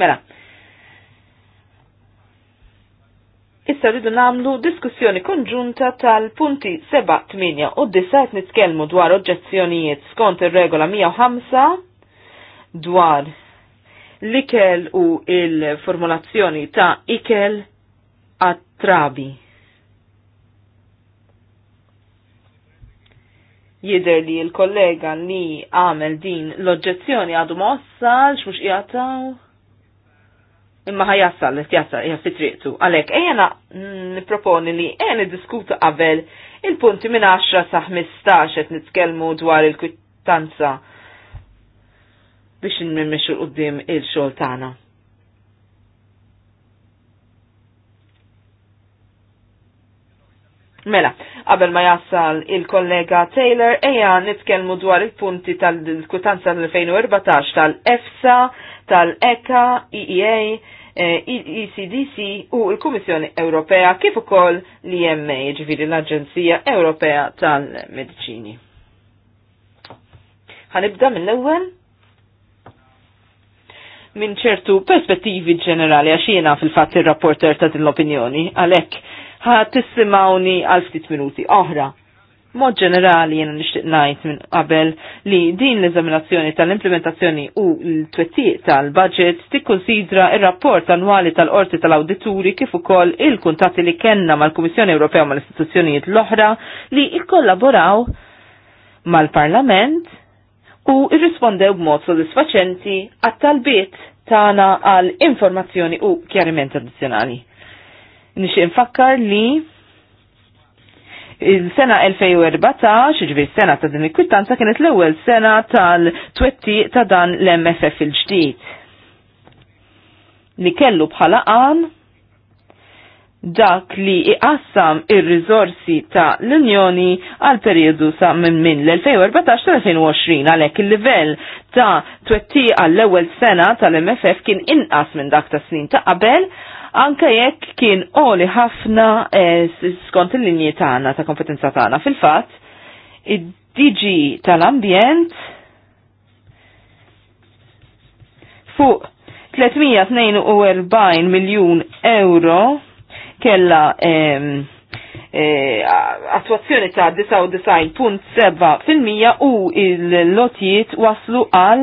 Mela. Issa rridu namlu diskussjoni konġunta tal-punti 7, 8 u 9 nitkellmu dwar oġġezzjonijiet skont ir-regola 105 dwar l-ikel u il-formulazzjoni ta' ikel għat-trabi. Jider li l-kollega li għamel din l-oġġezzjoni għadu mossa, xmux mux jgħataw imma ħajassal, jassal, jassi triqtu. Għalek, ejjena niproponi li ejjena diskuta qabel il-punti minn 10 sa 15 għet nitkelmu dwar il-kwittanza biex nmimmexu l-qoddim il-xol tana. Mela, qabel ma jassal il-kollega Taylor, eja nitkelmu dwar il-punti tal kwittanza tal-2014 tal-EFSA, tal-ECA, EEA, ECDC eh, e u l-Kummissjoni Ewropea kif ukoll l-EMA, ġifiri l-Aġenzija Ewropea tal-Mediċini. Ħanibda mill-ewwel minn ċertu perspettivi ġenerali għax jiena fil-fatt ir-rapporter ta' din l-opinjoni għalhekk ħa tissimawni għal ftit minuti oħra mod ġenerali jena nishtiq najt minn qabel li din l-eżaminazzjoni tal-implementazzjoni u l-twettiq tal-budget tikkonsidra il rapport annwali tal-Qorti tal-Awdituri kif ukoll il-kuntatti li kenna mal-Kummissjoni Ewropea mal-istituzzjonijiet l-oħra li ikkollaboraw mal-Parlament u irrispondew b'mod sodisfaċenti għat-talbiet tagħna għal informazzjoni u chiariment addizzjonali. Nixie nfakkar li Il-sena 2014, ġivi sena ta' din il-kwittanza, kienet l ewwel sena tal-twetti ta' dan l-MFF il-ġdijt. Li kellu bħala għan dak li iqassam ir-rizorsi ta' l-Unjoni għal periodu sa' minn min l-2014 tal-2020 għalhekk il-livell ta' twetti għall ewwel sena tal-MFF kien inqas minn dak ta' snin ta' qabel anka jekk kien oli ħafna eh, skont il-linji tagħna ta' kompetenza tagħna. Fil-fatt, id-DG tal-ambjent fuq 342 miljun euro kella eh, attuazzjoni ta' 99.7% u il-lotijiet waslu għal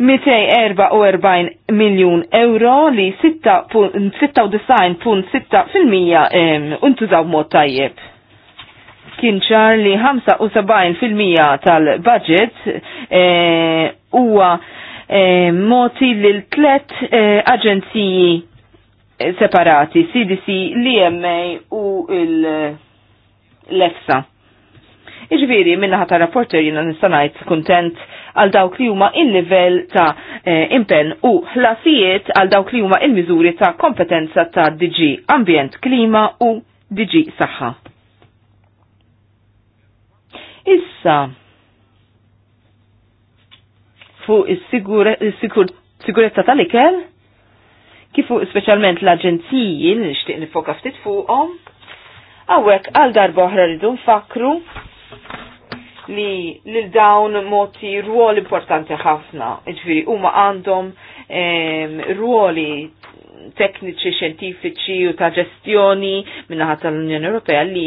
244 miljon euro li 96.6% untużaw mod tajjeb. Kien ċar li 75% tal-budget e, huwa e, moti lil tlet e, aġenziji e, separati, CDC, l-EMA u l-EFSA. E Iġviri, minna ħata rapporter jina nistanajt kontent għal dawk li huma il-livell ta' eh, impenn u ħlasijiet għal dawk li huma il-miżuri ta' kompetenza ta' DG Ambjent, Klima u DG Saħħa. Issa, fuq is-sigurezza tal-ikel, kifu specialment l-aġenziji li nixtieq nifoka ftit fuqhom, Awek għal darba oħra rridu nfakru li lil dawn moti ruol importanti ħafna, ġviri huma għandhom ruoli tekniċi, xjentifiċi u ta' ġestjoni minnaħat tal-Unjoni Ewropea li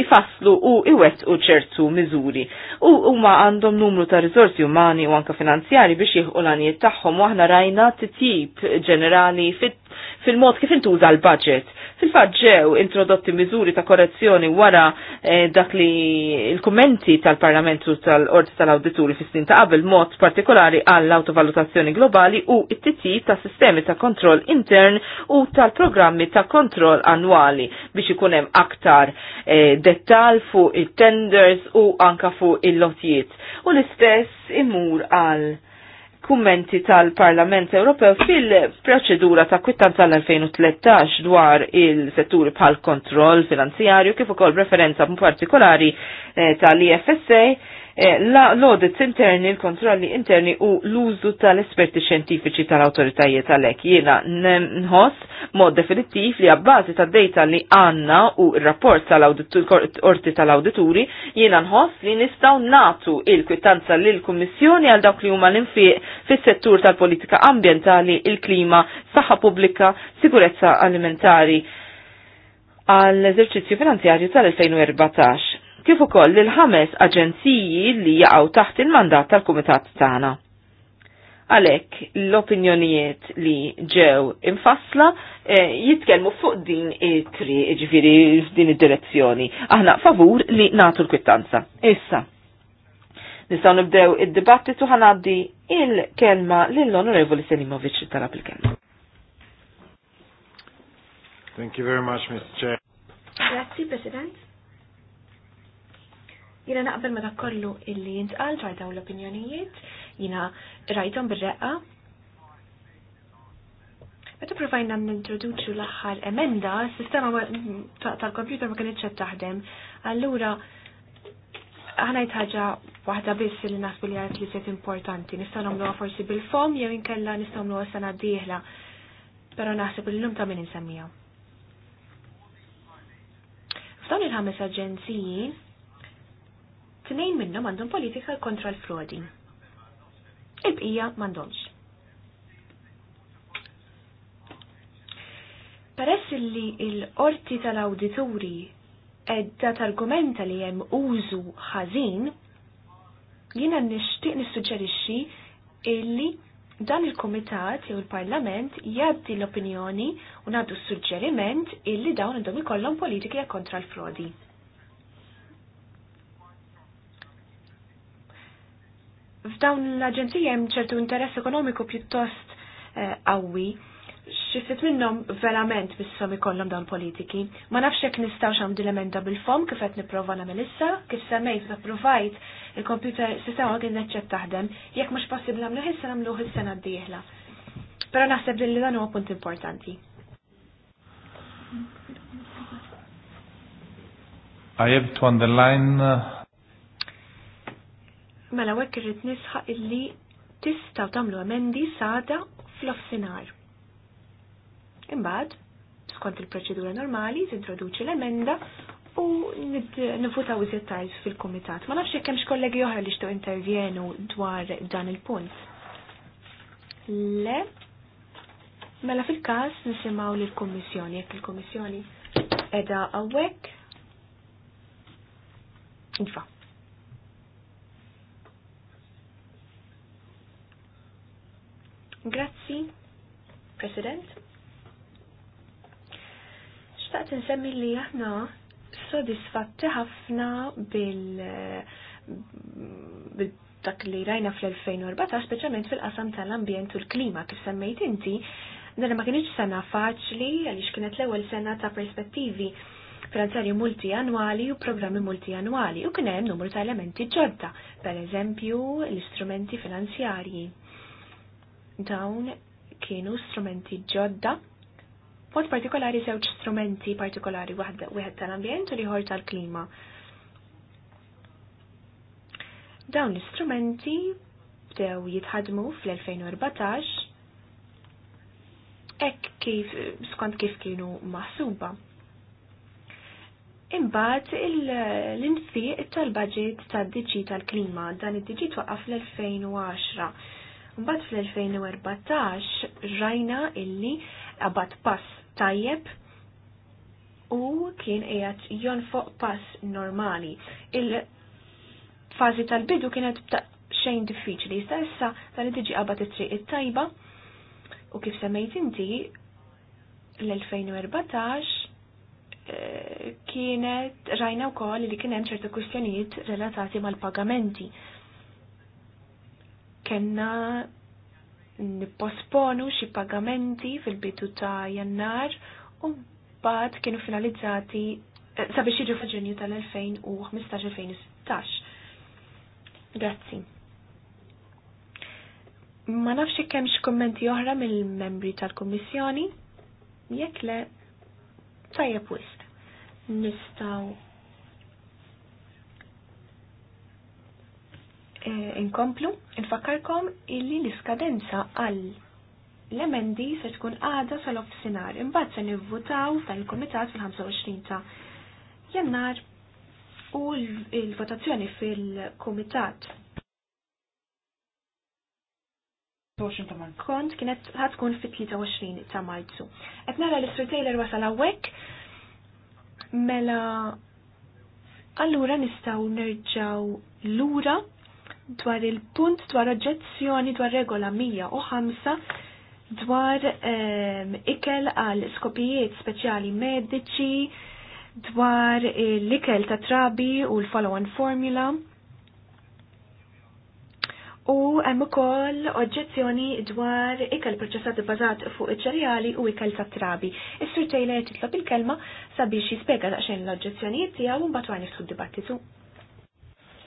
jfasslu e, u iwet u ċertu miżuri. U huma għandhom numru ta' risorsi umani u anka finanzjari biex jieħu l-għanijiet tagħhom u aħna rajna titjib ġenerali fit fil-mod kif intuża l-budget. Fil-fatt ġew introdotti miżuri ta' korrezzjoni wara eh, dak li l-kummenti tal-Parlamentu tal-Ordi tal-Awdituri fis-snin ta' qabel mod partikolari għall-autovalutazzjoni globali u it-titjib ta' sistemi ta' kontroll intern u tal-programmi ta' kontroll annwali biex ikun hemm aktar eh, dettal fuq it-tenders u anka fuq il-lotjiet. U l-istess imur għal kummenti tal-Parlament Ewropew fil-proċedura ta' kwittanza tal-2013 dwar il-setturi bħal kontroll finanzjarju kif ukoll referenza partikolari eh, tal-IFSA Eh, l-audits interni, l-kontrolli interni u l-użu tal-esperti xjentifiċi tal-autoritajiet għalek. Jiena nħoss mod definittiv li għabbazi ta' data li għanna u r-rapport tal-orti tal-awdituri jiena nħoss li nistaw natu il-kwitanza l-Kummissjoni għal dawk li huma l-infiq fis-settur tal-politika ambientali, il-klima, saħħa pubblika, sigurezza alimentari għall-eżerċizzju finanzjarju tal-2014 kif ukoll l ħames aġenziji li jaqgħu taħt il-mandat tal-Kumitat tagħna. Għalhekk l-opinjonijiet li ġew infassla e, jitkellmu fuq din it-tri ġifiri f'din id-direzzjoni. Aħna favur li nagħtu l-kwittanza. Issa. Nistgħu nibdew id-dibattitu ħanaddi il-kelma lill-Onorevoli Selimovic talab il-kelma. Thank you very much, Mr. Chair. Grazie, President. Jina naqbel ma kollu illi jintqal dwar dawn l-opinjonijiet, jina rajtom bir-reqqa. Meta provajna nintroduċu l-aħħar emenda, s-sistema tal-kompjuter ma kienx qed taħdem. Allura aħna ħaġa waħda biss li nasbu li għajt li set importanti. Nistgħu nagħmluha forsi bil-fom jew inkella nistgħu nagħmluha sena d-dieħla. Però naħseb li l-lum ta' min insemmija. F'dawn il-ħames aġenziji Tnejn minnhom għandhom politika kontra l-frodi. Il-bqija m'għandhomx. Peress li l-qorti tal-awdituri edda tal-argumenta li hemm użu ħażin, jiena nixtieq nissuġġerixxi illi dan il-Komitat jew il-Parlament jaddi l-opinjoni u nagħdu suġġeriment illi dawn għandhom ikollhom politika kontra l-frodi. f'dawn l-aġenzija hemm ċertu interess ekonomiku pjuttost eh, qawwi. Xi ftit minnhom verament bissom ikollhom dawn politiki. Ma nafx hekk nistgħu xam dilementa bil-fom kif qed nipprova nagħmel issa, kif semmejt provajt il-computer sistema kien neċċett taħdem, jekk mhux possibbli nagħmluh issa nagħmluh is-sena d-dieħla. Però naħseb li dan huwa punt importanti. I have to underline uh, Mela wek irrid nisħaq illi tistgħu tagħmlu emendi sada fl-offsinar. Imbagħad, skont il-proċedura normali, tintroduċi l-emenda u nivvuta u tajz fil-komitat. Ma nafx hekk hemmx kollegi oħra li xtu intervjenu dwar dan il-punt. Le, mela fil-każ nisimgħu lill kummissjoni jekk il-Kummissjoni qiegħda hawnhekk. infa. Grazzi, President. Xtaqt nsemmi li aħna sodisfatti ħafna bil, bil dak li rajna fl-2014, speċjalment fil-qasam tal-ambjent u l-klima, kif semmejt inti, dan ma kienx sena faċli għaliex kienet l-ewwel sena ta' perspettivi finanzjarji multianwali u programmi multianwali u kien hemm numru ta' elementi ġodda, per eżempju l-istrumenti finanzjarji Dawn kienu strumenti ġodda, mod partikolari żewġ strumenti partikolari wieħed tal-ambjent u liħor tal-klima. Dawn l-istrumenti bdew jitħadmu fl-2014 ek kif, skont kif kienu maħsuba. Imbagħad l-infiq tal-budget tad-diġi tal-klima dan id-diġi twaqqaf fl-2010 Mbagħad fl-2014 rajna illi abad pass tajjeb u kien jon jonfoq pass normali. Il-fażi tal-bidu kienet xejn diffiċli, sa' issa dan tiġi qabad it-triq it-tajba u kif semmejt inti l-2014 eh, kienet rajna wkoll li kien hemm ċertu kwistjonijiet relatati mal-pagamenti kena nipposponu xi pagamenti fil-bidu ta' jannar u mbagħad kienu finalizzati eh, sabiex jiġu f'Ġunju tal-2015-2016. Grazzi. Ma nafx kemm kemmx kummenti oħra mill-membri tal-Kummissjoni? Jekk le tajjeb wisq. Nistgħu Eh, inkomplu, infakkarkom illi l-iskadenza għal l-emendi se tkun għada sal-offsinar, imbagħad se nivvutaw tal-komitat fil-25 ta' jannar u l-votazzjoni fil-komitat kont kienet ħatkun fit-23 ta' Marzu. Qed nara l Sir Taylor wasal hawnhekk mela allura nistgħu nerġgħu lura dwar il-punt dwar oġġezzjoni dwar regola 105 dwar um, ikel għal skopijiet speċjali mediċi, dwar l-ikel ta' trabi u l-follow-on formula. U hemm ukoll oġġezzjoni dwar ikel proċessat bazat fuq iċ-ċerjali u ikel ta' trabi. Is-Sur Taylor titlob il-kelma sabiex jispjega daqsxejn l-oġġezzjonijiet tiegħu u mbagħad wara niftħu dibattitu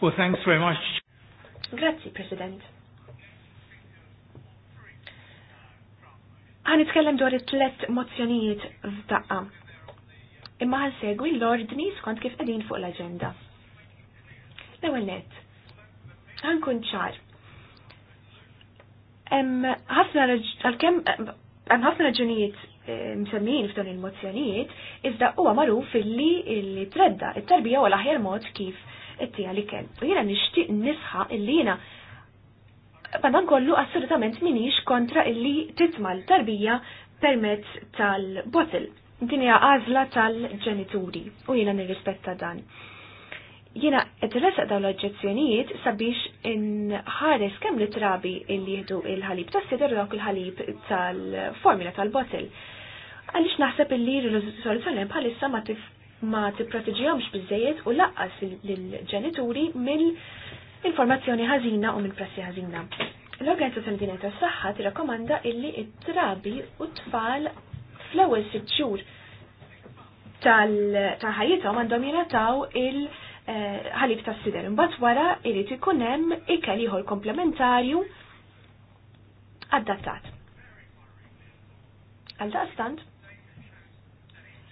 Well, thanks very much, Grazzi, President. Għan itkellem dwar it-tlet mozzjonijiet f'daqqa. Imma għan segwi l-ordni skont kif qegħdin fuq l-aġenda. L-ewwel nett. Għan kun ċar. hemm ħafna raġunijiet msemmijin f'dan il-mozzjonijiet, iżda huwa magħruf illi l-tredda, it-tarbija huwa l-aħjar mod kif it-tija li kell. U jena nishtiq nisħa illina jena kollu assolutament minix kontra illi titmal tarbija permezz tal-botil. Din hija għażla tal-ġenituri u jiena nirrispetta dan. Jiena id-resa dawn l-oġġezzjonijiet sabiex inħares kemm li trabi illi jieħdu il-ħalib tas-sider dawk il-ħalib tal-formula tal-botil. Għaliex naħseb illi r-riżoluzzjoni bħalissa ma tif ma tipprotiġihomx biżejjed u laqqas lill-ġenituri mill-informazzjoni ħażina u mill-prassi ħażina. L-Organizzazzjoni Dinja tas-Saħħa tirrakkomanda illi it-trabi u t-tfal fl-ewwel sitt xhur ta' ħajjithom għandhom jirataw il- eh, ħalib ta' sider. Mbagħad wara irid ikun hemm ikel ieħor komplementarju adattat. Għal daqstant,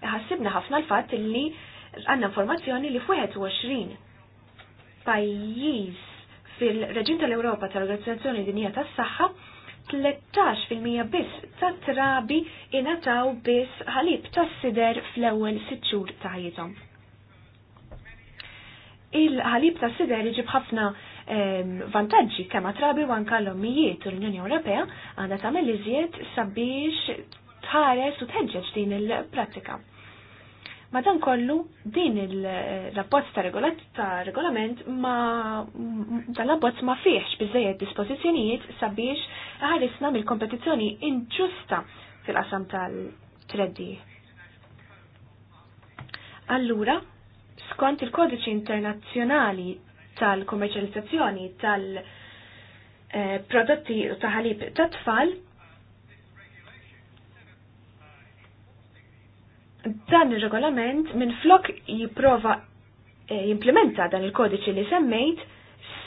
ħassibna ħafna l-fatt li għandna informazzjoni li f'21 pajjiż fil-reġin tal-Ewropa tal-Organizzazzjoni Dinija tas-Saħħa 13% biss ta' trabi inataw biss ħalib tas sider fl-ewwel sitt xhur ta' Il-ħalib tas sider iġib ħafna ehm, vantaġġi kemm trabi u anke l-ommijiet u l-Unjoni Ewropea għandha tagħmel iżjed sabiex tħares u tħeġġeġ din il-prattika. Madan kollu din il rapport ta' regolat ta' regolament ma tal abbozz ma fiex biżejjed dispożizzjonijiet sabiex ħarisna mill-kompetizzjoni inġusta fil-qasam tal-3D. Allura, skont il-kodiċi internazzjonali tal-komerċializzazzjoni tal-prodotti eh, ta' ħalib tat tfal, dan il-regolament minn flok jiprofa eh, jimplementa dan il-kodiċi li semmejt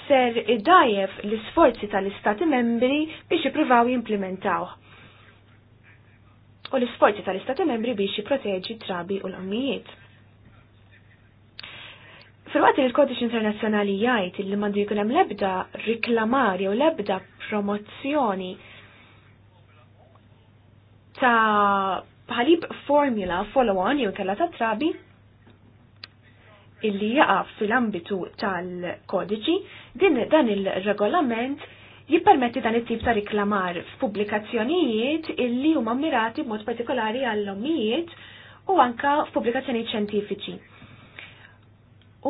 ser idajef l-sforzi tal-istati membri biex jiprofaw jimplementaw. U l-sforzi tal-istati membri biex jiproteġi trabi u l-ommijiet. Fil-waqt li kodiċi kodiċ internazzjonali jgħid li mandu jkun hemm lebda riklamar jew lebda promozzjoni ta' bħalib formula follow-on jew kella ta' trabi illi jaqaf fil-ambitu tal-kodiċi, din dan il-regolament jippermetti dan it-tip ta' riklamar f'pubblikazzjonijiet illi huma mirati b'mod partikolari għall-ommijiet u anka f'pubblikazzjonijiet ċentifiċi.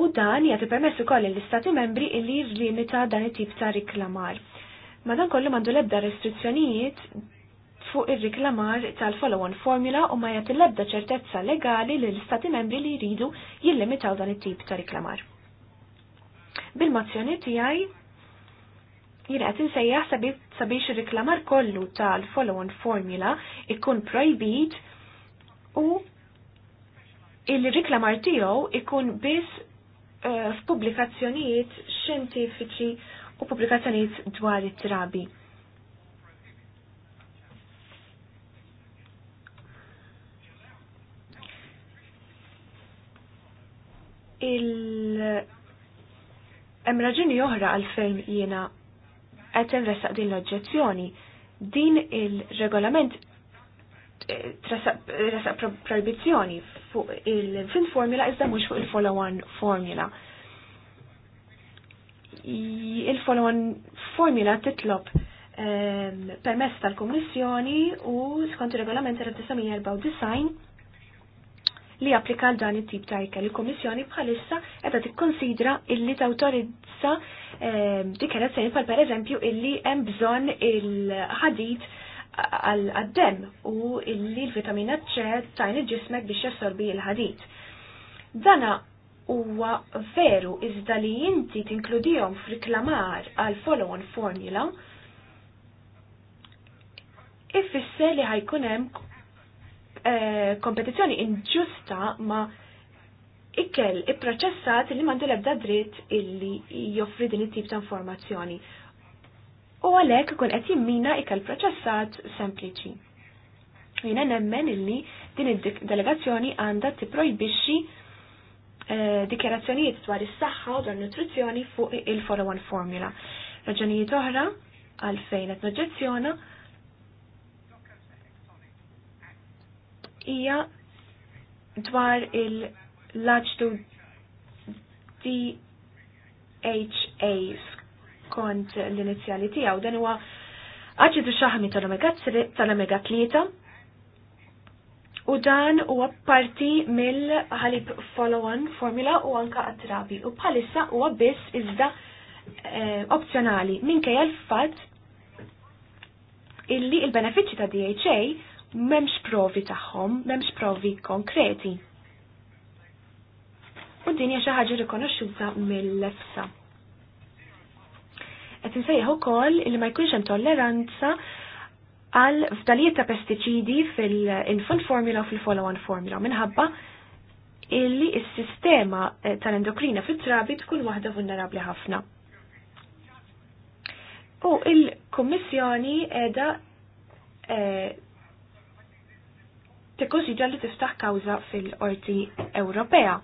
U dan jagħti permess ukoll l-istati membri illi jirlimita dan it-tip ta' riklamar. Madan kollu mandu lebda restrizzjonijiet fuq ir-riklamar tal-follow-on formula u ma jagħti l-ebda ċertezza legali li l-istati membri li jridu jillimitaw dan it-tip ta' riklamar. Bil-mozzjoni tiegħi jien qed insejjaħ sabiex ir-riklamar kollu tal-follow-on formula ikun projbit u il-riklamar tiegħu ikun biss eh, f'pubblikazzjonijiet xjentifiċi u pubblikazzjonijiet dwar it-trabi il- Hemm raġuni oħra għalfejn jiena qed inressaq din l-oġġezzjoni. Din il-regolament eh, resaq proibizzjoni fuq il-fin formula iżda mhux fuq il-follow-on formula. Il-follow-on formula titlob ehm, permess tal-Kummissjoni u skont ir regolament 1994 li applika l dan it-tip ta' ikel. Il-Komissjoni bħalissa qed tikkonsidra illi tawtorizza ehm, dikjerazzjoni pal per eżempju illi hemm bżonn il-ħadid għal dem u illi l-vitamina C tajn il-ġismek biex jassorbi il-ħadid. Dana huwa veru iżda li inti tinkludihom f'riklamar għal follow-on formula ifisser li ħajkun hemm Eh, kompetizzjoni inġusta ma' ikkel i-proċessat li mandu lebda dritt illi joffri din it-tip ta' informazzjoni. U għalek kun qed jimmina ikkel proċessat sempliċi. Jina nemmen illi din id-delegazzjoni għandha tipprojbixxi eh, dikjarazzjonijiet dwar is-saħħa u dwar nutrizzjoni fuq il-follow-on formula. Raġunijiet oħra għalfejn qed noġġezzjona hija dwar il-laġdu DHA skont l-inizjali tiegħu dan huwa aċidu xaħmi tal-omega 3 u dan huwa parti mill-ħalib follow-on formula u anka attrabi u bħalissa huwa biss iżda eh, opzjonali minkejja l-fatt illi il-benefiċċji ta' DHA memx provi tagħhom, memx provi konkreti. U din hija xi ħaġa rikonoxxuta mill-lefsa. Qed nsejħu ukoll li ma jkunx hemm tolleranza għal fdalijiet ta' pestiċidi fil-infant formula u fil-follow-on formula minħabba illi s-sistema eh, tal-endokrina fit-trabi tkun waħda vulnerabli ħafna. U il-Kommissjoni edha eh, tikkonsidra li tiftaħ kawża fil-Qorti Ewropea.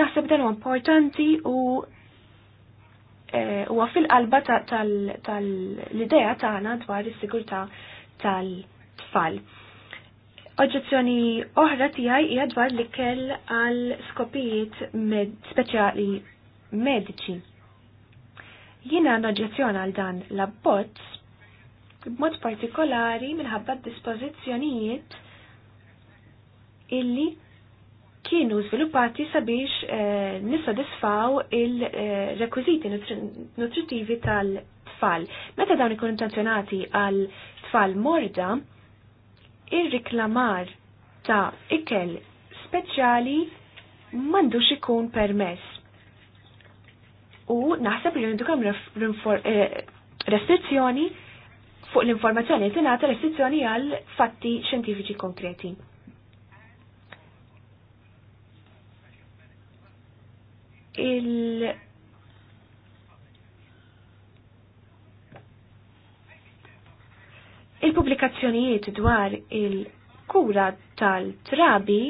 Naħseb dan huwa importanti u e, huwa fil-qalba tal-idea tagħna dwar is-sigurtà tal-tfal. Oġġezzjoni oħra tiegħi hija dwar li kell għal skopijiet speċjali mediċi. Jiena noġġezzjona għal dan l-abbozz b'mod partikolari minħabba dispożizzjonijiet illi kienu sviluppati sabiex eh, nissodisfaw il-rekwiziti nutritivi tal-tfal. Meta dawn ikunu intenzjonati għal tfal morda, ir-riklamar ta' ikel speċjali mandu ikun permess. U naħseb li jendu kemm eh, restrizzjoni fuq l-informazzjoni li tingħata restrizzjoni għal fatti xjentifiċi konkreti. Il il dwar il-kura tal-trabi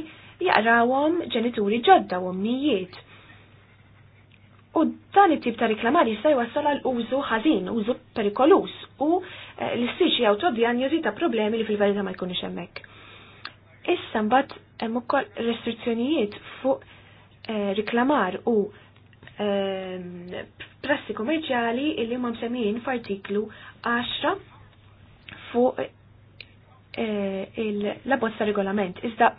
jaqrawhom ġenituri ġodda u ommijiet U dan it-tip ta' riklamari jista' jwassal għal użu ħażin, użu perikolus u eh, l-istiġi autodjanjosi ta' problemi li fil-verità ma jkunux hemmhekk. Issa mbagħad hemm ukoll restrizzjonijiet fuq eh, riklamar u eh, prassi kummerċjali illi ma msemmijin f'artiklu 10 fuq l-abbozza regolament. Iżda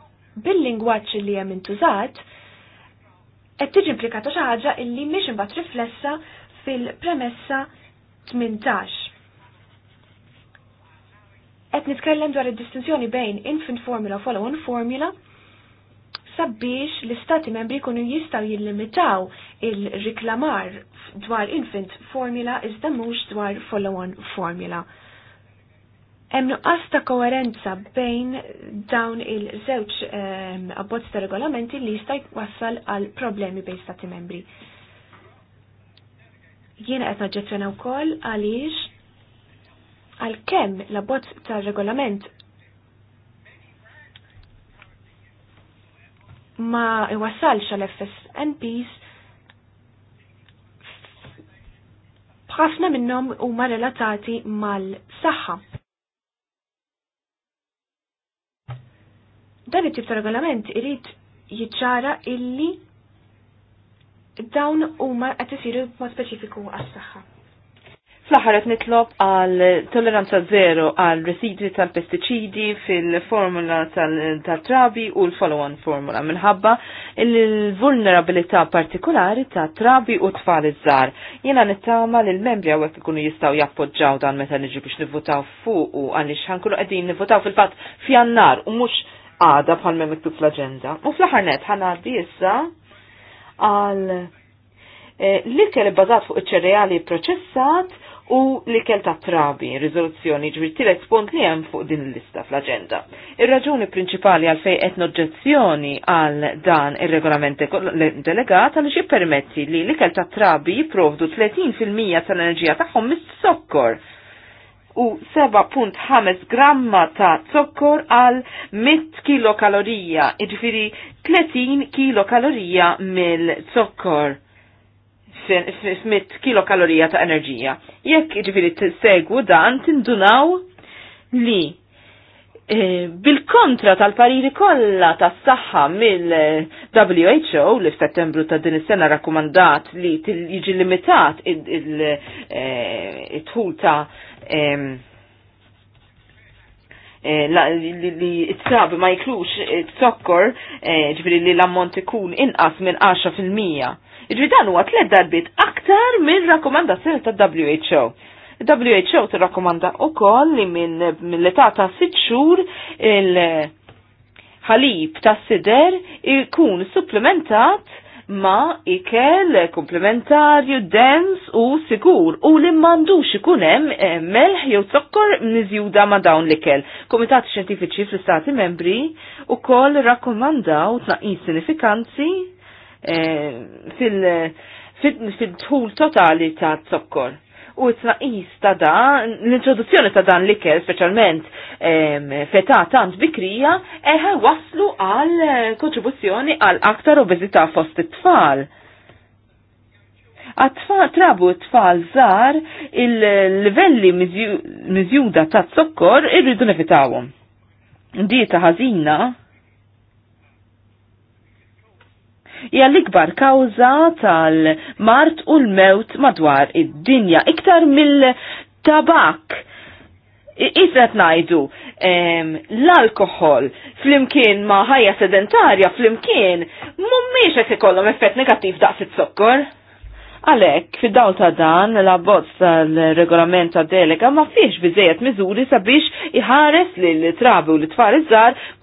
bil-lingwaġġ li hemm intużat, qed tiġi implikata xi ħaġa illi mhix imbagħad riflessa fil-premessa 18. Qed nitkellem dwar id-distinzjoni bejn infant formula u follow-on formula sabiex l-istati membri kunu jistaw jillimitaw il-riklamar dwar infant formula iżda mhux dwar follow-on formula. Hemm nuqqas ta' koerenza bejn dawn il-żewġ ehm, abbozz ta' regolamenti li jista' jwassal għal problemi bejn stati membri. Jiena qed naġġezzjona wkoll għaliex għalkemm l-abbozz ta' regolament ma iwassalx għal FSNPs b'ħafna minnhom huma relatati mal-saħħa Dan it-tip ta' regolament irid jiċċara illi dawn huma qed isiru b'mod speċifiku għas-saħħa. Fl-aħħar qed nitlob għal toleranza zero għal residwi tal-pestiċidi fil-formula tal-trabi u l-follow-on formula minħabba il-vulnerabilità partikolari ta' trabi u tfal iż-żar. Jiena nittama li l-membri hawnhekk ikunu jistgħu jappoġġaw dan meta niġu biex nivvutaw fuq u għaliex ħankunu qegħdin nivvutaw fil-fatt f'jannar u mhux għada bħal me miktub fl-agenda. U fl-ħarnet ħanaddi issa għal eh, l-ikel bazat fuq iċ-ċereali proċessat u l-ikel ta' trabi, rizoluzzjoni ġviri tilet punt li hemm fuq din l-lista fl-agenda. Ir-raġuni prinċipali għal fej qed noġġezzjoni għal dan ir-regolament delegat għal ġi permetti li l-ikel ta' trabi jipprovdu 30% tal-enerġija tagħhom mis-sokkor u 7.5 gramma ta' zokkor għal 100 kilokalorija, iġifiri 30 kilokalorija mill-zokkor f-100 kilokalorija ta' enerġija. Jekk iġifiri t-segwu dan, tindunaw li e, bil-kontra tal-pariri kollha tas-saħħa mill-WHO li f'Settembru ta' din is-sena rakkomandat li jiġi limitat il-tħul e, ta' Eh, li t-trab ma jiklux eh, t-sokkor eh, ġviri li l-ammont ikun inqas minn 10%. Ġviri dan huwa tliet darbit aktar minn rakkomandazzjoni ta' WHO. WHO t-rakkomanda u koll li minn l-età ta' 6 xhur il ħalib ta' sider ikun supplementat ma ikel komplementarju dens u sigur u li mandux ikun hemm eh, melħ jew zokkor niżjuda ma dawn l-ikel. Komitati xjentifiċi fl-Stati membri ukoll rakkomandaw tnaqqis sinifikanzi eh, fil-dħul totali ta' zokkor U t-naqis ta' dan, l-introduzzjoni ta' dan l-ikel, specialment feta tant bikrija, eħe waslu għal eh, kontribuzzjoni għal aktar obezita fost it-tfal. Għat-tfal trabu t-tfal zar il-livelli mizjuda ta' t-sokkor irridu nefitawum. Dieta ħazina hija l-ikbar kawża tal-mart u l-mewt madwar id-dinja iktar mill-tabak. Isret najdu l-alkohol flimkien ma ħajja sedentarja flimkien mummiex qed ikollhom effett negattiv daqs it-sokkor. Għalek, fid dawl ta' dan, la bozz tal-regolament ta' delega ma' fiex biżejet miżuri sabiex iħares li l-trabi u l-tfar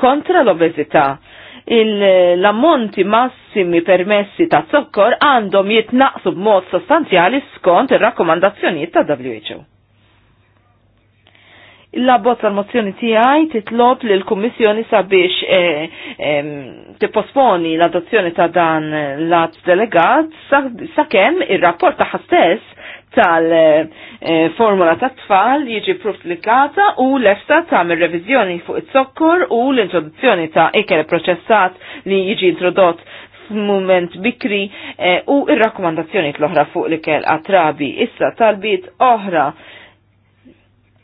kontra l-obezita l-ammonti massimi permessi ta' zokkor għandhom jitnaqsu b'mod sostanzjali skont ir-rakkomandazzjonijiet ta' WHO. Il-labbozz tal-mozzjoni tiegħi titlob li l-Kummissjoni sabiex e, e, tipposponi l-adozzjoni ta' dan l-att delegat sakemm sa ir-rapport tagħha stess tal-formula ta' tfal jiġi pruflikata u l-EFSA tagħmel revizjoni fuq it sokkur u l-introduzzjoni ta' ikel proċessat li jiġi introdott f'mument bikri eh, u ir-rakkomandazzjoni l-oħra fuq l-ikel attrabi issa talbiet oħra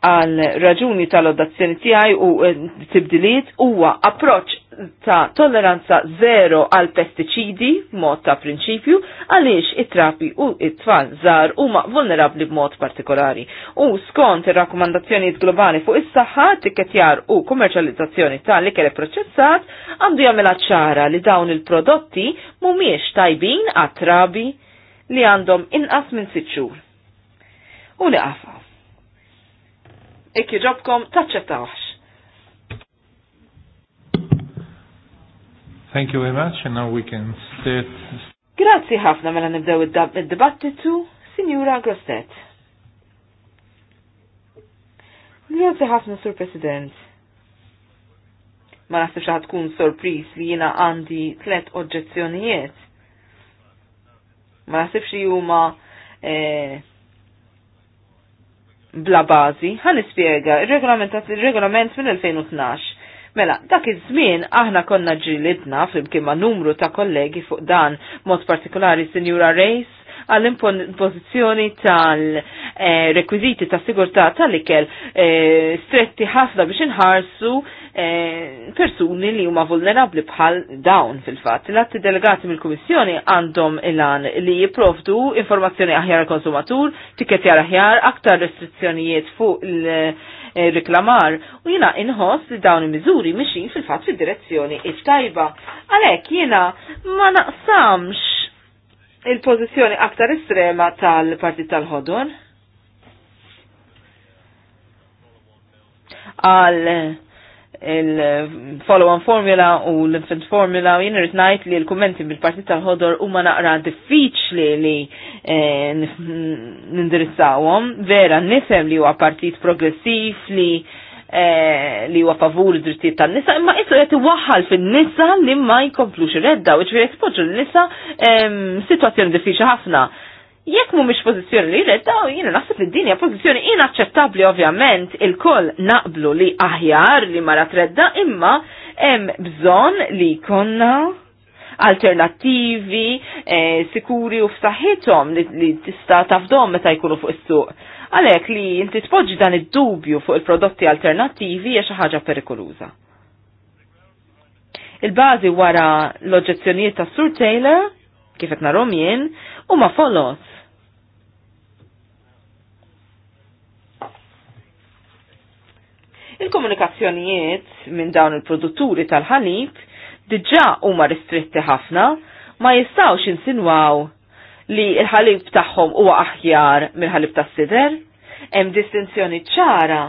għal raġuni tal-odazzjoni tiegħi u eh, tibdiliet huwa approċ ta' tolleranza zero għal pestiċidi mod ta' prinċipju għaliex it-trapi u it-tfal żar huma vulnerabli b'mod partikolari. U skont ir-rakkomandazzjonijiet globali fuq is-saħħa, tikketjar u kummerċjalizzazzjoni li ikel proċessat għandu jagħmilha ċara li dawn il-prodotti mhumiex tajbin għat-trabi li għandhom inqas minn sitt xhur. U li qafa ek jobkom taċċettawx. Thank you very much, and now we can start. Grazzi ħafna mela nibdew id-dibattitu, Signora Grosset. Grazzi ħafna, Sur President. Ma naħsibx ħad tkun sorpriż li jiena għandi tlet oġġezzjonijiet. Ma naħsibx li huma eh, bla bażi. għan nispjega, ir-regolament minn 2012 Mela, dak iż-żmien aħna konna ġilidna flimkien ma' numru ta' kollegi fuq dan mod partikolari Sinjura Reis għall-impożizzjoni tal-rekwiziti eh, ta' sigurtà tal-ikel eh, stretti ħafna biex inħarsu Eh, persuni li huma vulnerabli bħal dawn fil-fatt. L-atti delegati mill-Kummissjoni għandhom il-għan li jiprovdu informazzjoni aħjar konsumatur, tikketjar aħjar, aktar restrizzjonijiet fuq il-riklamar u jina inħoss li dawn il-miżuri mixin fil-fatt fil-direzzjoni il tajba Għalek jina ma naqsamx il-pozizjoni aktar estrema tal-Partit tal ħodon Għal il-follow-on formula u l-infant formula u jenrit najt li l-kommenti bil-partit tal-ħodor u ma naqra diffiċli li nindirizzawom, vera nisem li huwa partit progressiv li li huwa favur id-drittijiet tan-nisa, imma isu qed iwaħħal fin-nisa li ma jkomplux redda u ġifieri jespoġġu l-nisa sitwazzjoni diffiċli ħafna jekk mhumiex pożizzjoni li daw jiena naħseb li dinja pożizzjoni inaċċettabbli ovvjament il-koll naqblu li aħjar li mara tredda imma hemm bżonn li konna alternativi eh, sikuri u f'saħħithom li, li tista' tafdom meta jkunu fuq is-suq. Għalhekk li inti tpoġġi dan id-dubju fuq il-prodotti alternattivi hija xi ħaġa perikoluża. Il-bażi wara l-oġġezzjonijiet ta' Sur Taylor kif qed narhom jien huma folos. Il-komunikazzjonijiet minn dawn il-produtturi tal diġa diġà huma ristritti ħafna ma jistawx insinwaw li il-ħalib tagħhom huwa aħjar mill-ħalib tas-sider. Hemm distinzjoni ċara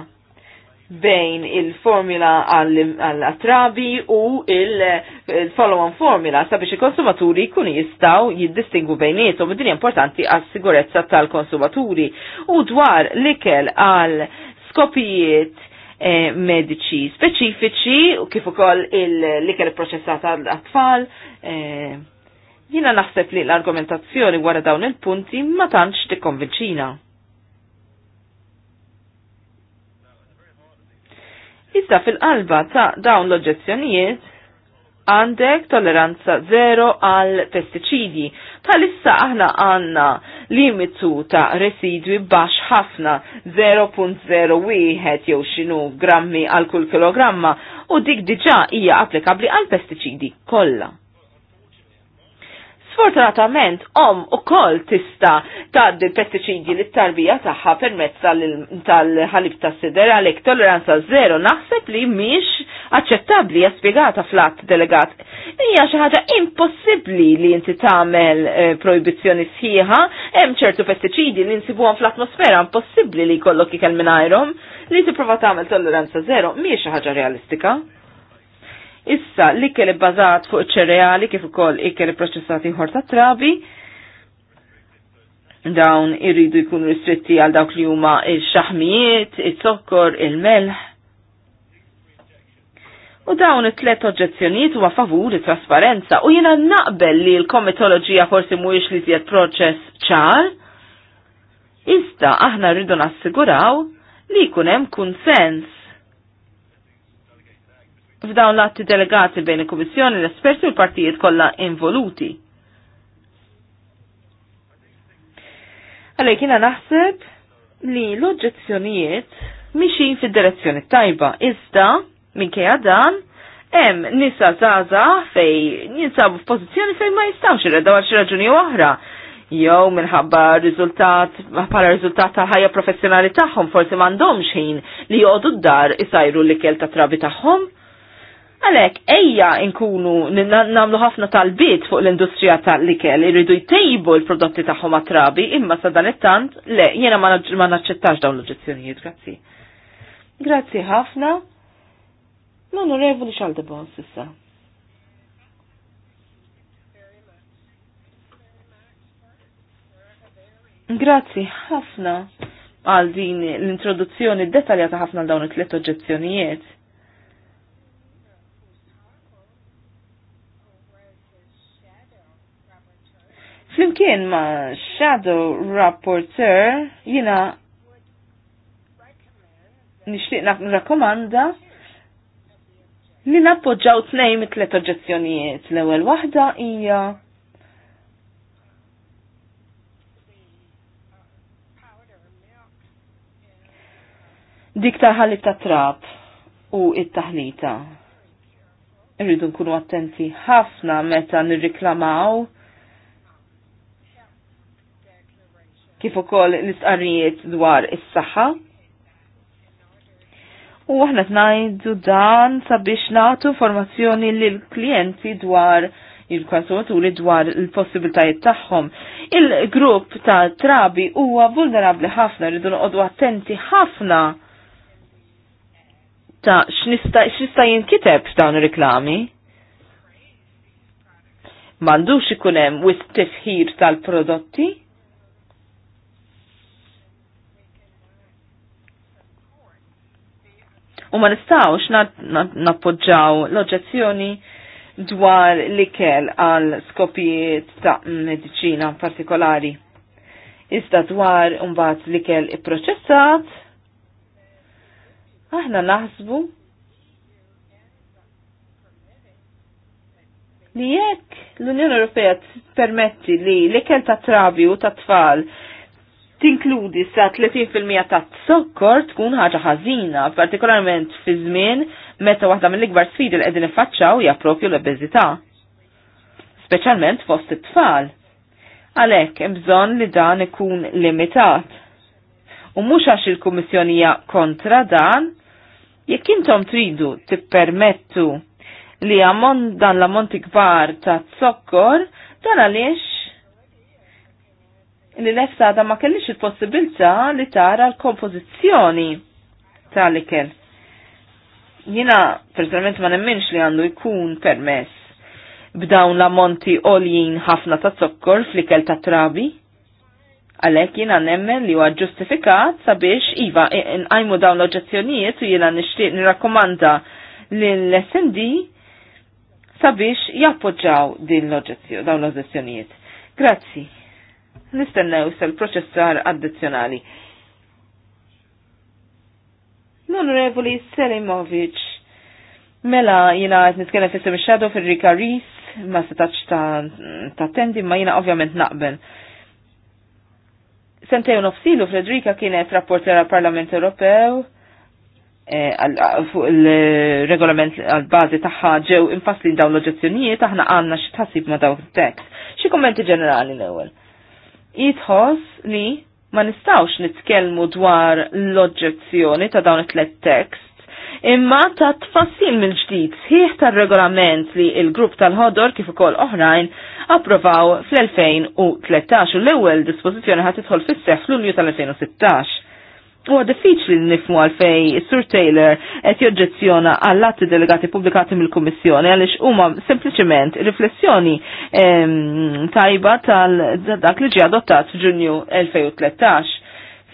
bejn il-formula għall-attrabi u il-follow-on eh, formula sabiex il-konsumaturi kun jistaw jiddistingu bejnietom din importanti għas sigurezza tal-konsumaturi u dwar l-ikel għal skopijiet eh, mediċi medici speċifiċi u kif ukoll l-ikel proċessata għal tfal eh, jina naħseb li l-argumentazzjoni wara dawn il-punti ma tantx tikkonvinċina Issa fil-qalba ta' dawn l-oġezzjonijiet għandek tolleranza zero għal pesticidi. Tal-issa aħna għanna limitu ta' residwi bax ħafna 0.01 jew xinu grammi għal kull kilogramma u dik diġa hija applikabli għal pesticidi kollha. Sfortunatament, om u kol tista taddi l-pesticidi li t-tarbija taħħa permezz tal-ħalib ta' sider għalek tolleranza zero naħseb li miex aċċettabli jaspiegata fl-att delegat. Hija xi ħaġa impossibbli li inti tagħmel eh, proibizzjoni sħiħa, hemm ċertu pestiċidi li nsibuhom fl-atmosfera impossibbli li jkollok ikel minn li tipprova tagħmel tolleranza zero miex ħaġa realistika. Issa l-ikel bbażat fuq ċereali kif ukoll ikel proċessati ħor ta' trabi dawn irridu jkunu ristretti għal dawk li huma il-xaħmijiet, il-sokkor, il-melħ. U dawn it-tlet oġġezzjonijiet huwa favur it-trasparenza u jiena naqbel li l-komitoloġija forsi mhuwiex li tiegħed proċess ċar. Iżda aħna rridu nassiguraw li jkun hemm kunsens f'dawn l-atti delegati bejn il-Kummissjoni, l-esperti u l-partijiet kollha involuti. Għalek jiena naħseb li l-oġġezzjonijiet mixin fid-direzzjoni tajba, iżda minkejja dan hemm nisa zaza fej jinsabu f'pożizzjoni fejn ma jistgħux irredaw għal xi raġuni oħra jew minħabba riżultat bħala riżultat ta' ħajja professjonali tagħhom forsi m'għandhomx ħin li jgħodu d-dar isajru l-ikel trabi tagħhom. Għalek, ejja nkunu namlu ħafna tal-bit fuq l-industrija tal-likel, irridu jtejbu l-prodotti tagħhom trabi, imma sa dan it-tant, le, jena ma naċċettax dawn l-oġezzjonijiet, grazzi. Grazzi ħafna. L-onorevoli xaldebon sissa. Grazzi ħafna għal din l-introduzzjoni dettaljata ħafna dawn it-tliet oġezzjonijiet Flimkien ma' Shadow Rapporteur jina nishtiq rakkomanda li nappoġġaw tnejn it tlet oġġezzjonijiet. L-ewwel waħda hija dik taħalit ta' trab u it-taħlita. Irridu nkunu attenti ħafna meta nirriklamaw kif ukoll l-istqarrijiet dwar is-saħħa. U aħna tnajdu dan sabiex nagħtu informazzjoni lil klijenti dwar il-konsumaturi dwar il-possibiltajiet tagħhom. Il-grupp ta' trabi huwa vulnerabbli ħafna rridu noqogħdu attenti ħafna ta' x'nista' x'nista' jinkiteb f'dawn ir-riklami. M'għandux ikun hemm wis tifħir tal-prodotti. u ma nistawx nappoġġaw l-oġġezzjoni dwar l-ikel għal skopijiet ta' medicina partikolari. Iżda dwar umbat l-ikel i-proċessat, aħna naħsbu li jekk l-Unjoni Ewropea permetti li l-ikel ta' trabi u ta' tfal tinkludi sa 30% ta' t-sokkor tkun ħaġa ħażina, partikolarment fi żmien meta waħda mill-ikbar sfidi li qegħdin iffaċċaw hija l-obeżità. Speċjalment fost it-tfal. Għalhekk hemm bżonn li dan ikun limitat. U mhux għax il-Kummissjonija kontra dan, jekk intom tridu tippermettu li ammont dan l-ammonti kbar ta' t-sokkor, dan għaliex li l-efsada ma kellix il-possibilità li tara l-kompożizzjoni tal-ikel. Jina, personalment ma nemminx li għandu jkun permess b'dawn l-ammonti oljin ħafna ta' zokkor fl-ikel ta' trabi. Għalek jina nemmen li huwa ġustifikat sabiex iva e, e, nqajmu dawn l-oġezzjonijiet u jina nixtieq nirrakkomanda lill-SND sabiex jappoġġaw din l-oġezzjonijiet. Grazzi nistennew sal-proċessar addizzjonali. L-Onorevoli Selimovic, mela jina għet nitkellem fissim il-xadow fil-Rika Ris, ma setax ta' tendi, ma jina ovvjament naqben. Sentej nofsilu Fredrika kienet rapportera Parlament Ewropew eh, fuq il-regolament għal-bazi taħħa ġew infaslin dawn l-oġezzjonijiet aħna għanna xitħasib ma dawn il-tekst. Xi kommenti ġenerali l-ewel? jitħos li ma nistawx nitkellmu dwar l-oġġezzjoni ta' dawn it-tlet tekst imma ta' tfassil mill ġdid sħiħ tal-regolament li il-grupp tal-ħodor kif ukoll oħrajn approvaw fl-2013 u l-ewwel dispożizzjoni ħad tidħol fis-seħħ fl-Unju tal-2016. U diffiċli li nifmu għalfej Sur Taylor qed joġġezzjona għall atti delegati pubblikati mill-Kummissjoni għaliex huma sempliċement riflessjoni tajba tal dak li ġie adottat Ġunju 2013.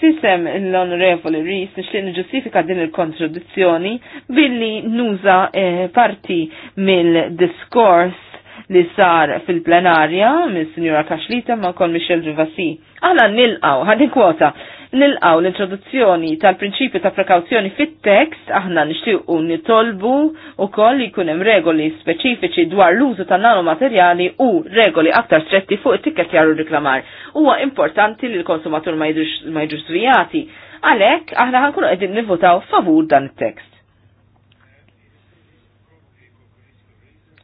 Sistem l-Onorevoli Rees li niġġustifika din il-kontradizzjoni billi nuża eh, parti mill-diskors li sar fil-plenarja mill-Sinjura Kaxlita ma' kon Michel Rivasi. Għana nilqaw, għadin kwota nilqaw l-introduzzjoni tal-prinċipju ta' prekawzjoni fit-tekst aħna nixtiequ nitolbu wkoll li jkun hemm regoli speċifiċi dwar l-użu tan nanomaterjali u regoli aktar stretti fuq it-tikket jaru riklamar. Huwa importanti li l-konsumatur ma jiġux zvijati. Għalhekk aħna ħankunu qegħdin nivvotaw favur dan it-tekst.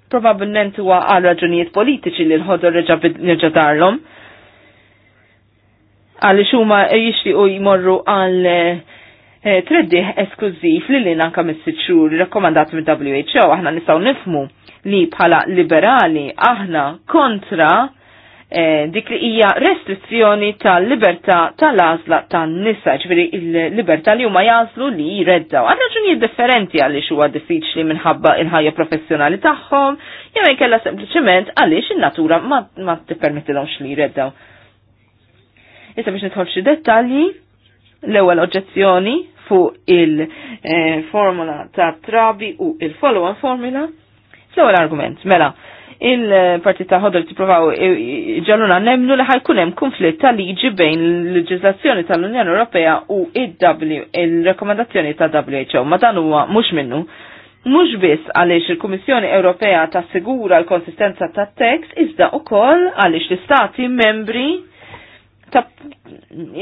Probabilment huwa għal raġunijiet politiċi li l-ħodor reġa' darlhom għalli xuma jixtiqu jmorru għal eh, treddih esklużiv li l-in anka mis-sitxur rekomandat mill who aħna nistaw nifmu li bħala liberali aħna kontra eh, dik li hija restrizzjoni tal-libertà tal-għażla tan-nisa, ġifieri il-libertà li huma jażlu li jreddaw. Għandna ġunijiet differenti għaliex huwa diffiċli minħabba il-ħajja professjonali tagħhom, jew kella sempliċement għaliex in-natura ma, ma tippermettilhomx li jreddaw. Issa biex nidħol xi dettalji, l-ewwel oġġezzjoni fuq il-formula eh, ta' trabi u il-follow-on formula. L-ewwel argument, mela, il-partit ta' ħodol tipprovaw eh, ġalluna nemnu li ħajkun hemm konflitt ta' liġi bejn l-leġiżlazzjoni tal-Unjoni Ewropea u il-rekomendazzjoni ta' WHO, ma dan huwa mhux minnu. Mhux biss għaliex il-Kummissjoni Ewropea tas-Sigura l-konsistenza tat-tekst iżda wkoll għaliex l-istati membri ta'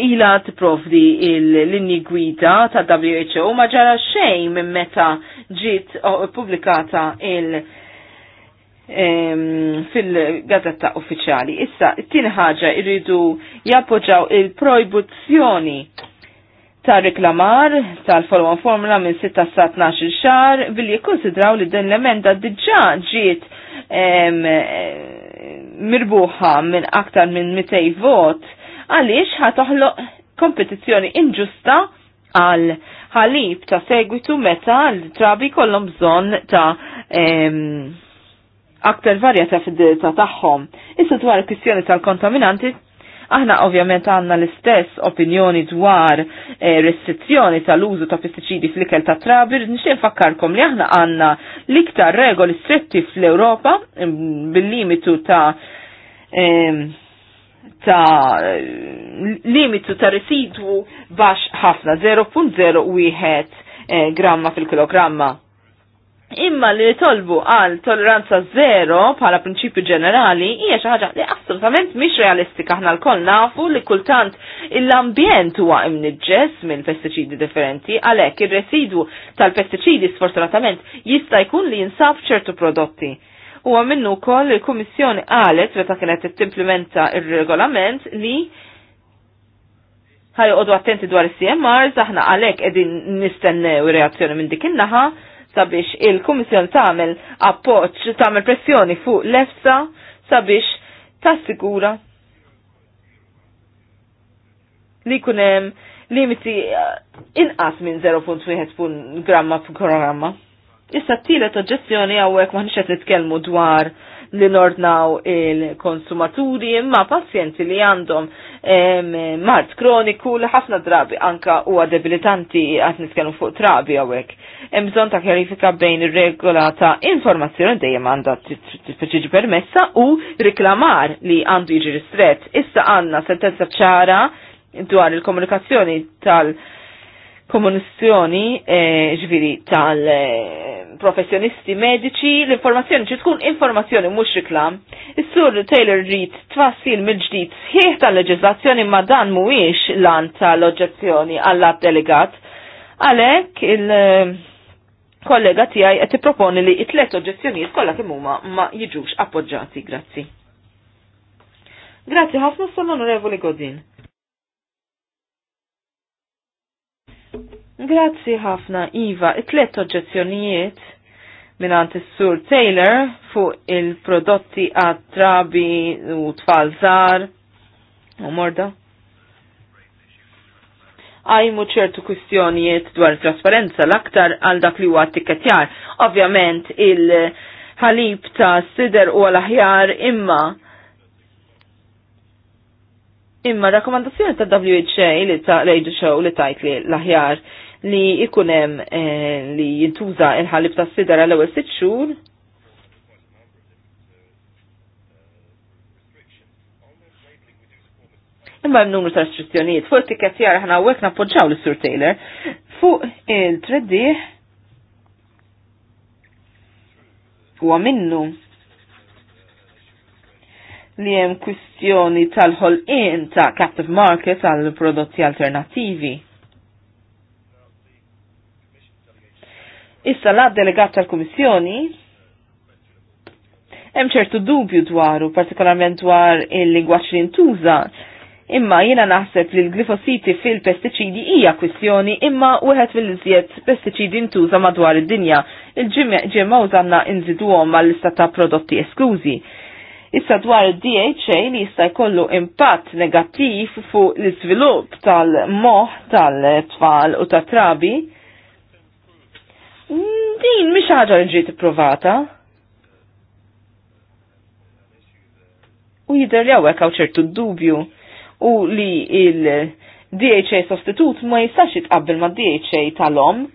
ila tipprovdi l-linji gwida ta' WHO ma ġara xejn minn meta ġiet pubblikata il- fil-gazzetta uffiċjali. Issa, t-tini ħagġa irridu jappoġġaw il-projbuzzjoni ta' reklamar tal-follow-on formula minn 6 sa 12 xar billi jikkonsidraw li din l-emenda diġà ġiet mirbuħa minn aktar minn 200 vot għaliex ħatoħloq kompetizzjoni inġusta għal ħalib ta' segwitu meta l-trabi kollom bżon ta' aktar varjata fid-dieta tagħhom. Issa dwar kwistjoni tal-kontaminanti Aħna ovvjament għanna l-istess opinjoni dwar eh, restrizzjoni tal-użu ta' pesticidi fl-ikel ta' trabi, nixtieq fakkarkom li aħna għanna l-iktar regoli stretti fl-Ewropa bil-limitu ta' ta' limitu ta' residu bax ħafna 0.01 eh, gramma fil-kilogramma. Imma li tolbu għal tolleranza zero bħala prinċipju ġenerali hija xi ħaġa li assolutament mhix realistika aħna lkoll nafu li kultant l-ambjent huwa imniġġes minn pestiċidi differenti għalhekk ir residu tal-pestiċidi sfortunatament jista' jkun li jinsab ċertu prodotti u għamennu kol il-Komissjoni għalet meta kienet t-implementa il-regolament li ħajoqodu attenti dwar il cmr aħna għalek edin nistennew reazzjoni minn dik naħa sabiex il-Komissjoni tagħmel appoġġ tagħmel pressjoni fuq l-EFSA sabiex tassigura li kunem limiti uh, inqas minn 0.1 gramma f'gramma. Issa t-tielet oġġezzjoni għawek maħniċa qed nitkellmu dwar li nordnaw il-konsumaturi imma pazjenti li għandhom mart kroniku li ħafna drabi anka u debilitanti għat nitkellmu fuq trabi għawek. Mżon ta' kjarifika bejn ir-regola ta' informazzjoni dejjem għandha tiġi permessa u riklamar li għandu jiġi ristret. Issa għandna sentenza ċara dwar il-komunikazzjoni tal- Komunizzjoni eh, ġviri tal-professjonisti mediċi, l-informazzjoni ċi tkun informazzjoni mux riklam. Is-sur Taylor Reid twassil mill-ġdid sħiħ tal leġizazzjoni ma dan mhuwiex lan tal-oġġezzjoni għall-att delegat. Għalhekk il-kollega eh, tiegħi qed tipproponi li t-tlet oġġezzjonijiet kollha kemm huma ma jiġux appoġġati. Grazzi. Grazzi ħafna sal-Onorevoli Godin. Grazzi ħafna, Iva, it-tlet oġġezzjonijiet għand is-Sur Taylor fuq il-prodotti għat trabi u tfal zar u morda. Għajmu ċertu kwistjonijiet dwar trasparenza l-aktar għal dak li huwa tikketjar. Ovvjament il- ħalib ta' sider u l-aħjar imma Imma rakkomandazzjoni ta' WHA li ta' l xew li tajt li l-aħjar li ikunem eh, li jintuża il-ħalib ta' sidara l-ewwel sitt xhur. Imma hemm numru ta' restrizzjonijiet fuq it-tikket jar aħna hawnhekk nappoġġaw lis sur Taylor fuq il D huwa minnu li hemm kwistjoni tal-ħolqien ta' captive market għal prodotti alternativi. Issa la delegat tal-Kummissjoni hemm ċertu dubju dwaru, partikolarment dwar il-lingwaġġ li ntuża, imma jiena naħseb li l-glifositi fil-pestiċidi hija kwistjoni imma wieħed mill-iżjed pestiċidi ntuża madwar id-dinja. Il-ġimgħa użanna nżiduhom għall-lista ta' prodotti esklużi Issa dwar DHA li jista' jkollu impatt negattiv fuq l-iżvilupp tal-moħ tal-tfal u tat-trabi. Mm, din mhix ħaġa li ġiet ipprovata. U jidher li hawnhekk hawn ċertu dubju u li il- DHA sostitut ma jistax jitqabbel ma' DHA tal-om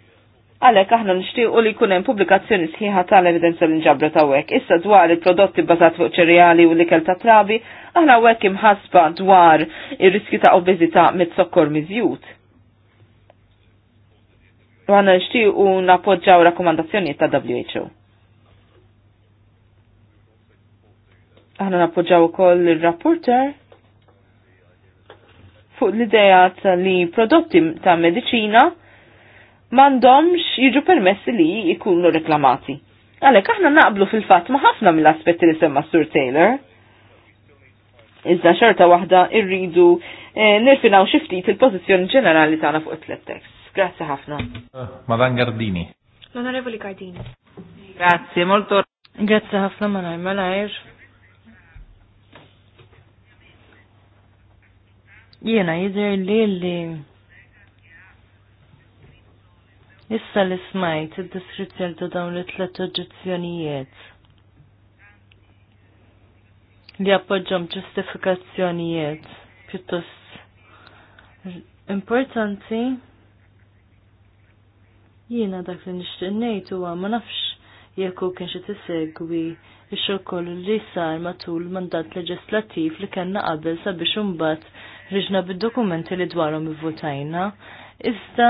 Għalek aħna nishtiqu li kunem pubblikazzjoni sħiħa tal-evidenza l-inġabra ta' wek. Issa dwar il-prodotti bazat fuq ċerjali u l-ikel ta' trabi, aħna wek imħasba dwar ir-riski ta' obezita mit-sokkor mizjut. U għanna nishtiqu napoġġaw rakomandazzjoni ta' WHO. Aħna napoġġaw ukoll il-rapporter fuq l-ideja li prodotti ta' medicina mandomx jiġu permessi li jikunu reklamati. Għalek, aħna naqblu fil-fat ma ħafna mill-aspetti li semma Sur Taylor. Iżda xorta waħda irridu eh, nirfinaw xiftit il-pozizjoni ġenerali tagħna fuq it tlettex Grazzi ħafna. Madan Gardini. L-Onorevoli Gardini. Grazie, molto. Grazie ħafna ma najma lajr. Jena jidher li li Issa li smajt id-diskrizzjoni ta' dawn li tlet oġġezzjonijiet li appoġġom ġustifikazzjonijiet pjuttost importanti jiena dak li nixtieq ngħid huwa ma nafx jekk hu kien xi tisegwi ix-xogħol kollu li sar matul mandat leġislattiv li kellna qabel sabiex imbagħad riġna bid-dokumenti li dwarhom ivvutajna. Iżda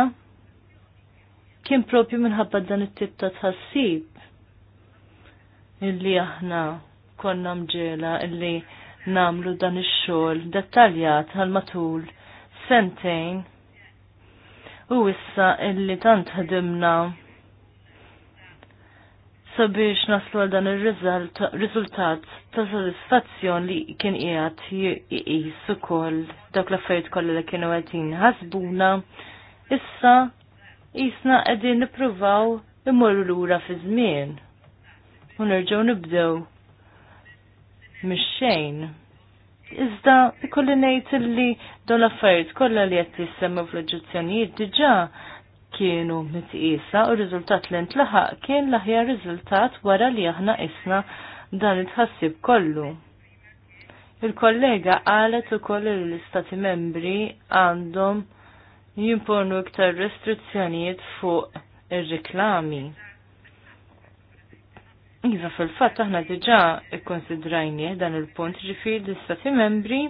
kien propju minħabba dan it-tip ta' tħassib illi aħna konna mġela illi namlu dan ix-xogħol dettaljat għal matul sentejn u issa illi tant ħadimna sabiex naslu għal dan ir-riżultat ta' sodisfazzjon li kien qiegħed jiqis ukoll dawk l-affarijiet kollha li kienu qed ħasbuna issa jisna qegħdin nippruvaw l lura fi żmien u nerġgħu nibdew mix-xejn. Iżda ikolli nejt li dawn l-affarijiet kollha li qed jissemmew fl ġuzzjonijiet diġà kienu mitqisa u r-riżultat li ntlaħaq kien l-aħjar riżultat wara li aħna isna dan it-ħassib kollu. Il-kollega qalet ukoll li l-istati membri għandhom jimponu iktar restrizzjonijiet fuq ir-riklami. Iva fil-fatt aħna diġà ikkonsidrajni dan il-punt ġifir l-istati membri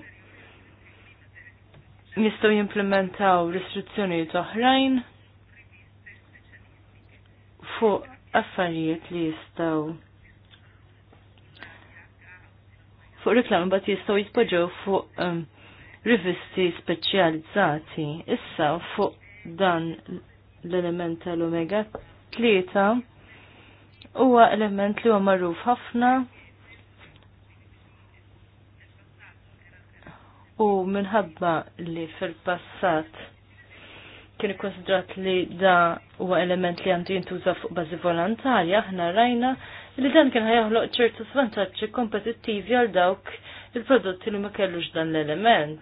jistgħu jimplementaw restrizzjonijiet oħrajn fuq affarijiet li jistgħu fuq riklam bat jistgħu jitpoġġew fuq um, rivisti speċjalizzati. Issa fuq dan l-element tal-omega 3 huwa element li huwa magħruf ħafna u minħabba li fil-passat kien ikkonsidrat li da huwa element li għandu jintuża fuq bażi volontarja, aħna rajna li dan kien ħajħloq ċertu svantaġġi kompetittivi għal dawk il-prodotti li ma kellux dan l-element.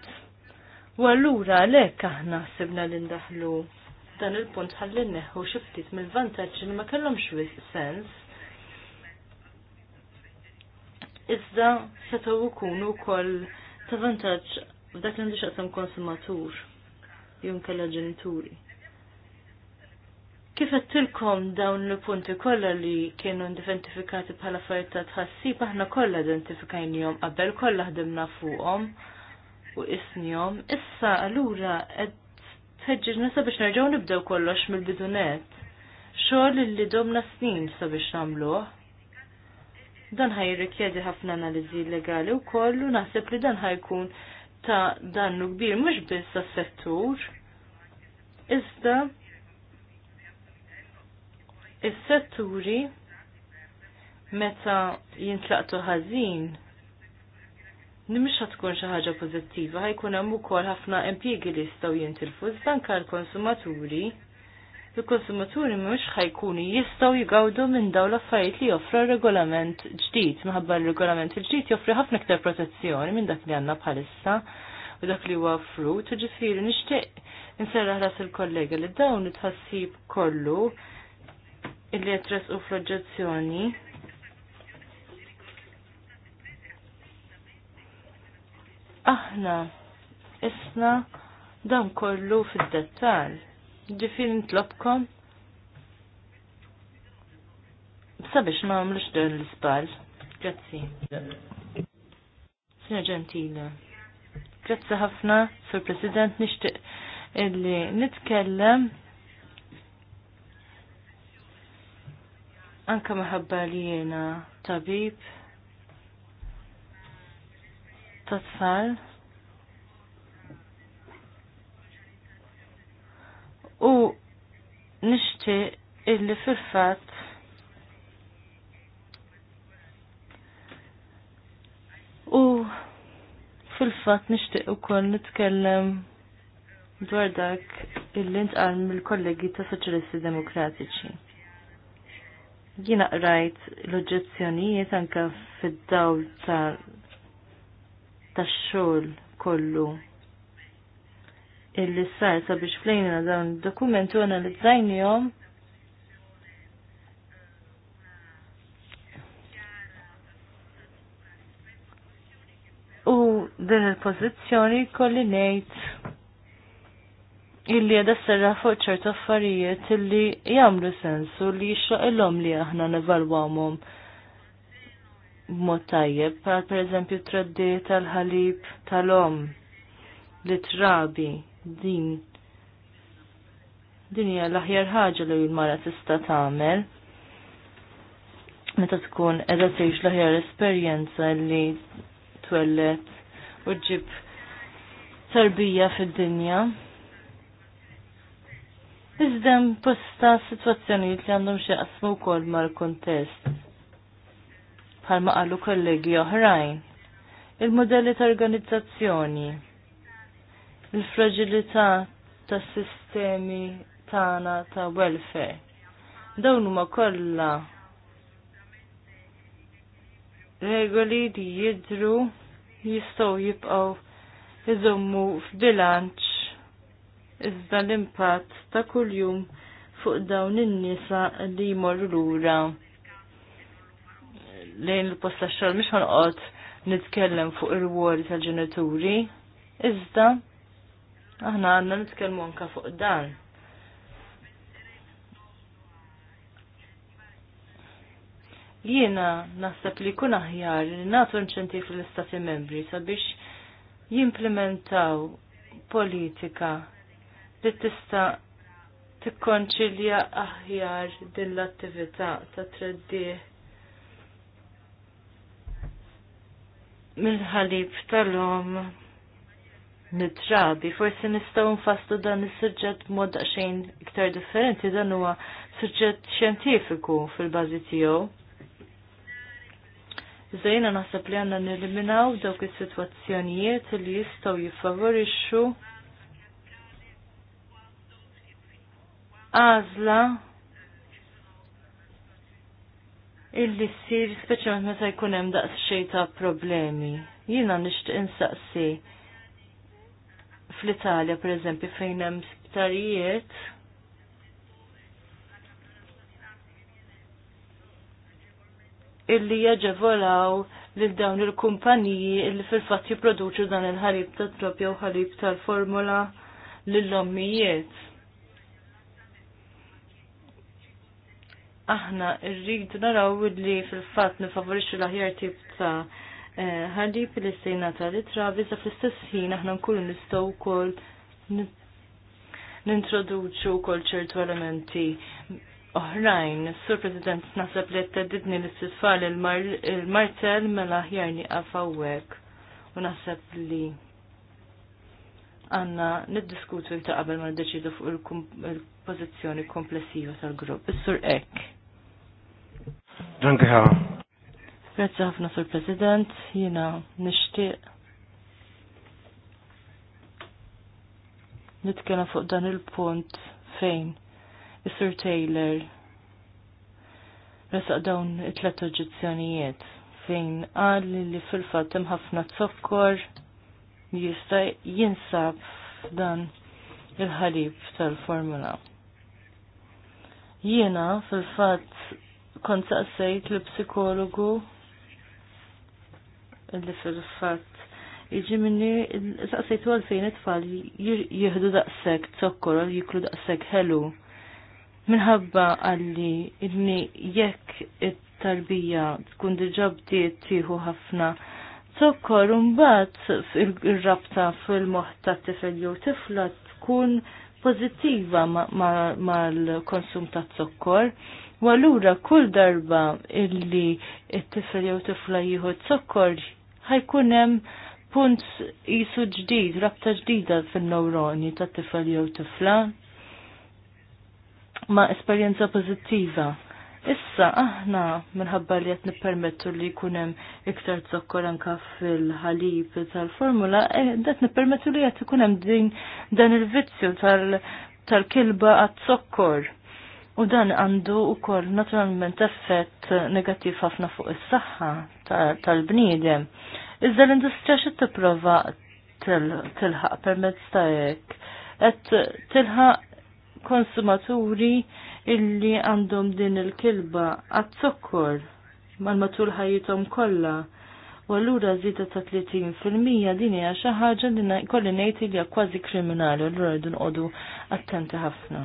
U allura għalhekk aħna sibna li ndaħlu dan il-punt ħalli neħu xiftit mill vantaġġi li ma kellhomx sens. Iżda setgħu jkunu wkoll ta' vantaġġ f'dak li ndixaqsam konsumatur jew kellha ġenituri. Kif għattilkom dawn l-punti kolla li kienu identifikati bħala fajta tħassib, aħna kolla identifikajnijom qabel kolla ħdimna fuqhom u isnijom. Issa allura qed nisa sabiex nerġgħu nibdew kollox mill-bidunet. Xogħol li domna snin sabiex nagħmluh. Dan ħaj rikjedi ħafna analiżi legali u kollu u naħseb li dan ħajkun ta' dannu kbir mhux biss sa' settur Iżda Is-setturi meta jintlaqtu ħażin nimx tkun xi ħaġa pożittiva, ħajkun hemm ukoll ħafna impjiegi li jistgħu jintilfu anke l-konsumaturi. Il-konsumaturi mhux ħajkunu jistgħu jgawdu minn dawn l-affarijiet li joffru regolament ġdid, minħabba l-regolament il-ġdid joffri ħafna iktar protezzjoni minn dak li għandna bħalissa u dak li huwa frut, ġifieri nixtieq inserraħ ras il-kollega li dawn it-tħassib kollu illi jatres u fl-oġġezzjoni. Aħna, isna dan kollu fil-dettal. Ġifir nitlobkom sabiex ma għamlux dan l-isbal. Grazzi. Sina ġentile. Grazzi ħafna, Sur President, nishtiq illi nitkellem anka maħabba li jena tabib ta' U nishti illi fil u fil nishti u kon nitkellem dwar dak illi ntqal mill-kollegi ta' Soċjalisti Demokratiċi. Jina rajt l-oġezzjonijiet anka fid-daw ta' tax-xogħol kollu illi sar sabiex flejna dawn dokumentu analizzajnijom u din il-pozizjoni kolli nejt illi għada s-serra fuq ċertu affarijiet illi jamlu sensu li jixroq il-lom li aħna nevalwamum b'mod tajjeb, għal per eżempju traddi tal-ħalib tal-om li trabi din din hija l-aħjar ħaġa li l-mara tista' tagħmel meta tkun qiegħda tgħix l-aħjar esperjenza li twellet u ġib tarbija fid-dinja. Iżda posta situazzjoni li għandhom xieqsmu wkoll mal-kontest. ma qalu kollegi oħrajn. Il-modelli ta' organizzazzjoni, il-fragilità ta' sistemi tagħna ta' welfare. Dawn huma kollha regoli li jidru jistgħu jibqgħu iżommu f'bilanċ iżda l-impatt ta' kuljum fuq dawn in-nisa li jmorru lura lejn il-posta xogħol mhux ħanqod nitkellem fuq ir-wol tal-ġenituri, iżda aħna għandna nitkellmu anke fuq dan. Jiena naħseb li kun aħjar li nagħtu inċentiv lill istati membri sabiex jimplementaw politika li tista' tikkonċilja aħjar din l-attività ta' Treddieh mill-ħalib tal-om mid-drabi. Forsi nistgħu nfasslu dan is-suġġett b'mod xejn iktar differenti dan huwa suġġett xjentifiku fil-bażi tiegħu. Zajna naħseb li għandna niliminaw dawk is-sitwazzjonijiet li jistgħu jiffavorixxu għazla illi ssir speċjalment meta jkun hemm daqsxejn ta' problemi. Jiena nixtieq insaqsi fl-Italja pereżempju fejn hemm sptarijiet illi jaġevolaw lil dawn il-kumpaniji illi fil-fatt jipproduċu dan il-ħalib ta' trop jew ħalib tal-formula lill-ommijiet. aħna rridu naraw li fil-fatt nifavorixxu l-aħjar tip ta' eh, ħalib li sejna tal litra biża fl-istess ħin aħna nkunu nistgħu wkoll nintroduċu wkoll ċertu elementi oħrajn. Sur President naħseb li teddidni l-istitfal il-martel mela aħjar nieqaf hawnhekk u naħseb li għanna niddiskutu iktar qabel ma deċidu fuq il-pożizzjoni komplessiva tal-grupp. Is-sur Ek. Danke ħa. Grazzi ħafna sur President, jiena nixtieq nitkena fuq dan il-punt fejn Sir Taylor resaq dawn it-tlet oġġezzjonijiet fejn qal li fil-fatt hemm ħafna zokkor jista' jinsab dan il-ħalib tal-formula. Jiena fil-fatt kont saqsejt l-psikologu li fil-fatt iġi minni saqsejt u għalfejn it-tfal jihdu daqsek zokkor għal jiklu daqseg helu minħabba għalli inni jekk it-tarbija tkun diġa bdiet tiħu ħafna zokkor unbat il-rabta fil mohta ta' tifel jew tifla tkun pozittiva mal-konsum ta' zokkor. sokkor U kull darba illi it-tifel jew tifla jieħu t-sokkor ħajkun hemm punt isu ġdid, rabta ġdida fin-newroni ta' tifel jew tifla ma' esperjenza pożittiva. Issa aħna minħabba li qed nippermettu li jkun hemm iktar zokkor anka fil-ħalib tal-formula, eh, qed nippermettu li qed ikun hemm din dan il-vizzju tal- kilba għat zokkor U dan għandu u koll naturalment effett negativ ħafna fuq is-saħħa tal-bniedem. Iżda l-industrija xi tipprova tilħaq permezz ta' hekk. Qed tilħaq konsumaturi illi għandhom din il-kilba għat-zokkor mal-matul ħajjithom kollha. U allura zita ta' 30% din hija xi ħaġa li kolli ngħid li kważi kriminali, allura rridu nqogħdu attenti ħafna.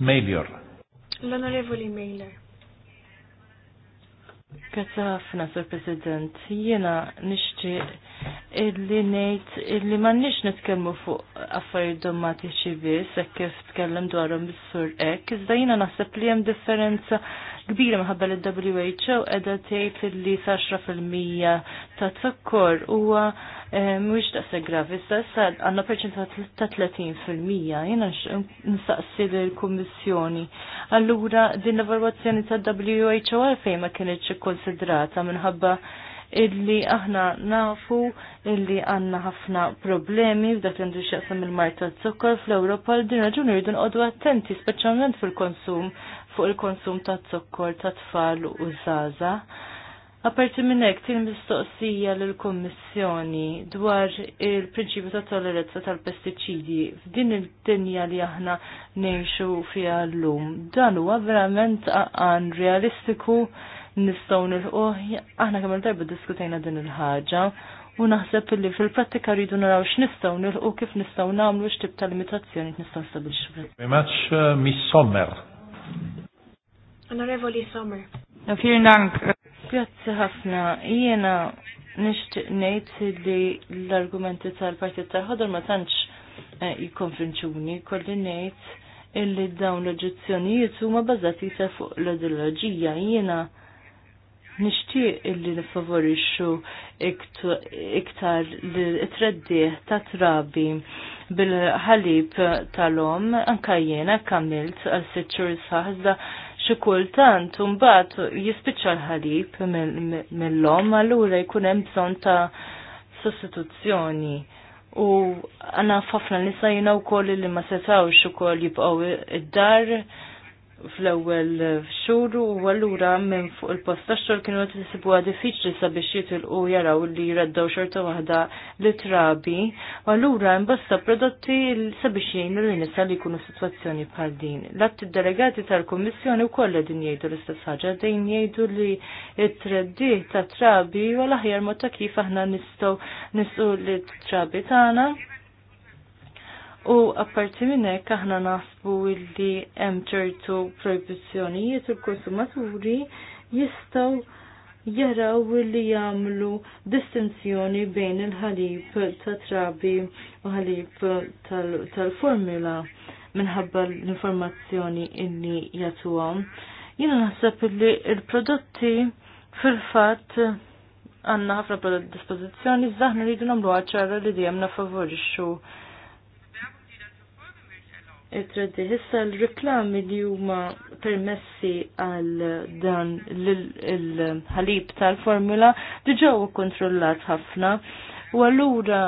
Major. L-Onorevoli Mailer. Grazie ħafna, Sur President. Jiena nixtieq illi ngħid illi m'għandniex nitkellmu fuq affarijiet domatiċi biss hekk kif tkellem dwarhom bis-sur hekk, iżda jiena naħseb li hemm differenza kbira maħabba l WHO qiegħda tgħid li 10% ta' zokkor huwa eh, mhuwiex daqshekk gravi, issa sa' għandna perċentwal ta' 30% jiena nistaqsi lill-Kummissjoni. Allura din l-evalwazzjoni ta' WHO għalfejn ma kienitx ikkonsidrata minħabba illi aħna nafu illi għanna ħafna problemi f'dak li għandu xaqsam il-marta zukkor fl-Ewropa l din raġuni rridu attenti, speċjalment fil-konsum fuq il-konsum ta' zokkor ta' tfal u zaza. Aperti minn hekk mistoqsija lill kummissjoni dwar il-prinċipju ta' tolleranza tal-pestiċidi f'din id-dinja li aħna ngħixu fiha llum. Dan huwa verament għan realistiku nistgħu nilqu aħna kemm darba diskutejna din il-ħaġa u naħseb li fil-prattika rridu naraw x'nistgħu nilqu kif nistgħu nagħmlu x'tib ta' limitazzjoni nistgħu nstabilxu. Very much, uh, Miss Sommer. Onorevoli Sommer. Vielen Dank. Grazie ħafna. Jiena nixtieq ngħid li l-argumenti tal-Partit tal-Ħodor ma tantx eh, jikkonvinċuni, kolli ngħid illi dawn l-oġezzjonijiet huma bażati ta' fuq l-ideoloġija. Jiena nixtieq illi nifavorixxu iktar l-treddieħ ta' trabi bil-ħalib tal-om anka jiena kamilt għal sitt xhur xi kultant u mbagħad jispiċċa l-ħalib mill-lom allura jkun hemm bżonn ta' sostituzzjoni. U għana ħafna nisa jina u koll li ma setawx u koll jibqaw id-dar fl-ewwel xhur u allura minn fuq il-post tax-xogħol kienu qed isibuha diffiċli sabiex jitilqu jaraw li jreddaw xorta waħda li trabi, u allura imbosta prodotti sabiex jgħinu li nisa li jkunu sitwazzjoni bħal din. L-att delegati tal-Kummissjoni wkoll din jgħidu l-istess ħaġa dejn jgħidu li t-treddi ta' trabi u l-aħjar mod ta' kif aħna nistgħu nisqu li trabi tagħna U apparti minn hekk aħna naħsbu li hemm ċertu proibizzjonijiet u l-konsumaturi jistgħu jaraw li jagħmlu distinzjoni bejn il-ħalib ta' trabi u ħalib tal-formula minħabba l-informazzjoni illi jagħtuhom. Jiena naħseb li l-prodotti fil-fatt għandna ħafna prodotti dispożizzjoni, iżda aħna rridu nagħmlu ċara li dejjem nafavorixxu it-treddi. Issa l-reklami li huma permessi għal dan l-ħalib tal-formula diġa u kontrollat ħafna. U allura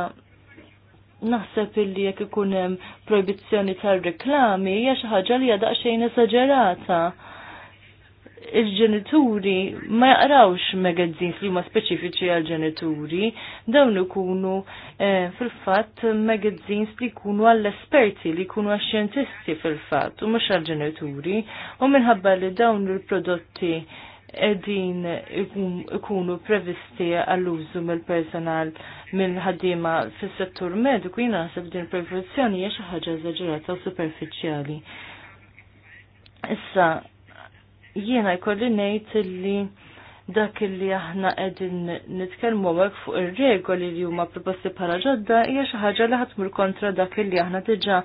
naħseb illi jekk ikun hemm proibizzjoni tal-reklami hija xi ħaġa li hija daqsxejn esaġerata il-ġenituri ma jaqrawx magazzins li huma speċifiċi għal ġenituri, dawn ikunu eh, fil fat magazzins li jkunu għall-esperti, li jkunu għax-xjentisti fil-fatt u mhux għal-ġenituri, u minħabba li dawn il-prodotti edin ikunu previsti għall-użu mill-personal mill-ħaddima fis-settur mediku jina għasab din il-prevenzjoni hija xi ħaġa eżaġerata u superfiċjali. Issa, jiena jkolli nejt li dak li aħna qegħdin nitkellmu hekk fuq ir-regoli li huma proposti bħala ġodda hija xi ħaġa li ħatmur kontra dak li aħna diġà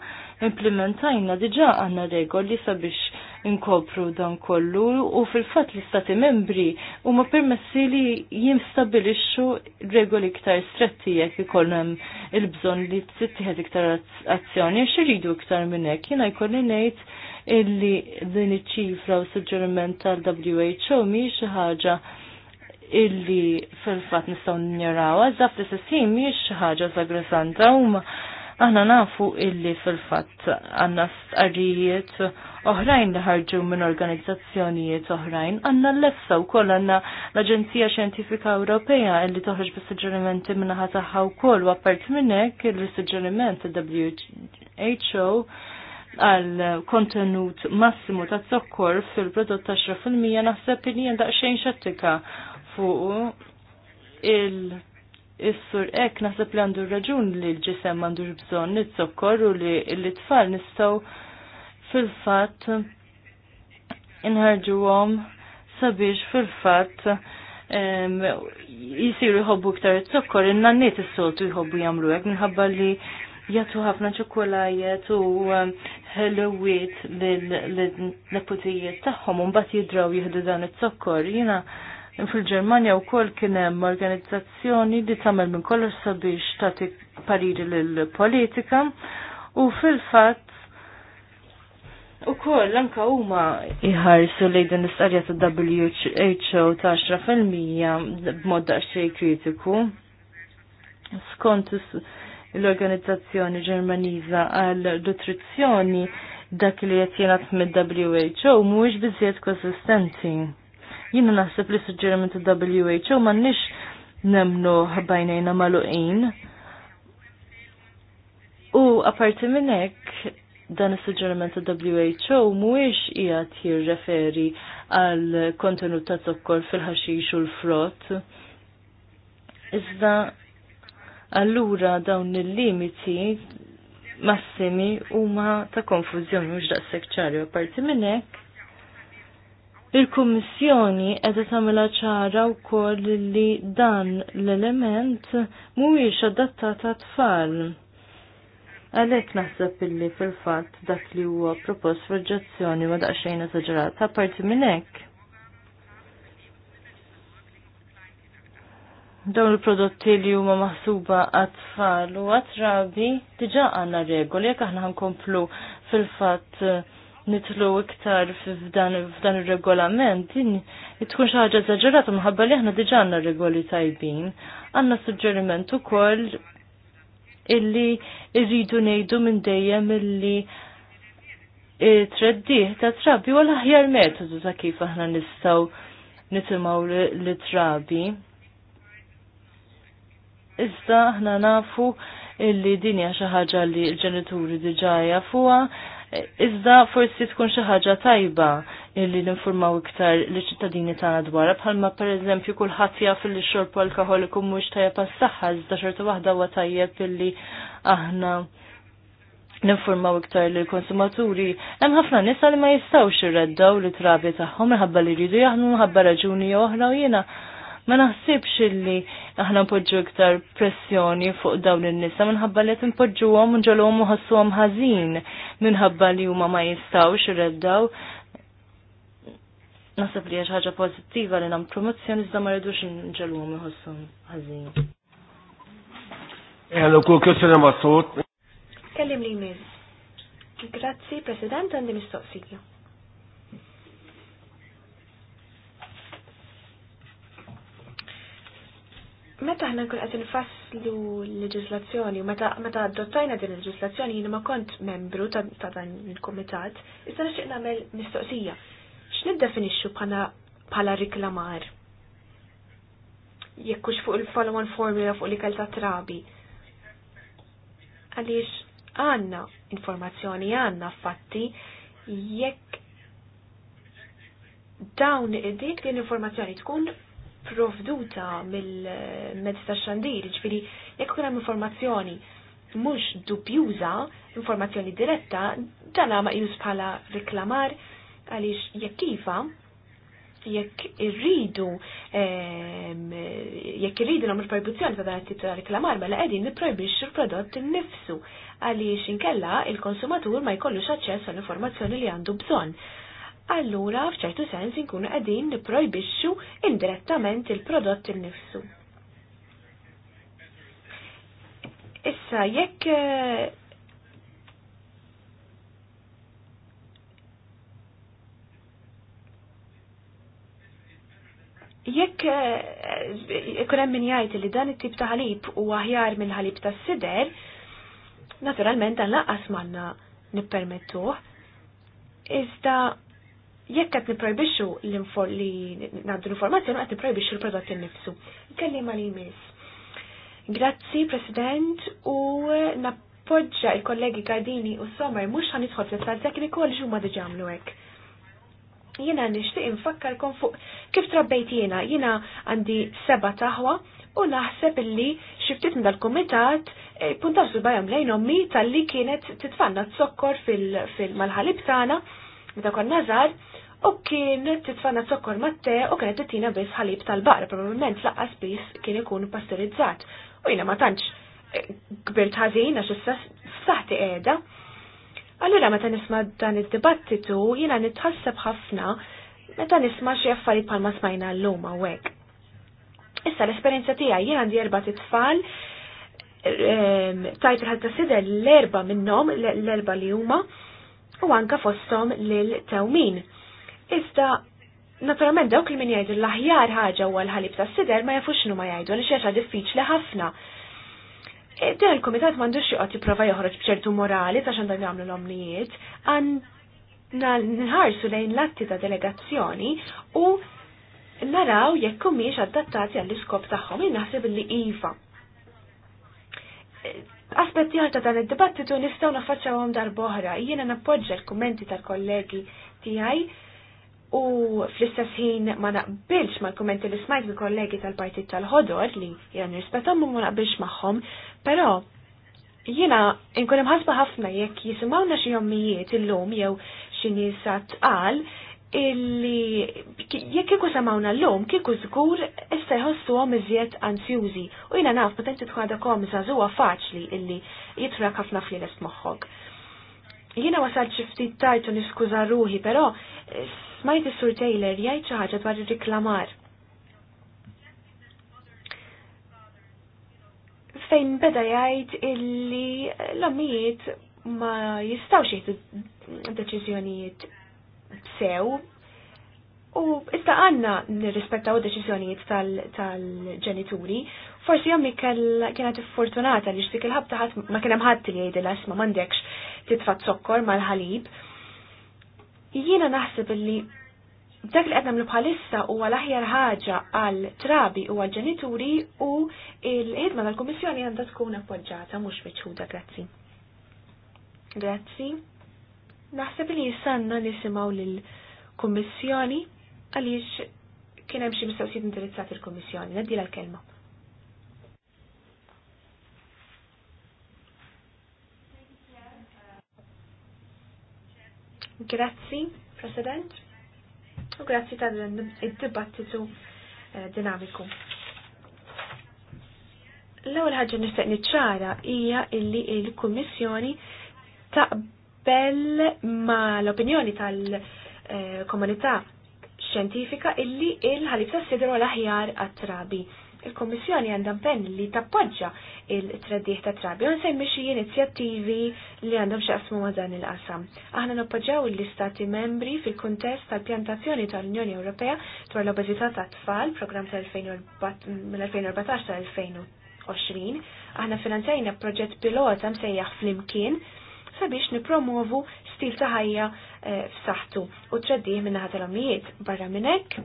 implementajna diġà għandna regoli sabiex inkopru dan kollu u fil-fatt l-istati membri huma permessi li jimstabilixxu regoli iktar stretti jekk ikollhom hemm il-bżonn li tittieħed iktar azzjoni għax iridu iktar minn hekk jiena jkolli ngħid illi din iċ-ċifra u suġġeriment tal-WHO mhix xi ħaġa illi fil-fatt nistgħu ninjorawha, iżda fl-istess ħin mhix xi ħaġa zagrosanta huma aħna nafu illi fil-fatt għanna stqarrijiet oħrajn li ħarġu minn organizzazzjonijiet oħrajn, għanna l-lefsa u koll għanna l-Aġenzija Xjentifika Ewropea illi toħroġ bi suġġerimenti minna ħataħħa u koll u għapart minnek il-suġġeriment WHO għal kontenut massimu ta' zokkor fil-prodott ta' 10% naħseb li jien daqsxejn xattika fuq il- Is-sur ek naħseb li għandu raġun li l-ġisem għandu bżonn nit-zokkor u li l-tfal nistgħu fil-fatt inħarġuhom sabiex fil-fatt jisiru jħobbu iktar it-zokkor, inna n-niet is-soltu jħobbu jagħmlu hekk minħabba li jagħtu ħafna ċokolajet u ħelwiet l-neputijiet tagħhom u mbagħad jidraw jieħdu dan it-sokkor. Jiena fil-Ġermanja wkoll kien hemm organizzazzjoni li tagħmel minn kollox sabiex tagħti pariri lill-politika u fil-fatt U koll, anka huma iħarsu li din l-istarja ta' WHO ta' 10% b'mod daqsxejn kritiku. Skont l-Organizzazzjoni Ġermaniża għal nutrizzjoni dak li qed jingħad mid-WHO mhuwiex biżjed konsistenti. Jiena naħseb li suġġeriment il-WHO m'għandniex nemnu bajnejna maluqin. U apparti minn hekk dan is-suġġeriment ta' WHO mhuwiex qiegħed jirreferi għal kontenut ta' zokkor fil-ħaxix u l-frott. Iżda allura dawn il-limiti massimi huma ta' konfużjoni mhux daqshekk ċari parti minn hekk Il-Kummissjoni edha tagħmilha ċara wkoll li dan l-element mhuwiex adattat tfal. Għalhekk naħseb illi fil-fatt dak li huwa propost f'oġġezzjoni ma daqsxejn esaġerat. Apparti minn hekk, dawn il-prodotti li huma maħsuba għat-tfal u għat-rabi diġa għanna regoli jek aħna ħankomplu fil-fatt eh, nitlu iktar f'dan ir-regolament din tkun xi ħaġa eżaġerata minħabba li aħna diġa għandna regoli tajbin. Għandna suġġeriment ukoll illi irridu ngħidu minn dejjem illi eh, treddih ta' trabi u l-aħjar metodu ta' kif aħna nistgħu nitimgħu li trabi iżda aħna nafu illi din hija xi ħaġa li l-ġenituri diġà jafuha, iżda forsi tkun xi ħaġa tajba illi ninformaw iktar li ċittadini tagħna dwarha bħalma pereżempju kulħadd jaf li x-xorb alkoholiku mhux tajjeb għas-saħħa iżda xorta waħda huwa tajjeb illi aħna ninformaw iktar li konsumaturi Hemm ħafna nisa li ma jistgħux irreddaw li trabi tagħhom minħabba li jridu jaħdmu ħabba raġuni oħra u jiena ma naħsibx illi aħna npoġġu iktar pressjoni fuq dawn in-nisa minħabba li qed npoġġuhom ġolhom uħassuhom ħażin minħabba li huma ma jistgħux irreddaw. Nasab li ħaġa pożittiva li nam promozzjoni iżda ma rridux nġolhom iħossuhom ħażin. Hello, kull sena ma' sot. Kellim li jmiss. Grazzi, President, għandi mistoqsija. Meta ħna nkun qed infasslu l-leġislazzjoni, meta meta adottajna din il-leġislazzjoni jiena ma kont membru ta' dan il-kumitat, issa nixtieq nagħmel mistoqsija. X'niddefinixxu bħala bħala riklamar? Jekk hux fuq il-follow-on formula fuq li ta' trabi. Għaliex għandna informazzjoni, għandna fatti, jekk dawn dik din informazzjoni tkun provduta mill-mezz ta' xandir, ġifiri, jekk kuna informazzjoni mhux dubjuża, informazzjoni diretta, dan ma jus bħala reklamar għaliex jekk iva, jekk irridu jekk irridu nagħmlu prohibizjoni ta' dan it-tip reklamar mela qegħdin nipprojbixxu l-prodott innifsu għaliex inkella il-konsumatur ma jkollux xaċċess għall-informazzjoni li għandu bżonn allura f'ċertu sens inkunu qegħdin nipprojbixxu indirettament il-prodott innifsu. Issa jekk eh, jekk eh, ikun hemm min jgħid li dan it-tip ta' ħalib huwa aħjar mill-ħalib tas-sider, naturalment dan laqqas m'għandna nippermettuh. Iżda jekk qed nipprojbixxu li ngħaddu l-informazzjoni qed nipprojbixxu l prodotti innifsu. Kelli ma li jmiss. Grazzi, President, u nappoġġa il-kollegi Gardini u Sommer mhux nidħol fl-istat tekniku għal ġumma diġamlu hekk. Jiena nixtieq infakkarkom fuq kif trabbejt jiena, jiena għandi seba' taħwa u naħseb illi xiftit minn dal-komitat eh, puntax żubajam lejn ommi tal-li kienet titfanna t-sokkor fil-malħalib tagħna meta konna żgħar u kien titfana sokkor matte u kienet titina biss ħalib tal-bar, probabilment laqqas biss kien ikun pasturizzat. U jina ma tantx kbirt eh, ħażin għax s saħti qiegħda. Allura meta nisma' dan id-dibattitu jiena nitħasseb ħafna meta nisma' xi affarijiet bħalma smajna llum hawnhekk. Issa l-esperjenza tiegħi jien għandi erba' titfal ehm, tajt il ta' sidel l-erba minnhom l-erba li huma u anka fosthom lil tewmin Iżda, naturalment dawk li min jgħidu l-aħjar ħaġa u l-ħalib ta' sider ma jafux ma jgħidu li xeċa diffiċli ħafna. Eh, dan il-komitat m'għandux joqgħod jipprova joħroġ b'ċertu morali ta' xandan jagħmlu l-omnijiet, nħarsu lejn l-atti ta' delegazzjoni u naraw jekk miex adattati għall-iskop tagħhom naħseb li iva. Eh, aspetti ħarta dan id-dibattitu nistgħu naffaċċawhom darb'oħra, jiena nappoġġa l-kummenti tal-kollegi tiegħi U fl-istess ħin ma naqbilx mal kommenti li smajt minn kollegi tal-Partit tal-Ħodor li jgħan u ma naqbilx magħhom, però jiena nkun imħasba ħafna jekk jisimawna xie jommijiet illum jew xi nies tqal illi jekk kieku samawna l-lum, kieku żgur issa jħossu għom iżjed anzjużi u jiena naf potenti tkun għadha komza żuwa faċli illi jitra ħafna fl-inest moħħok. Jiena wasal xi ftit tajtu niskuża ruħi, però Smajt is-Sur Taylor jgħid xi ħaġa dwar ir-riklamar. Fejn beda jgħid illi l-ommijiet ma jistawx jgħidu deċiżjonijiet sew U issa għanna nirrispettaw deċizjonijiet tal-ġenituri, tal forsi jommi kienet fortunata li xtik il-ħabta ma kienem ħadd li jgħidilha ma m'għandekx titfat sokkor mal-ħalib, Jiena naħseb li dak li qed nagħmlu bħalissa huwa l-aħjar ħaġa għal trabi u għal ġenituri u l-ħidma tal-Kummissjoni għandha tkun appoġġjata mhux miċħuda grazzi. Grazzi. Naħseb li jissanna nisimgħu lill-Kummissjoni għaliex kien hemm xi mistoqsijiet indirizzati l-Kummissjoni, nadila l-kelma. Grazzi, President, u grazzi ta' id-dibattitu eh, dinamiku. L-ewwel ħaġa nistaq niċċara hija illi l-Kummissjoni taqbel ma l-opinjoni tal-komunità eh, xjentifika illi il-ħalib tas-sidru l-aħjar għat-trabi il-Kommissjoni għandha pen li tappoġġa il-traddieħ ta' trabi u sejmi xie inizjattivi li għandhom x'jaqsmu ma' dan il-qasam. Aħna nappoġġaw l-istati membri fil-kuntest tal-pjantazzjoni tal-Unjoni Ewropea dwar l-obeżità tat-tfal, programm mill-2014 sa' 2020. Aħna finanzjajna proġett pilota msejjaħ flimkien sabiex nipromovu stil ta' ħajja eh, f'saħħtu u traddieħ minnaħa tal-ommijiet barra minn hekk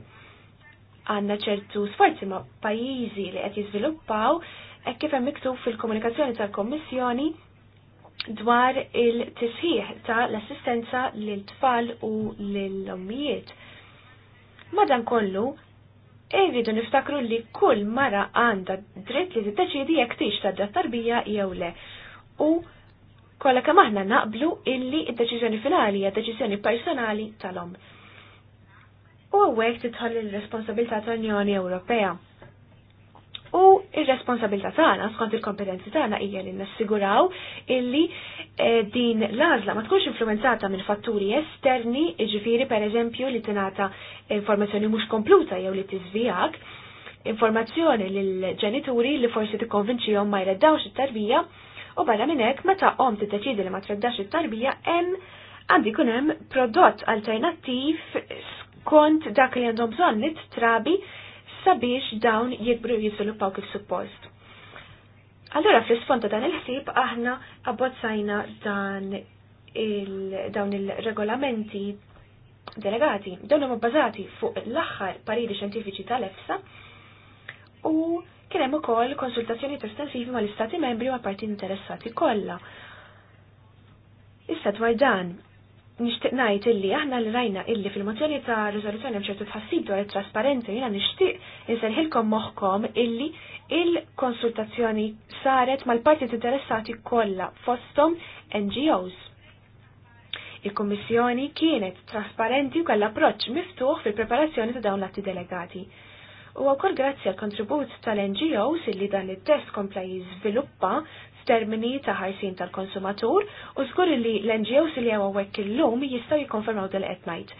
għandna ċertu sforzi ma' pajjiżi li qed jiżviluppaw hekk kif hemm miktub fil-komunikazzjoni tal-Kommissjoni dwar il-tisħiħ ta' l-assistenza lil tfal u lill-ommijiet. Madan kollu, irridu niftakru li kull mara għandha dritt li tiddeċiedi jekk tix tadda tarbija jew le. U kollha kemm aħna naqblu illi d-deċiżjoni finali hija deċiżjoni personali tal omm u għawek titħalli l-responsabilità tal-Unjoni Ewropea. U il-responsabilità tagħna skont il-kompetenzi tagħna hija li nassiguraw illi eh, din l-għażla ma tkunx influenzata minn fatturi esterni, jiġifieri pereżempju li tingħata informazzjoni mhux kompluta jew li tiżvijak, informazzjoni lill-ġenituri li forsi jom ma jreddawx it-tarbija u barra minn hekk meta t-teċidi li ma treddax it-tarbija hemm għandi kun hemm prodott alternattiv kont dak li għandhom bżonn li trabi sabiex dawn jikbru jiżviluppaw kif suppost. Allora fl-isfond ta' dan il-ħsieb aħna abbozzajna dan il dawn il-regolamenti delegati, dawn huma bbażati fuq l-aħħar pariri xjentifiċi tal-EFSA u kien hemm ukoll konsultazzjoni estensivi mal-Istati membri u mal-parti interessati kollha. Issa dwar dan, nishtiq najt illi aħna li rajna illi fil-mozzjoni ta' rizoluzzjoni bċertu tħassib dwar trasparenza jena nishtiq inserħilkom moħkom illi il-konsultazzjoni saret mal parti interessati kollha fostom NGOs. Il-Kommissjoni kienet trasparenti u kalla approċċ miftuħ fil-preparazzjoni ta' dawn l-atti delegati. U għakor grazzi għal kontribut tal-NGOs illi dan il-test kompla jizviluppa Termini ta' ħarsin tal-konsumatur u żgur li l-NGOs li għaw għek illum jistgħu jikkonfermaw dal-qed ngħid.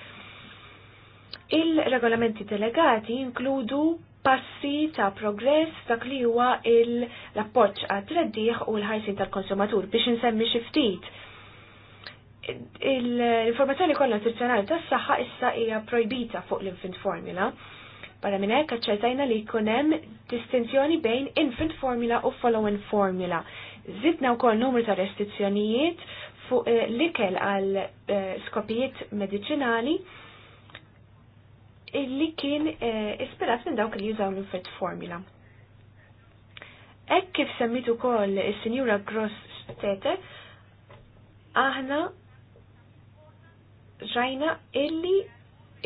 Il-regolamenti delegati inkludu passi ta' progress dak li huwa l-appoġġ għat-treddieħ u l-ħajsin tal-konsumatur biex insemmi xi ftit. L-informazzjoni kollha nutrizzjonali tas-saħħa issa hija projbita fuq l-infant formula. Barra minn hekk li jkun hemm distinzjoni bejn infant formula u following formula. Zidna wkoll numru ta' restrizzjonijiet fuq eh, l-ikel għal eh, skopijiet medicinali illi kien eh, ispirat minn dawk li jużaw l-infett formula. Ek kif semmitu kol il-Sinjura Gross Stete, aħna ġajna illi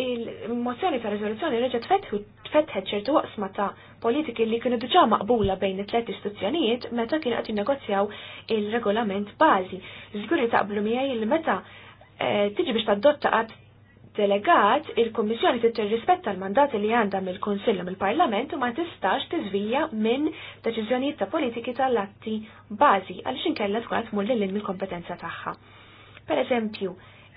il-mozzjoni ta' rezoluzzjoni reġa tfetħu tfetħet ċertu waqsma ta' politiki li kienu diġà maqbula bejn it-tlet istituzzjonijiet meta kienu qed jinnegozjaw il-regolament bażi. Żgur li taqblu miegħi li meta eh, tiġi biex tadotta qatt delegat il kummissjoni trid tirrispetta l-mandat li għandha mill-Kunsill mill-Parlament u ma tistax tiżvija minn deċiżjonijiet ta' politiki tal-atti bażi għaliex inkella tkun qed tmur lil mill-kompetenza tagħha. Per eżempju,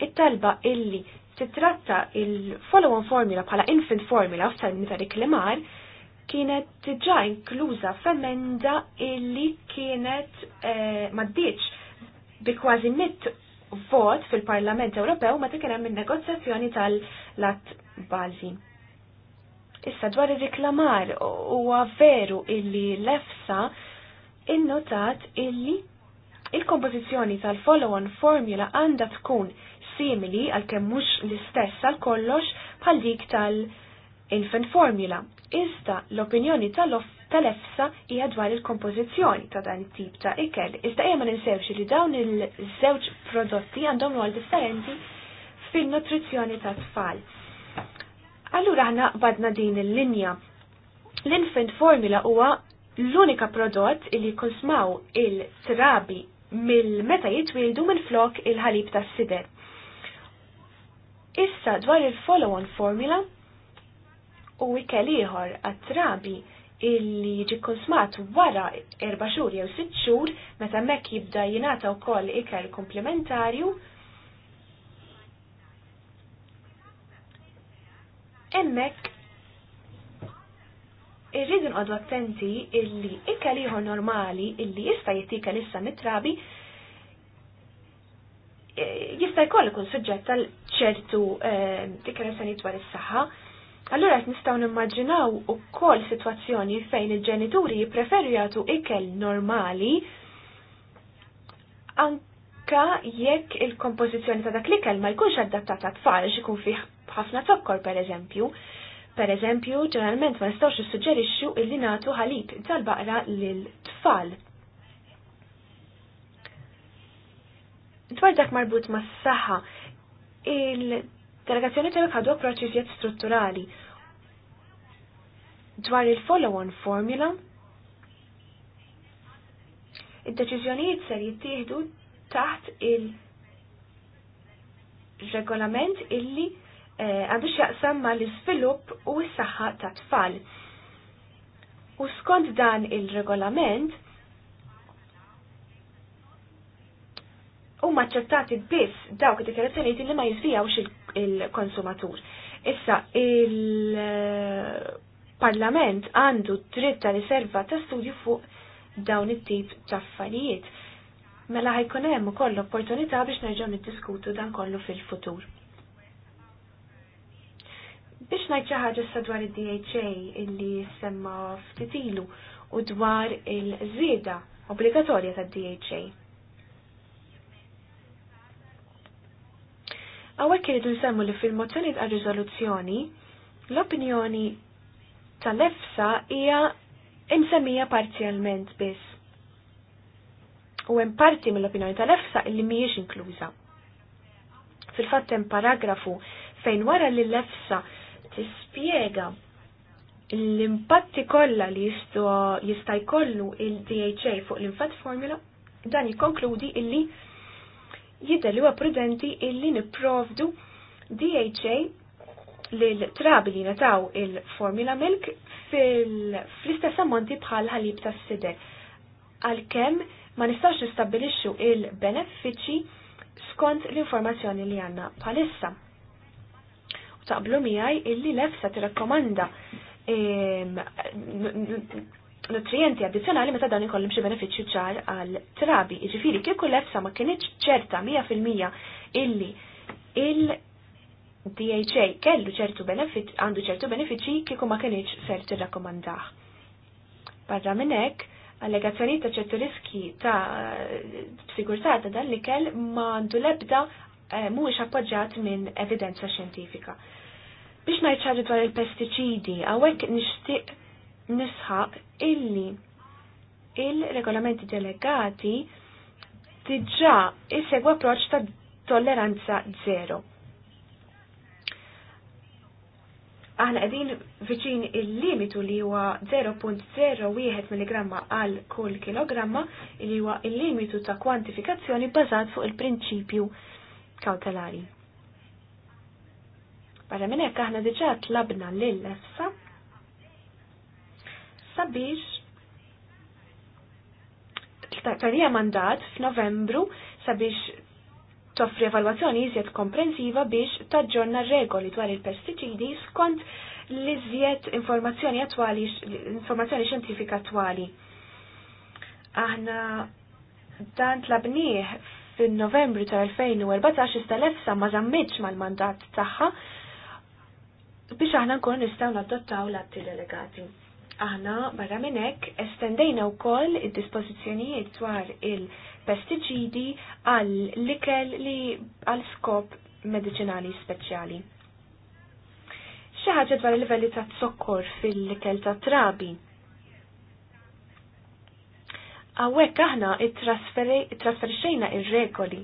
it-talba illi titratta il-follow-on formula bħala infant formula f'termini ta' riklimar kienet diġà inkluża f'emenda illi kienet eh, maddiċ bi kważi mit vot fil-Parlament Ewropew meta kien hemm in-negozjazzjoni tal lat bażi. Issa dwar ir-riklamar huwa veru illi l-EFSA innotat illi il-kompożizzjoni tal-follow-on formula għandha tkun simili għalkemm mhux l-istess għal kollox bħal dik tal-infant formula. Iżda l-opinjoni tal-EFSA hija dwar il-kompożizzjoni ta' dan it-tip ta' ikel. Iżda hija ma ninsewx li dawn il-żewġ prodotti għandhom rol differenti fil-nutrizzjoni ta' tfal. Allura ħna badna din il-linja. L-infant formula huwa l-unika prodott li konsmaw il-trabi mill-meta jitwildu minn flok il-ħalib tas sider Issa dwar il-follow-on formula u ikel ieħor għat-trabi illi jiġi konsmat wara erba' xhur jew sitt xhur meta mekk jibda jingħata wkoll ikel komplementarju. Hemmhekk irridu nqodu attenti illi ikel ieħor normali illi jista' jittika issa mit-trabi jista' jkoll ikun suġġett għal ċertu eh, dikjarazzjoni dwar is-saħħa. allora qed nistgħu nimmaġinaw ukoll sitwazzjoni fejn il-ġenituri jipreferu jagħtu ikel normali anka jekk il-kompożizzjoni ta' dak l-ikel ma jkunx adattata għat-tfal għax ikun fih ħafna eżempju. pereżempju. Pereżempju, ġeneralment ma nistgħux nissuġġerixxu illi nagħtu ħalib tal-baqra lil tfal Dwar dak marbut ma' s-saħħa, il-delegazzjoni tagħek ħadu approċċiżiet strutturali. Dwar il-follow-on formula, id-deċiżjonijiet ser jittieħdu taħt il-regolament illi eh, għandu xaqsam ma l svilup u s-saħħa ta' tfal. U skont dan il-regolament, huma ċettati biss dawk id-dikjarazzjonijiet li ma jiżvijawx il-konsumatur. Issa il-Parlament għandu dritta li riserva ta' studju fuq dawn it-tip ta' affarijiet. Mela ħajkun hemm ukoll opportunità biex nerġgħu niddiskutu dan kollu fil-futur. Biex ngħid xi ħaġa issa dwar id-DHA illi semma ilu u dwar il-żieda obbligatorja tad-DHA Għawek jridu nsemmu li fil-mozzjoni ta' Rizoluzzjoni l-opinjoni tal-EFSA hija insemmija parzjalment biss. U hemm parti mill-opinjoni tal-EFSA li mhijiex inkluża. Fil-fatt hemm paragrafu fejn wara li l-EFSA tispjega l-impatti kollha li jista' jkollu il-DHA fuq l-infat formula, dan jikkonkludi illi jidher li huwa prudenti illi nipprovdu DHA lil trabi li nataw il-formula milk fl-istess ammonti bħal ħalib tas sider għalkemm ma nistax nistabbilixxu il-benefiċċji skont l-informazzjoni li għandna bħalissa. U taqblu miegħi illi lefsa tirrakkomanda ehm, nutrienti addizzjonali meta dan ikollhom xi benefiċċju ċar għal trabi. Jiġifieri kieku l ma kinitx ċerta mija fil-mija illi il DHA kellu ċertu benefit, għandu ċertu benefiċċji kieku ma kinitx ser tirrakkomandah. Barra minn hekk, allegazzjonijiet ta' ċertu riski ta' sigurtà ta' dan li kell ma għandu lebda eh, mhuwiex appoġġjat minn evidenza xjentifika. Biex ngħid ċarri dwar il-pestiċidi, hawnhekk nixtieq nisħaq illi il-regolamenti delegati diġà isegwa approċċ ta' tolleranza zero. Aħna qegħdin viċin il-limitu li huwa 0.01 mg għal kull kilogramma li huwa il-limitu ta' kwantifikazzjoni bbażat fuq il-prinċipju kautelari. Barra minn hekk aħna diġà tlabna lill-EFSA sabiex tarija mandat f'Novembru sabiex toffri evalwazzjoni iżjed komprensiva biex taġġorna regoli dwar il-pestiċidi skont l-iżjed informazzjoni attwali, informazzjoni xjentifika attwali. Aħna dan tlabnieh fin-Novembru tal-2014 iżda l-EFSA ma żammitx mal-mandat tagħha biex aħna nkunu nistgħu nadottaw l-atti delegati aħna barra minnek estendejna u koll id-dispozizjonijiet dwar il-pestiġidi għal likel li għal skop medicinali speċjali. ħaġa dwar il-livelli ta' t-sokkor fil-likel ta' trabi. Għawek aħna it-trasferxejna il-regoli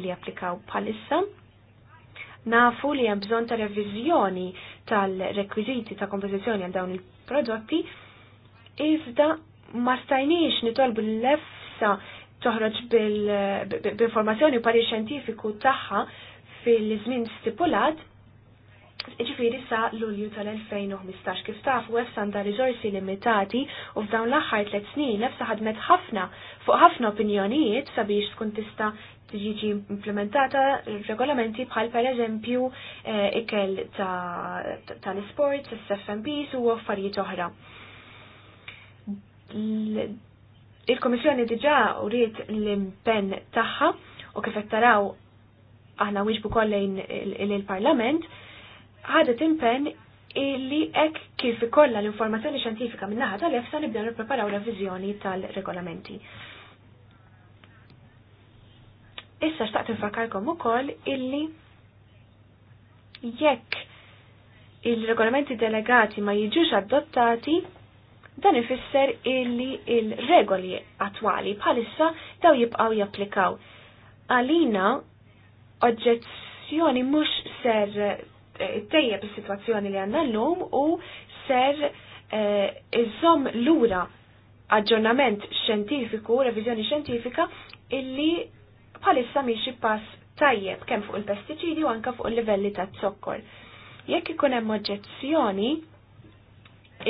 li applikaw bħalissa nafu li hemm bżonn ta' reviżjoni tal-rekwiżiti ta' kompożizzjoni għal dawn il- prodotti, iżda ma stajniex nitolbu l-lefsa toħroġ bil-informazzjoni u pari xjentifiku tagħha fil-żmien stipulat, ġifiri sa l-ulju tal-2015 kif taf u efsa għandha riżorsi limitati u f'dawn l-aħħar tliet snin efsa ħadmet ħafna fuq ħafna opinjonijiet sabiex tkun tista' tiġi implementata regolamenti bħal per eżempju eh, ikel tal-sport, s-FMPs u affarijiet oħra. Il-Komissjoni diġa uriet l-impenn tagħha u kif taraw aħna wieġbu kollejn il-Parlament, ħadet impenn illi ek kif ikolla l-informazzjoni xjentifika minnaħa tal-EFSA nibdew nippreparaw reviżjoni tal-regolamenti. tal regolamenti Issa xtaqt u ukoll illi jekk il-regolamenti delegati ma jiġux adottati, dan ifisser illi il-regoli attwali bħalissa daw jibqaw japplikaw. Għalina oġġezzjoni mhux ser eh, tejjeb is-sitwazzjoni li għandna llum u ser eh, iżomm lura aġġornament xjentifiku, reviżjoni xjentifika illi bħalissa miexi pass tajjeb kemm fuq il-pestiċidi u anka fuq il-livelli ta' zokkor. Jekk ikun hemm oġġezzjoni,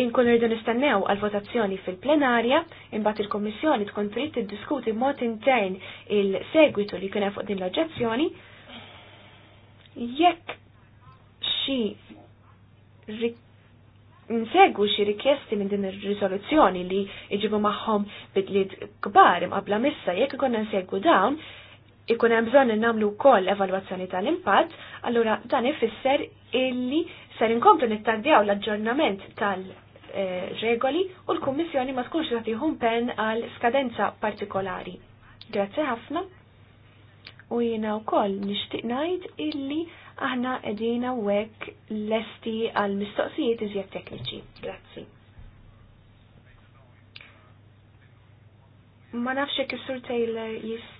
inkun rridu nistennew għal votazzjoni fil-plenarja, imbagħad il-Kommissjoni tkun trid tiddiskuti mod intern il-segwitu li kien hemm fuq din l-oġġezzjoni. Jekk xi nsegwu xi rikjesti minn din ir-riżoluzzjoni li jġibu magħhom bidliet kbar imqabla missa jekk ikunna nsegwu dawn, ikun hemm bżonn nagħmlu wkoll evalwazzjoni tal-impatt, allura dan ifisser illi ser inkomplu nittardjaw l-aġġornament tal-regoli u l-Kummissjoni ma tkunx tagħtihom pen għal skadenza partikolari. Grazzi ħafna. U jiena wkoll nixtieq ngħid illi aħna edina hekk lesti għal mistoqsijiet iżjed tekniċi. Grazzi. Ma nafx jekk is-Sur Taylor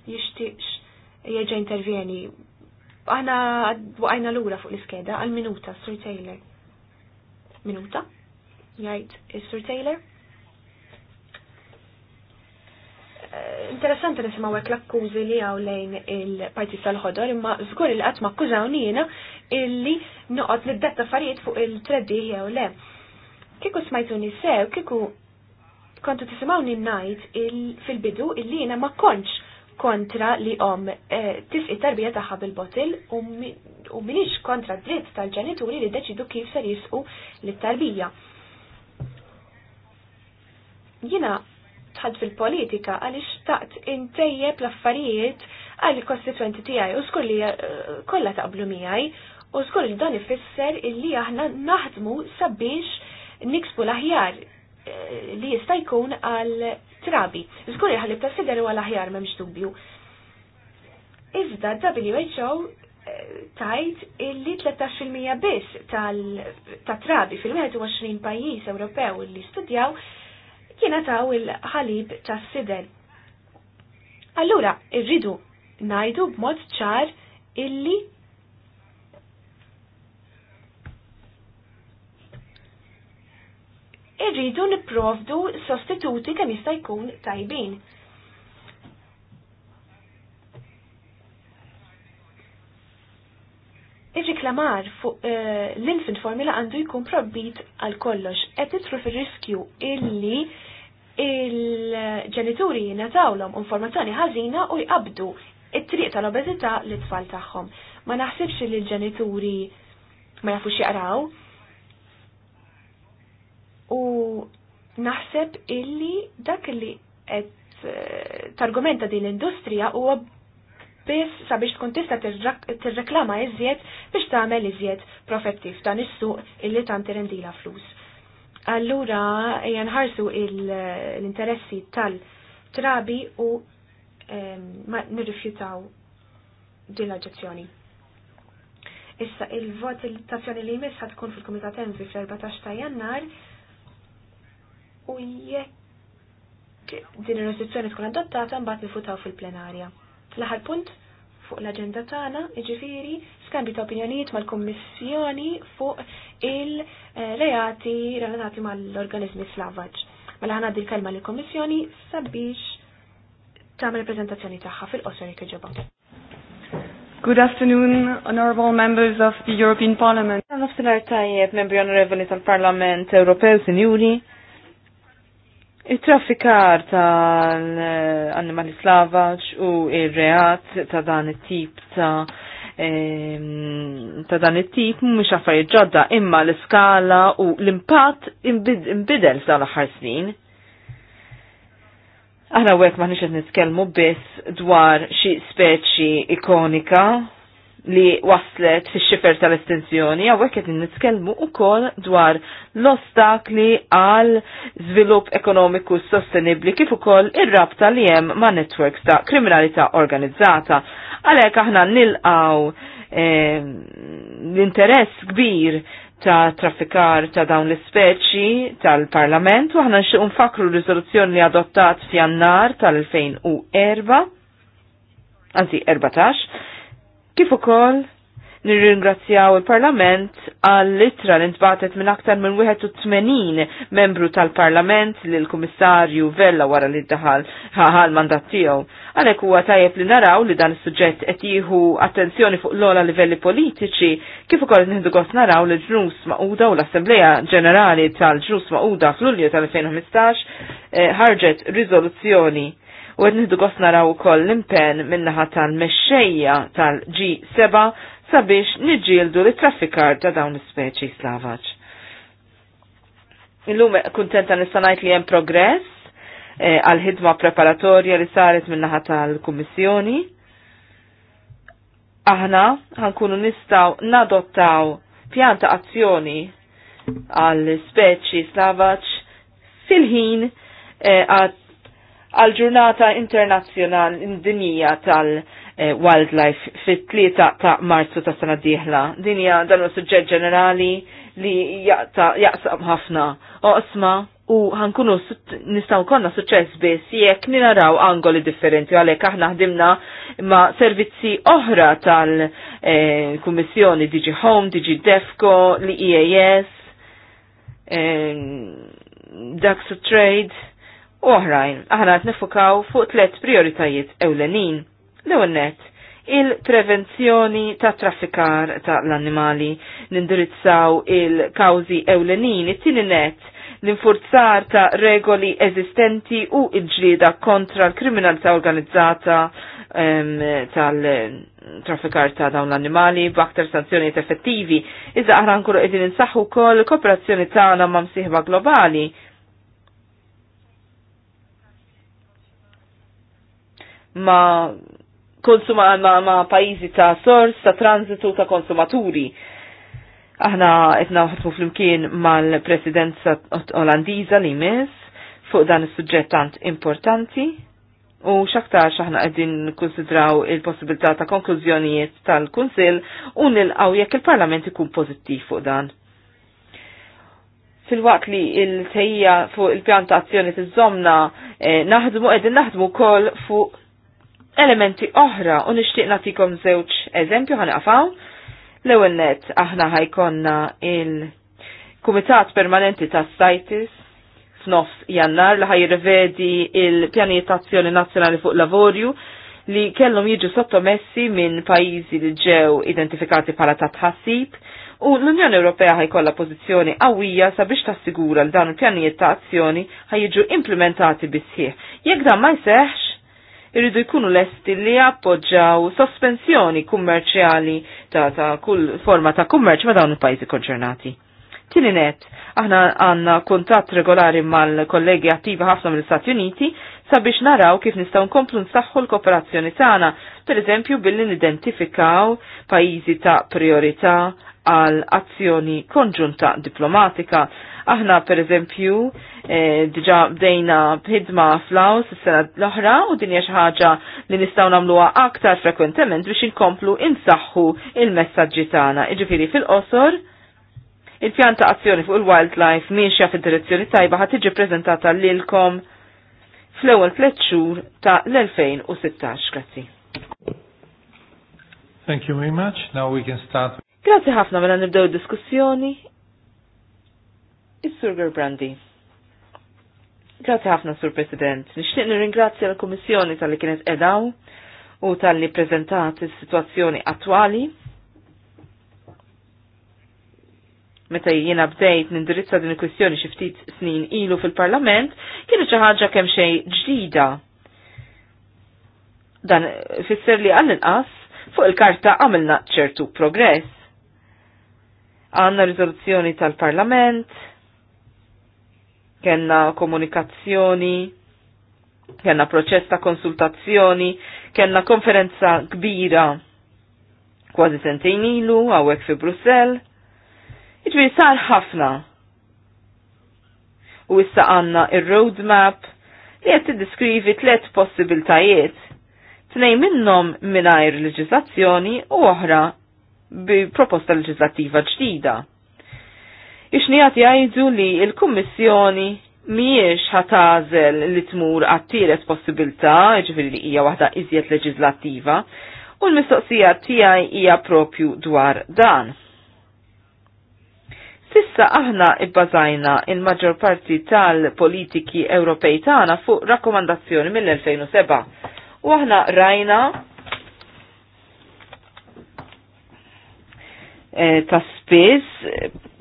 jixtieqx jieġa intervjeni. għajna waqajna lura fuq l-iskeda għal minuta Sur Taylor. Minuta? Jgħid is-Sur Taylor? Eh, interessanti li hekk l-akkużi li hawn lejn il parti tal-Ħodor, imma żgur li qatt makkużawni jiena illi noqgħod niddetta affarijiet fuq il-treddi jew le. Kieku smajtuni sew, kieku kontu tisimawni najt fil-bidu illi jena ma konċ kontra li om eh, tisqi tarbija tagħha bil-botil u minix kontra dritt tal-ġenituri li deċidu kif ser jisqu lit-tarbija. Jina tħad fil-politika għaliex taqt intejjeb l-affarijiet għal il-kostituenti tiegħi u skur li eh, kolla taqblu miegħi u skur li dan ifisser illi aħna naħdmu sabiex niksbu l-aħjar li jista' jkun għal trabi. Żgur jħalli u għal aħjar m'hemmx dubju. Iżda WHO eh, tajt illi 13% biss tal-trabi fil-21 pajjiż Ewropew li studjaw kiena taw il-ħalib tas sider. Allura, irridu najdu b'mod ċar illi irridu nipprovdu sostituti kemm jista' jkun tajbin. Ir-riklamar fuq uh, l-infant formula għandu jkun probbit għal kollox, qed titru fir-riskju illi il-ġenituri natawlom informazzjoni ħażina u jqabdu it-triq tal-obeżità l-tfal tagħhom. Ma naħsibx li l-ġenituri ma jafux jaqraw, U naħseb illi dak li qed eh, targumenta din l-industrija huwa biss sabiex tkun tista tirreklama iżjed biex tagħmel iżjed profetti f'dan is-suq illi tant irendila flus. Allura hija nħarsu l-interessi tal-trabi u ma nirrifjutaw din l-oġġezzjoni. Issa il il-tazzjoni li jmiss tkun fil-Kumitat Envi fl-14 ta' Jannar u jekk din ir resoluzzjoni tkun adottata mbagħad nifutaw fil-plenarja. L-aħħar punt fuq l-aġenda tagħna, jiġifieri skambju ta' opinjonijiet mal-Kummissjoni fuq il-reati relatati mal-organizmi slavaġ. Mela ħana dil kelma lill-Kummissjoni sabiex tagħmel preżentazzjoni tagħha fil-qosor jekk ġobha. Good afternoon, honorable members of the European Parliament. Nafsinar tajjeb, membri onorevoli tal-Parlament Ewropew, sinjuri. Il-traffikar ta' eh, animali slavaċ u il-reat ta' dan it-tip ta' ta' dan it-tip mhumiex affarijiet ġodda imma l-iskala u l-impatt imbidel sa' l-aħħar snin. Aħna wek ma nix nitkellmu biss dwar xi speċi ikonika li waslet fi xifer tal-estensjoni, għawek qed nitkellmu kol dwar l-ostakli għal żvilupp ekonomiku sostenibli kif ukoll ir-rabta li hemm ma' networks ta' kriminalità organizzata. Għalhekk aħna nilqaw eh, l-interess kbir ta' traffikar ta' dawn l-speċi tal-Parlament u aħna nxieq nfakru r-riżoluzzjoni li adottat f'jannar tal-2004, anzi 14, Kif ukoll nirringrazzjaw il-Parlament għall-ittra li ntbatet minn aktar minn 81 membru tal-Parlament li l-Kummissarju Vella wara li ddaħal ħaħal mandat tiegħu. Għalhekk huwa tajjeb li naraw li dan is-suġġett qed jieħu attenzjoni fuq l-ola livelli politiċi kif ukoll nieħdu naraw li ġnus Maquda u l-Assembleja Ġenerali tal-Ġnus Maquda fl-Ulju tal-2015 eh, ħarġet riżoluzzjoni u għed nħidu għos naraw ukoll l-impen minnaħa tal-mexxejja tal-G7 sabiex niġġieldu li traffikar ta' dawn l-speċi slavaċ. Illum kuntenta nistanajt li hemm progress eh, għal e, ħidma preparatorja li saret minnaħa tal-Kummissjoni. Aħna ħankunu nistaw nadottaw pjanta azzjoni għal speċi slavaċ fil-ħin eh, għad għal ġurnata internazzjonal dinija tal-wildlife eh, fit-tlieta ta' marzu ta' sena diħla. Dinja dan u suġġett ġenerali li jaqsam ħafna oqsma u ħankunu nistaw konna suċess biss jekk ninaraw angoli differenti għalhekk aħna ħdimna ma' servizzi oħra tal-Kummissjoni eh, Digi Home, Digi Defco, l-EAS, eh, Dax Trade oħrajn. Aħna għat nifukaw fuq tliet prioritajiet ewlenin. L-ewwel nett, il-prevenzjoni ta' traffikar ta' l-annimali, nindirizzaw il-kawzi ewlenin, it tini nett, l-infurzar ta' regoli eżistenti u il-ġlida kontra l-kriminalità organizzata tal-traffikar ta' dawn l-animali b'aktar sanzjonijiet effettivi, iżda aħna nkunu qegħdin insaħħu wkoll kooperazzjoni tagħna ma' msieħba globali ma konsuma ma, ma pajizi ta' sors, ta' transitu ta' konsumaturi. Aħna etna uħatmu fl-imkien mal-presidenza olandiza li mis fuq dan is-suġġett importanti u xaktar xaħna għedin konsidraw il-possibilità ta' konklużjonijiet tal-Kunsil u nilqaw jekk il-Parlament ikun pozittiv fuq dan. Fil-waqt li il-tejja fuq il-pjantazzjoni t-zomna eh, naħdmu, edin naħdmu kol fuq elementi oħra u nixtieq nagħtikom żewġ eżempju ħanqafaw. L-ewwel net aħna ħajkonna il-Kumitat Permanenti tas Sajtis f'nofs jannar li ħajrevedi il-pjanijiet azzjoni nazzjonali fuq lavorju li kellhom jiġu sottomessi minn pajjiżi li ġew identifikati bħala ta' tħassib u l-Unjoni Ewropea ħajkollha pożizzjoni qawwija sabiex tassigura li dawn il-pjanijiet ta' azzjoni ħajjiġu implementati bisħieħ. Jekk dan ma jseħħx, irridu jkunu lesti li appoġġaw sospensjoni kummerċjali ta', ta kull forma ta' kummerċ ma' dawn il-pajzi konċernati. Tini net, aħna għanna kontatt regolari mal-kollegi attivi ħafna mill-Stati Uniti sabiex naraw kif nistaw nkomplu nsaħħu l-kooperazzjoni tagħna, per eżempju billi nidentifikaw pajjiżi ta' priorità għal azzjoni konġunta diplomatika Aħna per eżempju eh, diġa bdejna b'ħidma flaws is-sena l-oħra u din hija xi ħaġa li nistgħu nagħmluha aktar frekwentement biex inkomplu insaħħu il-messaġġi tagħna. Jiġifieri fil-qosor il-pjan ta' azzjoni fuq il-wildlife miexja fid-direzzjoni tajba ħad tiġi preżentata lilkom fl-ewwel tliet xhur ta' l-2016. Grazzi. Thank you very much. Now we can start. Grazzi ħafna mela nibdew diskussjoni. Is-Sur Brandi. Grazie ħafna, Sur President. Nixtieq nirringrazzja l-Kummissjoni tal-li kienet edaw u tal-li prezentat is-sitwazzjoni attwali. Meta jiena bdejt nindirizza din il-kwistjoni xi ftit snin ilu fil-Parlament, kienu xi ħaġa kemm xejn ġdida. Dan fisser li għall-inqas fuq il-karta għamilna ċertu progress. Għanna riżoluzzjoni tal-Parlament, Kellna komunikazzjoni, kellna proċess ta' konsultazzjoni, kellna konferenza kbira kważi sentejn ilu, għawek fi Brussell. Iġbir sar ħafna. U issa għanna il-roadmap li għed t-diskrivi tlet possibiltajiet. tnejn minnom mingħajr leġiżlazzjoni u oħra bi proposta leġislattiva ġdida. Ixnijat jgħidu li il-Kummissjoni miex ħatazel li tmur għattiret possibilta, ġifiri li hija waħda iżjed leġislattiva, u l-mistoqsija tiegħi hija propju dwar dan. Sissa aħna ibbażajna il-maġġor parti tal-politiki Ewropej tagħna fuq rakkomandazzjoni mill-2007. U aħna rajna e, ta' spiss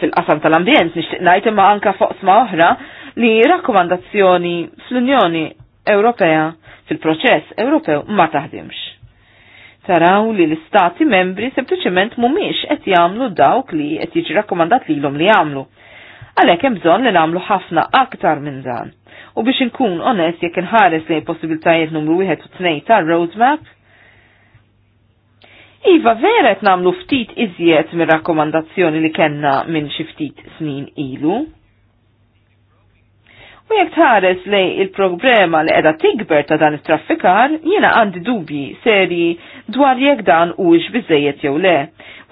fil-qasam tal-ambjent nixtieq ngħid imma anka foqsma oħra li rakkomandazzjoni fl-Unjoni Ewropea fil-proċess Ewropew ma taħdimx. Taraw li l-istati membri sempliċement mhumiex qed jagħmlu dawk li qed jiġi rakkomandat lilhom li jagħmlu. Għalhekk hemm bżonn li nagħmlu ħafna aktar minn dan. U biex inkun onest jekk inħares li possibiltajiet numru wieħed u tnejn tar-roadmap, Iva vera qed nagħmlu ftit iżjed mir-rakkomandazzjoni li kellna minn xi ftit snin ilu. U jekk tħares lej il-problema li qiegħda tikber ta' dan it-traffikar, jiena għandi dubji serji dwar jekk dan huwiex biżejjed jew le.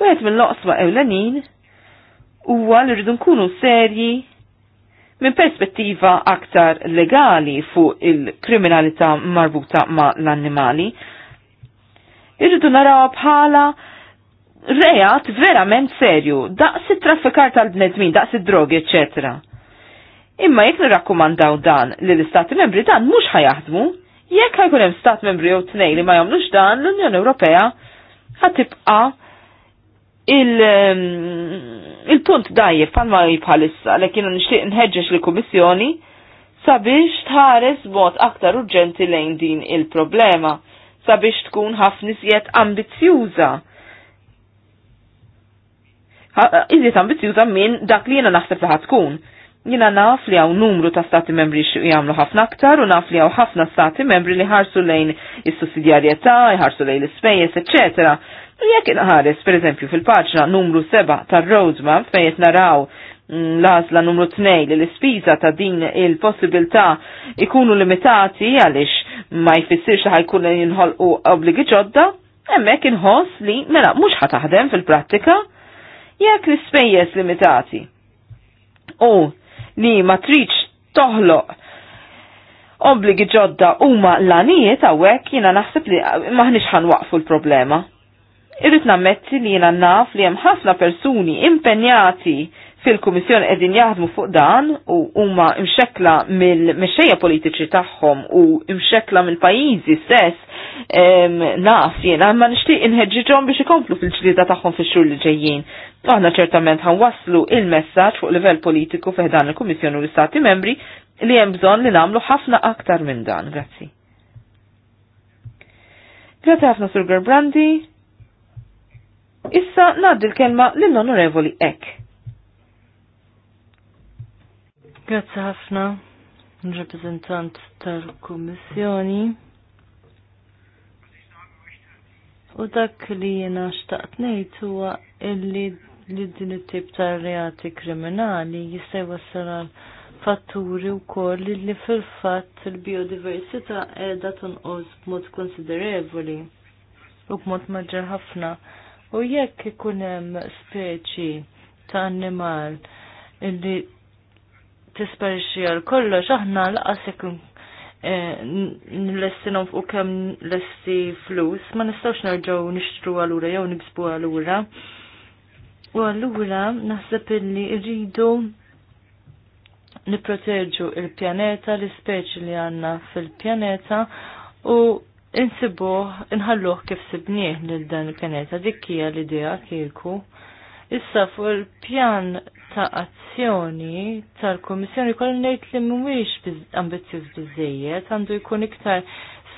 Wieħed mill-loqsma ewlenin huwa li rridu nkunu serji minn perspettiva aktar legali fuq il-kriminalità marbuta ma' l-annimali irridu naraw bħala reat verament serju, daqs it-traffikar tal-bnedmin, daqs id-drogi, etc. Imma jekk nirrakkomandaw dan li l-Istati Membri dan mhux ħajaħdmu, jekk ħajkun hemm Stat Membri jew tnej li ma jagħmlux dan, l-Unjoni Ewropea ħatibqa ehm, il-punt il dajjef pan ma jibħalissa, li kienu nixtieq nħeġġeġ li kummissjoni sabiex tħares b'mod aktar urġenti lejn din il-problema sabiex tkun ħafna iżjed ambizjuża. Iżjed ambizjuża minn dak li jiena naħseb li tkun. Jiena naf li hawn numru ta' stati membri jagħmlu ħafna aktar u naf li hawn ħafna stati membri li ħarsu lejn is-sussidjarjetà, jħarsu lejn l-ispejjeż, eċetera. U jekk inħares, per eżempju, fil-paġna numru 7 tar-roadmap fejn qed naraw mm, l-għazla numru 2 li l-ispiża ta' din il-possibilità ikunu limitati għaliex ma jfissirx li ħajkun jinħolqu obbligi ġodda, hemmhekk inħoss li mela mhux ħataħdem fil-prattika jekk l-ispejjeż limitati. U li ma tridx toħloq obbligi ġodda huma l-għanijiet hawnhekk jiena naħseb li maħnix ħanwaqfu l-problema. Irrit nammetti li jena naf li hemm ħafna persuni impenjati fil-Kummissjoni qegħdin jaħdmu fuq dan u huma imxekla mill-mexxejja politiċi tagħhom u imxekla mill-pajjiżi stess naf jena ma nixtieq inħeġġiġhom biex ikomplu fil-ġlieda tagħhom fix-xhur li ġejjin. Aħna ċertament ħanwasslu il-messaġġ fuq livell politiku fih dan il-Kummissjoni u l-Istati Membri li hemm bżonn li nagħmlu ħafna aktar minn dan. Grazzi. Grazzi ħafna Sur Gerbrandi. Issa naddi l-kelma l onorevoli Ek. Grazzi ħafna, rappresentant tal-Kummissjoni. U dak li jena xtaqt ngħid huwa illi li din it-tip ta' reati kriminali jista' jwassal għal fatturi wkoll li fil-fatt il-biodiversità qiegħda tonqos b'mod konsiderevoli u b'mod maġġar ħafna U jekk ikun hemm speċi ta' annimal li tisparixxi għal kollox aħna laqas ikun e, nlessinhom fuq kemm lesti flus ma nistgħux nerġgħu nixtru għalura jew nibsbu għalura. U allura naħseb illi rridu niproteġu il-pjaneta, l-ispeċi li għanna fil-pjaneta u insibuh inħalluh kif sibnieh lil dan il-kaneta dik hija l-idea kieku. Issa fuq il-pjan ta' azzjoni tal-Kummissjoni kol ngħid li mhuwiex ambizzjuż biżejjed, għandu jkun iktar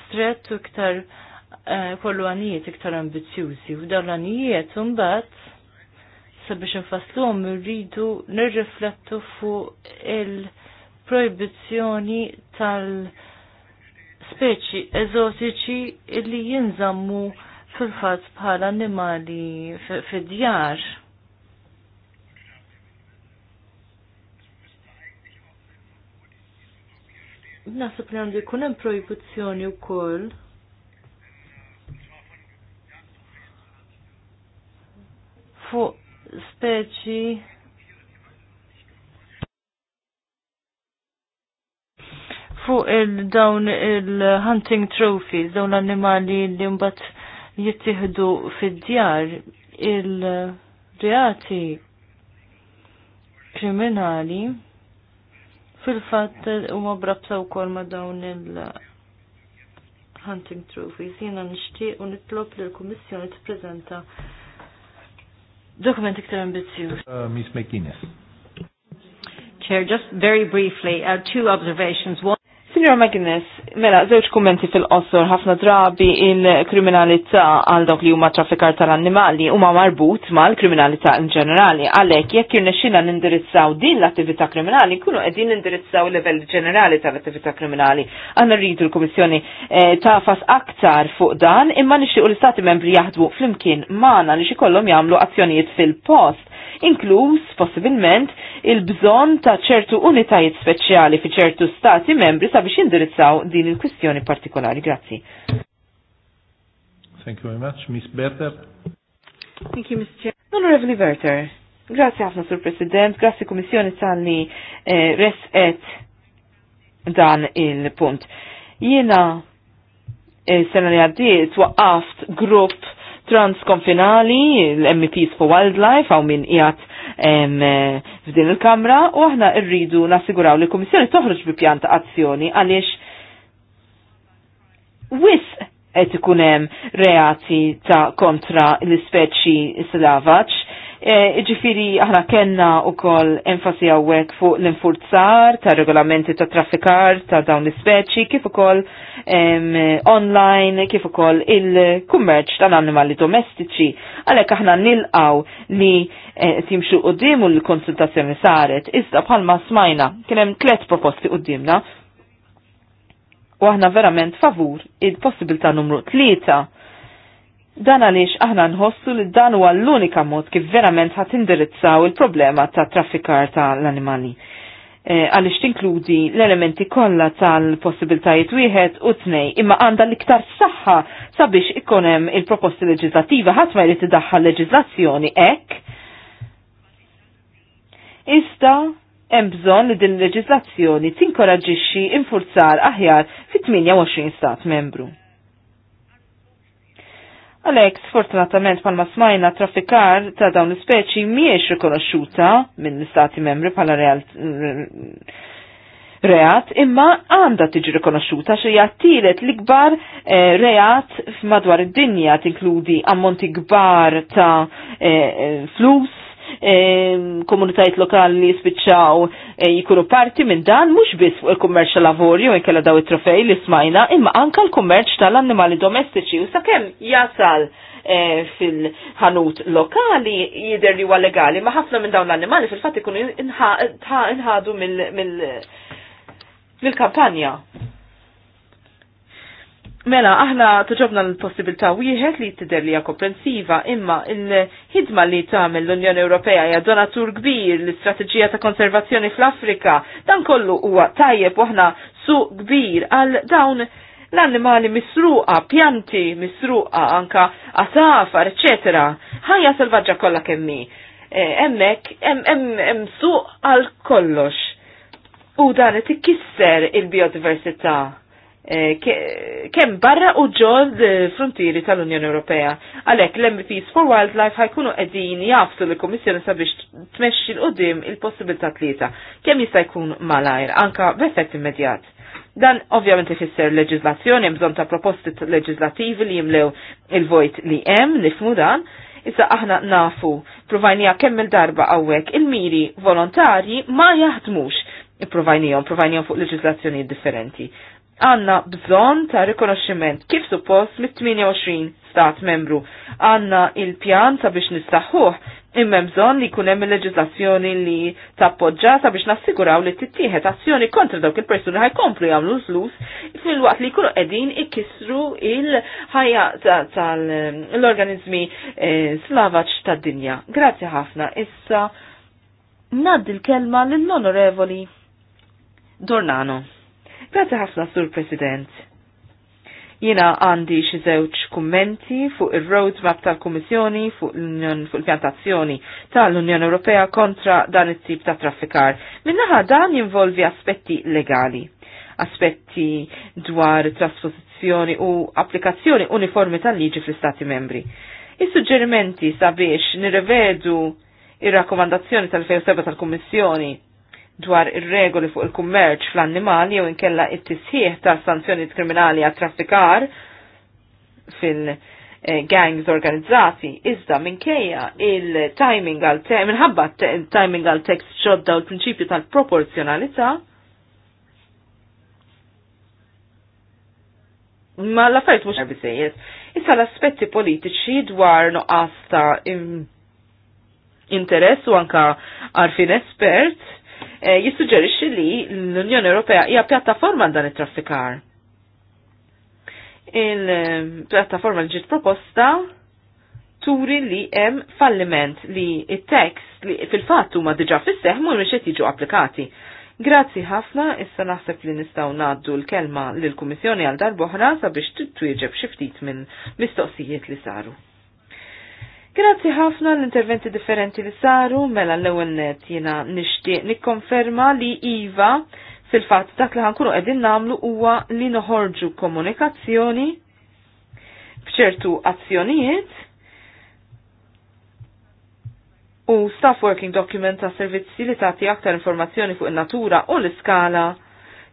strett u iktar eh, kollu għanijiet iktar ambizjużi u dawn għanijiet mbagħad sabiex nfasluhom irridu nirriflettu fuq il-projbizzjoni tal- speċi eżotiċi illi jinżammu fil-fat bħala animali fid-djar. Nasib li għandu jkun hemm proibizzjoni wkoll. Fuq speċi fuq il-dawn il-hunting trophies, dawn l-annimali li mbagħad jittieħdu fid-djar il-reati kriminali fil-fatt huma brabta kol ma' dawn il-hunting trophies. Jena nixtieq u l-Komissjoni t-prezenta dokument iktar ambizzjuż. Uh, Miss McGuinness. Chair, just very briefly, uh, two observations. One Signor Magnus, mela, zewċ kummenti fil-qossor, ħafna drabi il-kriminalità għal dawk li huma traffikar tal-annimali huma marbut mal-kriminalità in ġenerali. Għalhekk jekk jirnexxina nindirizzaw din l-attività kriminali, kunu qegħdin nindirizzaw il-livell ġenerali tal-attività kriminali. Aħna rridu l-Kummissjoni eh, tafas aktar fuq dan, imma nixtiequ l-Istati membri jaħdmu flimkien magħna li xikollhom jagħmlu azzjonijiet fil-post inkluż possibilment il-bżon ta' ċertu unitajiet speċjali fi ċertu stati membri sabiex indirizzaw din il-kwistjoni partikolari. Grazzi. Thank you very much. Miss Berter. Thank you, Mr. Chair. Honorable Berter. grazzi ħafna, Sur President. Grazzi Kummissjoni tal-li eh, resqet dan il-punt. Jiena eh, sena li għaddiet twaqqaft grupp transkonfinali, l-MPs for Wildlife, għaw minn jgħat Eh, f'din il-Kamra u aħna rridu nassiguraw li l-Kummissjoni toħroġ bi pjanta azzjoni għaliex wis qed ikun hemm reati ta' kontra l-ispeċi slavaċ E, iġifiri, aħna kena u kol enfasi għawek fuq l-infurzar ta' regolamenti ta' traffikar ta' dawn l-speċi, kif u kol online, kif u kol il-kummerċ tal animali domestiċi. Għalek aħna nilqaw li e, timxu u l-konsultazzjoni saret, iżda bħalma smajna, kienem tlet proposti u dimna, u aħna verament favur il-possibilta numru tlieta Dan għaliex aħna nħossu li dan huwa l-unika mod kif verament ħat indirizzaw il-problema ta' traffikar tal-animali. E, għaliex tinkludi l-elementi kollha tal-possibiltajiet wieħed u tnej imma għandha l-iktar saħħa sabiex ikun hemm il-proposti leġislattiva ħadd ma jrid idaħħal leġislazzjoni hekk. Iżda hemm bżonn li din il leġislazzjoni tinkoraġixxi infurzar aħjar fit-28 stat membru. Għalek, sfortunatament palma smajna traffikar ta' dawn l-speċi miex rikonoxxuta minn stati membri pala realt reat imma għanda tiġi rikonoxxuta xi jattilet l-ikbar eh, reat madwar id-dinja tinkludi ammonti kbar ta' eh, eh, flus Ehm, komunitajiet lokali li jispiċċaw e, jikunu parti minn dan mhux biss fuq il-kummerċ tal-avorju jkella daw it-trofej li smajna, imma anka l-kummerċ tal-annimali domestiċi u sakemm jasal e, fil-ħanut lokali jider li huwa legali, ma ħafna minn dawn l-annimali fil-fatt ikunu inħadu mill-kampanja. Mela, aħna toġobna l-possibilità wieħed li tidher li komprensiva, imma il-ħidma li tagħmel l-Unjoni Ewropea hija donatur kbir l-istrateġija ta' konservazzjoni fl-Afrika, dan kollu huwa tajjeb u aħna suq kbir għal dawn l-annimali misruqa, pjanti misruqa, anka asafar, etc. Ħajja selvaġġa kollha kemmi. Hemmhekk e, hemm suq għal kollox. U dan it-tikisser il-biodiversità Eh, kemm barra u ġol eh, frontieri tal-Unjoni Ewropea. Għalhekk l-MPs for Wildlife ħajkunu qegħdin jafsu l kummissjoni sabiex tmexxi l qudiem il-possibilità tlieta kemm jista' jkun malajr anka b'effett immedjat. Dan ovvjament ifisser leġiżlazzjoni bżon bżonn ta' proposti leġislativi li jimlew il-vojt li hemm nifmu dan, Issa aħna nafu, provajnija kemm il-darba għawek, il-miri volontarji ma jaħdmux provajnijom, provajnijom fuq leġislazzjoni differenti għanna bżon ta' rikonoxximent kif suppost mit-28 stat membru. Għanna il-pjan ta' biex nistaħuħ imma bżon li kunem il-leġislazzjoni li tappoġġa ta' biex nassiguraw li tittieħed azzjoni kontra dawk il-persuni ħajkomplu jagħmlu flus fil-waqt li jkunu qegħdin ikissru il-ħajja tal-organizmi eh, slavaċ tad-dinja. Grazzi ħafna. Issa naddi l-kelma lill-onorevoli Dornano. Grazie ħafna, Sur President. Jina għandi xi żewġ kummenti fuq ir-roadmap tal-Kummissjoni fuq l-pjantazzjoni tal-Unjoni Ewropea kontra dan it-tip ta' traffikar. Minnaħa dan jinvolvi aspetti legali, aspetti dwar trasposizzjoni u applikazzjoni uniformi tal-liġi fl-Stati membri. Is-suġġerimenti sabiex nirrevedu ir-rakkomandazzjoni tal-2007 tal-Kummissjoni dwar ir-regoli fuq il-kummerċ fl-annimali jew inkella it-tisħiħ ta' sanzjoni kriminali għat traffikar fil-gangs eh, organizzati, iżda minkejja il-timing għal minħabba timing għal tekst ċodda u l-prinċipju tal-proporzjonalità, ma l-affarijiet mhux biżejjed. Issa l-aspetti politiċi dwar noqasta ta' interess u anka għarfin espert Eh, jissuġġerixxi li l-Unjoni Ewropea hija pjattaforma dan it-traffikar. Il-pjattaforma li ġiet proposta turi li hemm falliment li it text li fil-fatt huma diġà fis mhux mhumiex qed jiġu applikati. Grazzi ħafna, issa naħseb li nistaw naddu l-kelma l-Kummissjoni għal darboħra sabiex titwieġeb xi ftit minn mistoqsijiet li saru. Grazzi ħafna l-interventi differenti li saru, mela l-ewel net jena nishtiq nikkonferma li Iva fil-fat dak li ħankunu qegħdin namlu huwa li noħorġu komunikazzjoni bċertu azzjonijiet u staff working document ta' servizzi li tagħti aktar informazzjoni fuq in-natura u l-iskala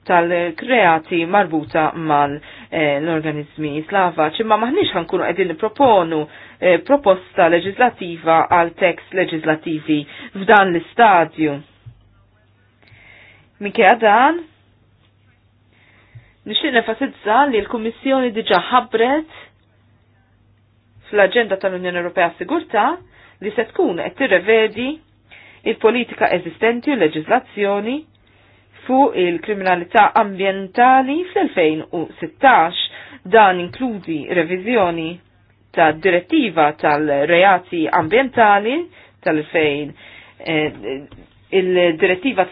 tal-kreati marbuta mal eh, l-organizmi slava, ma maħniċ ħankunu għedin proponu eh, proposta leġislativa għal tekst leġislativi f'dan l-istadju. Minkejja dan, nixtieq nefasizza li l-Kummissjoni diġà ħabbret fl-Aġenda tal-Unjoni Ewropea Sigurta li se tkun qed tirrevedi il-politika eżistenti u l leġiżlazzjoni fuq il-kriminalità ambientali fl-2016 dan inkludi reviżjoni ta' direttiva tal-reati ambientali tal-2000 eh, il-direttiva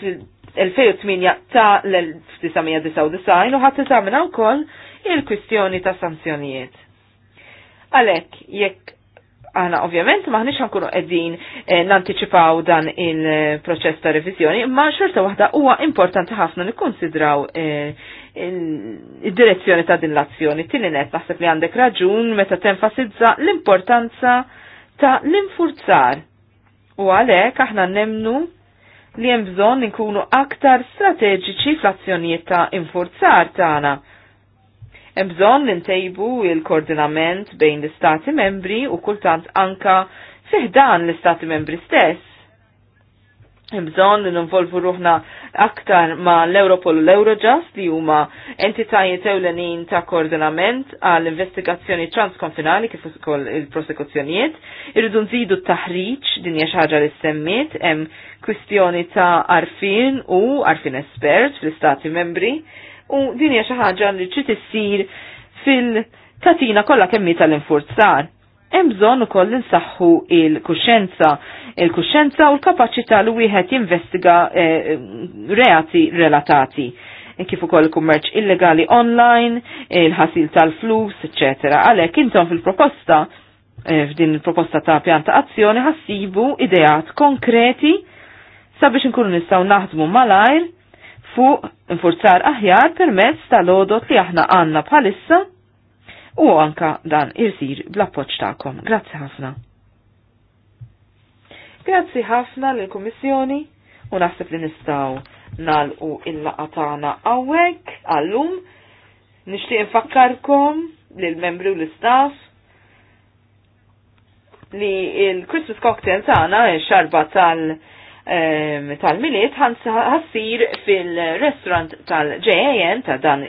2008 ta' l-1999 u ħat tisamina wkoll il-kwistjoni ta' sanzjonijiet. Għalek, jekk Għana ovvjament maħniċ ħankunu edin eh, nantiċipaw dan il-proċess ta' revizjoni, ma xorta wahda huwa importanti ħafna nikkonsidraw eh, id-direzzjoni ta' din l-azzjoni. net naħseb li għandek raġun meta tenfasizza l-importanza ta' l-infurzar. U għalek aħna nemnu li hemm bżonn aktar strateġiċi fl-azzjonijiet ta' infurzar tagħna. Ta Hemm bżonn li il-koordinament bejn l-istati membri u kultant anka fiħdan l-istati membri stess. Hemm bżonn li ruħna aktar ma l-Europol u l-Eurojust li huma entitajiet ewlenin ta' koordinament għall investigazzjoni transkonfinali kif ukoll il-prosekuzzjonijiet, irridu nżidu t-taħriġ din hija xi ħaġa li semmiet hemm kwistjoni ta' arfin u arfin espert fl-istati membri u din hija xi ħaġa li trid issir fil tatina kollha kemm kemmi tal-infurzar. Hemm bżonn ukoll insaħħu il-kuxenza, il-kuxenza u l-kapaċità li wieħed jinvestiga eh, reati relatati e kif ukoll kummerċ illegali online, il-ħasil tal-flus, eċetera. Għalhekk intom fil-proposta eh, f'din il-proposta ta' pjanta azzjoni ħassibu ideat konkreti sabiex nkunu nistgħu naħdmu malajr fuq infurzar aħjar permezz tal-odot li aħna għanna bħalissa u anka dan irsir bl-appoċ ta'kom. Grazzi ħafna. Grazzi ħafna l-Komissjoni u naħseb li nistaw nal-u il-laqatana għawek għallum. Nishtiq infakkarkom l-membri u l-istaff li il-Christmas cocktail tagħna xarba tal- tal-miliet ħassir fil-restaurant tal-JAN ta' dan